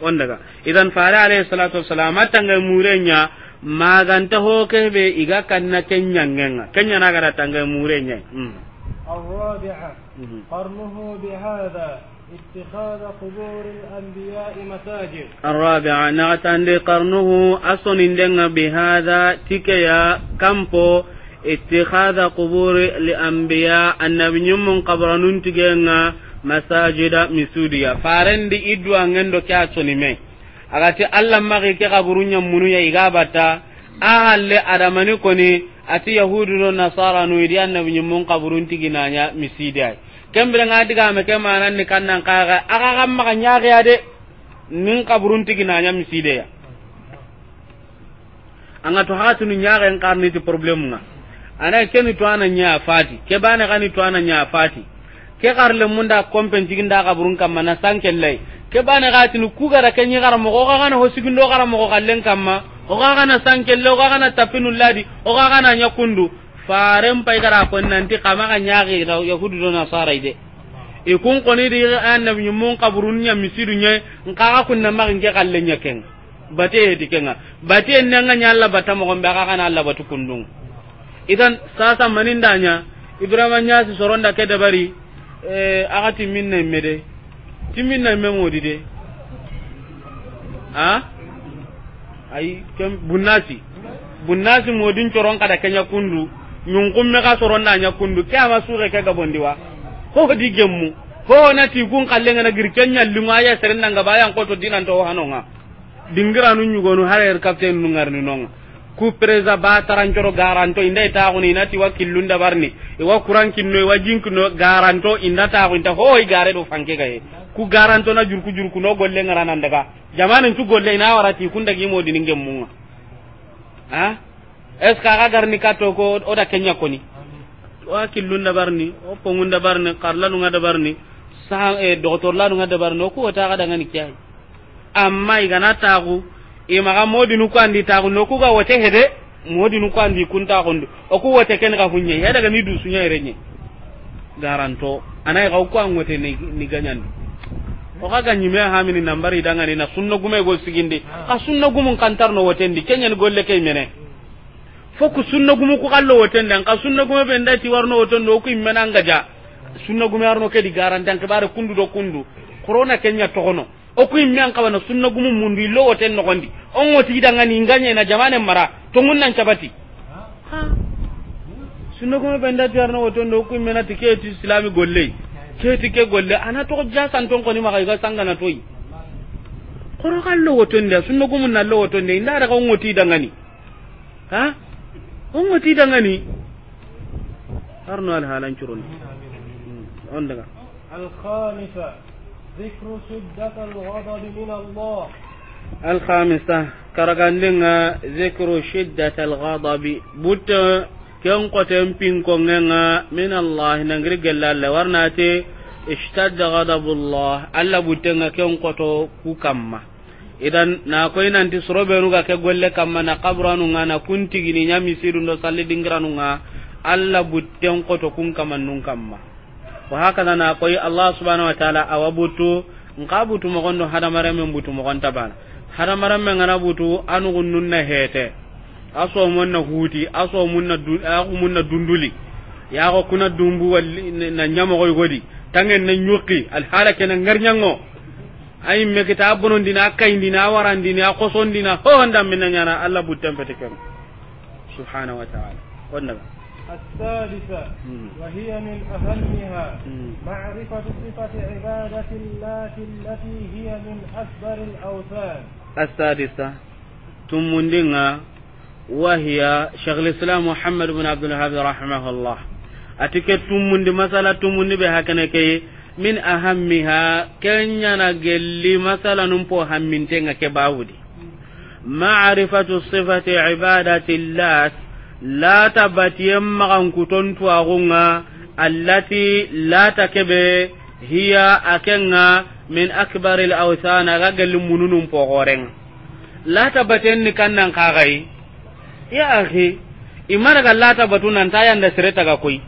on daga idan fara alayhi salatu wassalam atanga murenya maganta ho kebe iga kanna kenyangenga kenya na gara tanga murenya
mm.
الرابعة mhm. قرنه بهذا اتخاذ قبور
الأنبياء مساجد
الرابعة نغتان قرنه أصن بهذا تكيا كمبو اتخاذ قبور الأنبياء النبي يمن قبر ننتجينا masajida misudiya farendi iddu do ke asoni me agati allah magi ke kaburunya munu ya igabata ahalle adamani koni ati yahudu no nasara no idi annabi nyum kaburun tiginanya misidiya kembere nga diga me ke manan ni kannan kaga aga gamma ga nyaga ya de nin kaburun tiginanya misidiya anga to hatu ni nyaga en karni ti problem nga ana keni to ana nya fati ke bana kani to ana nya fati ke garle munda kompen jiginda kaburun kamma na sankellai ke bana gatini kugara ke nyigara mogo ga gana hosigindo gara mogo gallen kamma o ga gana sankelle o ga gana tapinu ladi o ga gana nyakundu faren pai gara kon nanti kama ga nyaagi yahudu do nasara ide e kun koni di annabi mun kaburun nya misidu nya nka ga na ma nge gallen nyaken bate e di kenga bate e nanga nyalla bata mo gombe ga kana alla batu kundung idan sasa manindanya ibrahima nyasi soronda ke bari. Eh, aga timmin na imme de timmin na imme modi de ah? ay kem bunnasi bunnasi modin coron kada kenya kundu nyun kumme ka soron na nya kundu ke ama sure ke ga wa ko di gemmu ko na ti kun na ngana girkenya lunga ya serenna ga bayan ko to dinan to hanonga nyugo nyugonu harer er kapten nu ngarni nonga ku preza ba tarancoro garanto inda ita ko ina ti wakilun da barni iwa wa kuran kinno wa jinkino garanto inda ta ko inda hoy gare do fanke gaye ku garanto na jurku jurku no golle ngaranan daga jamanin tu golle ina warati kun daga mo dinin gemunga ha es ka ga garni kato ko oda kenya koni wa kilun da barni o pongun da barni karlanu ngada barni sa e eh, doktor lanu ngada barni ko ta ga daga ni kyai amma igana tagu i maga modi nu andi ta gunno ku ga wote hede modi nu andi kun ta gunno o ku wote ken ga hunye ya daga ni dusu nya irenye garanto anai ga ku an wote ni ganyan o ga ganyi me ha min nambari danga ni na sunno gume go sigindi ka sunno gumun kantar no wote ndi kenyen golle kay mene foku sunno gumu ku kallo wote ndan ka sunno gume be ndati warno wote ndo ku imena ngaja sunno gume arno ke di garantan ke bare kundu do kundu corona kenya togono o ku imme an kawana sunna gumu mundu illo woten no gondi on woti idanga ni nganya na jamane mara to mun ngunnan cabati sunna gumu benda tiarna woton do ku imme na tiketi islami golle keti ke golle ana to ja san ton ko ni maka ga sanga na toyi koro kallo woton da sunna gumu na lo woton ne inda daga on woti idanga ni ha on woti idanga ni arno hmm, al halan curun on daga
al khamisa ذكر شدة الغضب من الله
الخامسة كرغاندنا ذكر شدة الغضب بوت كن قتن من الله ورناتي اشتد غضب الله بوتنا كن قتو كوكما idan na koy nanti soroɓenu ga ke golle na kaɓuranunga na kuntigini ñamisirundo salli dingiranuga allah butten kun kamma wa hakaza na koy allah subhanahu wa ta'ala awabutu nka butu mogondo hadamare men butu mogon tabana hadamare men ngana butu anu na hete aso na huti aso na a dun aku na dunduli ya ko kuna dumbu walli na nyamo koy godi tangen na nyuki al halaka na ngarnyango ay me kita bonon dina kay dina waran dina ko son dina ho ndam men nyana allah butem pete kam subhanahu wa ta'ala wanda
الثالثة وهي من أهمها معرفة صفة عبادة الله التي هي من أكبر الأوثان
السادسة لنا وهي شيخ الإسلام محمد بن عبد الوهاب رحمه الله أتكت ثم مثلا ثم بها كنكي من أهمها كن نجلي مثلا نمبو هم من تنك معرفة صفة عبادة الله la tabatiyen magan kuton tuwagunga allati la kebe hiya akenga min akbar al awsan aga galin mununun pogoren la tabaten ni kannan kagai ya akhi imara ga la tabatu nan ta yanda sire ga koi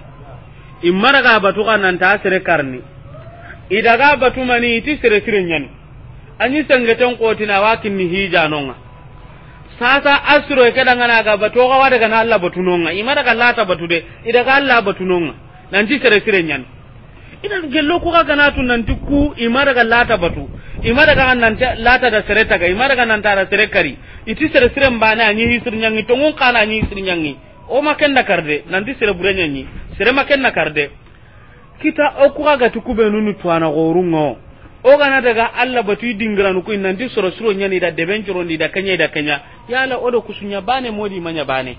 imara ga batu kan nan ta sire karni idaga batu mani ti sire sire nyani anyi sangeten kotina wakin ni hijanonga sasa asiro ke daga na ga batu ga wada kana Allah nonga ima daga batu de ida ga Allah nan nanti sere sere nyan ida gello ko ga na tun nanti ku ima daga ta batu ima daga nanti lata da sere ga ima daga ta da sere kari iti sere sere ni anyi hisir nyangi tongun kana ni hisir nyangi o ken da karde nanti sere bure nyanyi sere ken da karde kita o ku ga tukube nunu tuana rungo o na daga Allah batu ku nan nanti soro soro nyani da deben curo ni da kanya da kanya yala odo kusunya bane modi manya bane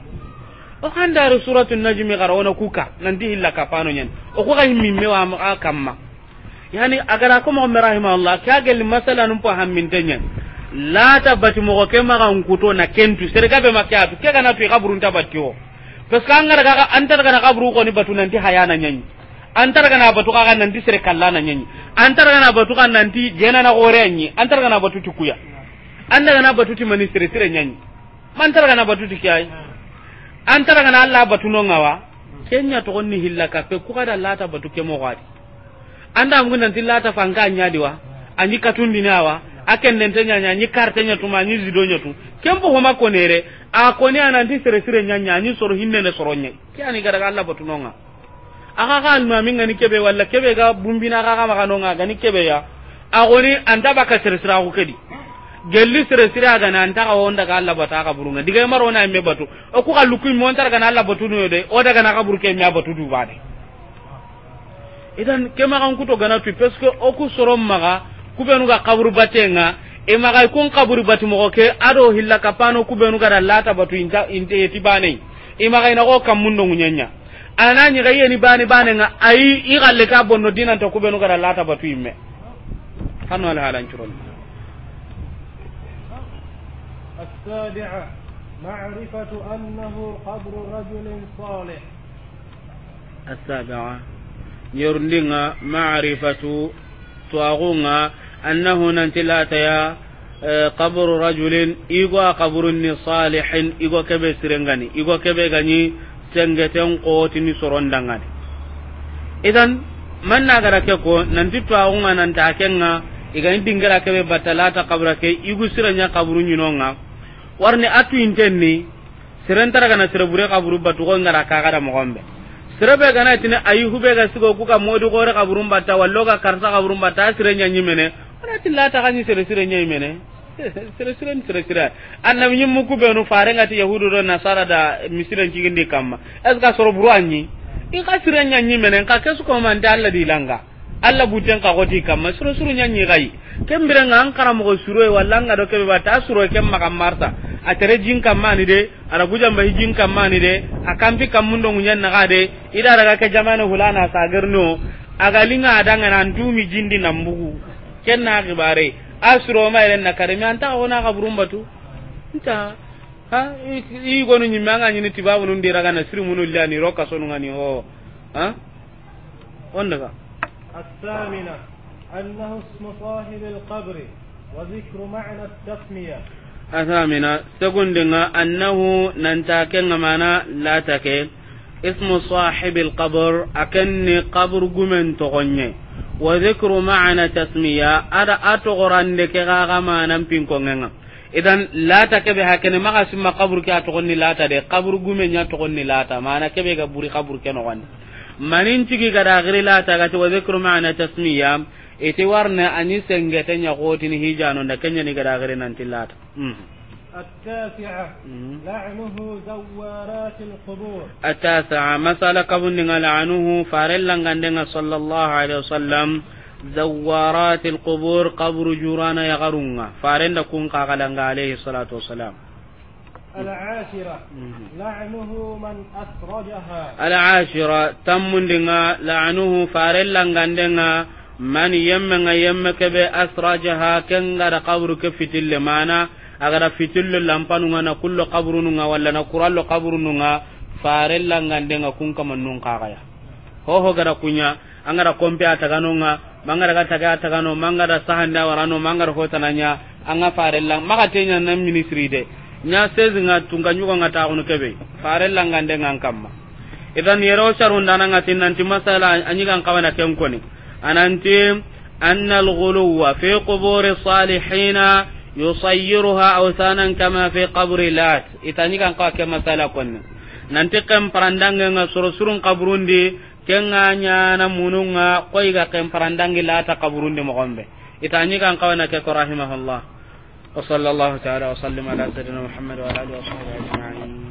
o handare suratul najm gara kuka nanti illa kapano nyen o ko ga himme wa ma kamma yani agara ko mo allah gel masala num la tabati mo ko kema ga na kentu serga be makya to kaburun e tabati o ga antar kaburu ko ni batu hayana nyen antar batu sere kallana nyen antar batu jena na gore nyi antar batu tukuya anda gana batuti mani sere sere nyanyi man tara gana batuti kiyai an tara gana alla batuno ngawa kenya to onni hilla ka pe ku kada lata ke mo gadi anda mun nan tilata fanga nyadi wa anyi katundi nawa aken den tenya nyanyi karte nya tuma nyi zidonyo tu kembo homa konere a koni ananti sere sere nyanya nyi soro hinne ne soro nyai kiani gara alla batuno nga aga ga alma minga ni kebe walla kebe ga bumbina ga ga no nga ga ni kebe ya a agoni anda baka sere sere ko kedi gelli sere sere aga na anta ka onda ga Allah bata ka burunga diga maro na me batu o ku kallu ku mon tar ga na Allah batu no de o daga na ka burke me batu du bade idan ma kan kuto gana tu parce que o ku ma ga ku benu ga kaburu batenga e ga ku kaburu batu mo ke ado hilla kapano ku benu ga lata batu inta inte yeti bane e ga na ko kam mun no nyanya ana nyi ga yeni bane bane nga ai i galle ka bonno dinan to ku benu ga lata batu imme kanu ala halan
churon السابعة معرفة أنه قبر رجل صالح
السابعة يرنغ معرفة تواغونا أنه ننتلاتيا قبر رجل إيغوا قبر صالح إيغوا كبه سرنغاني إيغوا كبه غني سنغتين قوتني سرندنغاني إذن man na gara ke ko nan ti to awunga nan ta kenga iga indingara ke be batalata kabra ke igu siranya kaburu nyinonga warni atu intenni sirentara kana sirebure kaburu batu ko ngara kaga da mogombe sirebe gana tini ayi hube ga sigo ku ka modi gore kaburu bata wallo ga karsa kaburu bata sirenya nyimene ona tilla ta kanyi sire sire nyimene sire sire sire sire annam nyimmu ku be no farenga ti yahudu do nasara da misiren cigindi kamma eska soro buru anyi i ka sirenya nyimene ka kesu ko man dalla dilanga alla buten ka goti kamma sire sire nyi gai kembire nga an kara mo suro walla nga do kebe bata suro kem makam marta atere jin kam mani de ara guja mbai jin kam mani de akampi kam mundo munyan na gade ida daga ke jamane hulana sagarno agalinga adanga nan dumi jindi nan bugu kenna gibare asuro ma ren na kare mi anta ona ga burumbatu nta ha i gonu nyi manga nyi babu nun diraga na siri munu lani roka sonu ngani ho ha on daga
الثامنة أنه اسم صاحب القبر وذكر معنى التسمية
أثامنا سقندنا أنه ننتاكن معنا لا تكين اسم صاحب القبر أكن قبر قمن تغني وذكر معنى تسمية أرى أتغران لك غاما نمبين كونغنا idan lata kebe hakene maga simma kabur ke atogonni lata de kabur gume nya togonni lata kebe ga buri kabur ke no wani manin tigi ga da gri lata ga to tasmiya iti warna ani sengete ñakotini hijanonda keñani gadagere nantilata mm.
التاسعة mm. لعنه زوارات القبور
التاسعة مثلا كبن لعنه فارلا غندنا صلى الله عليه وسلم زوارات القبور قبر جورانا يغرونا فارلا كون قاقلنغا عليه الصلاة والسلام
العاشرة mm. لعنه من أخرجها
العاشرة تم لعنه فارلا غندنا man yemme nga yemme kebe asrajaha ken gara qabru ke fitille mana agara fitillo lampanu nga na kullo qabrunu nga wala na kurallo qabrunu nga farella ngande nga kun kama nun kagaya ho ho gara kunya angara kompe atagano nga mangara gata ga atagano mangara sahanda warano mangara hotananya anga farella maka tenya na ministry de nya sezi nga tunganyuka nga taunu kebe farella ngande nga kamma idan yero sharunda nga tinanti masala anyiga kawana kenkoni أن أنتم أن الغلو في قبور الصالحين يصيرها أوثانا كما في قبر لات إتاني كان قاك مثلا قلنا ننتقم قم فراندان سرسرون قبرون دي كن آنيا نمونون قويقا قم فراندان لات قبرون دي مغنب إتاني كان قوانا كيكو رحمه الله وصلى الله تعالى وسلم على سيدنا محمد وعلى آله وصحبه أجمعين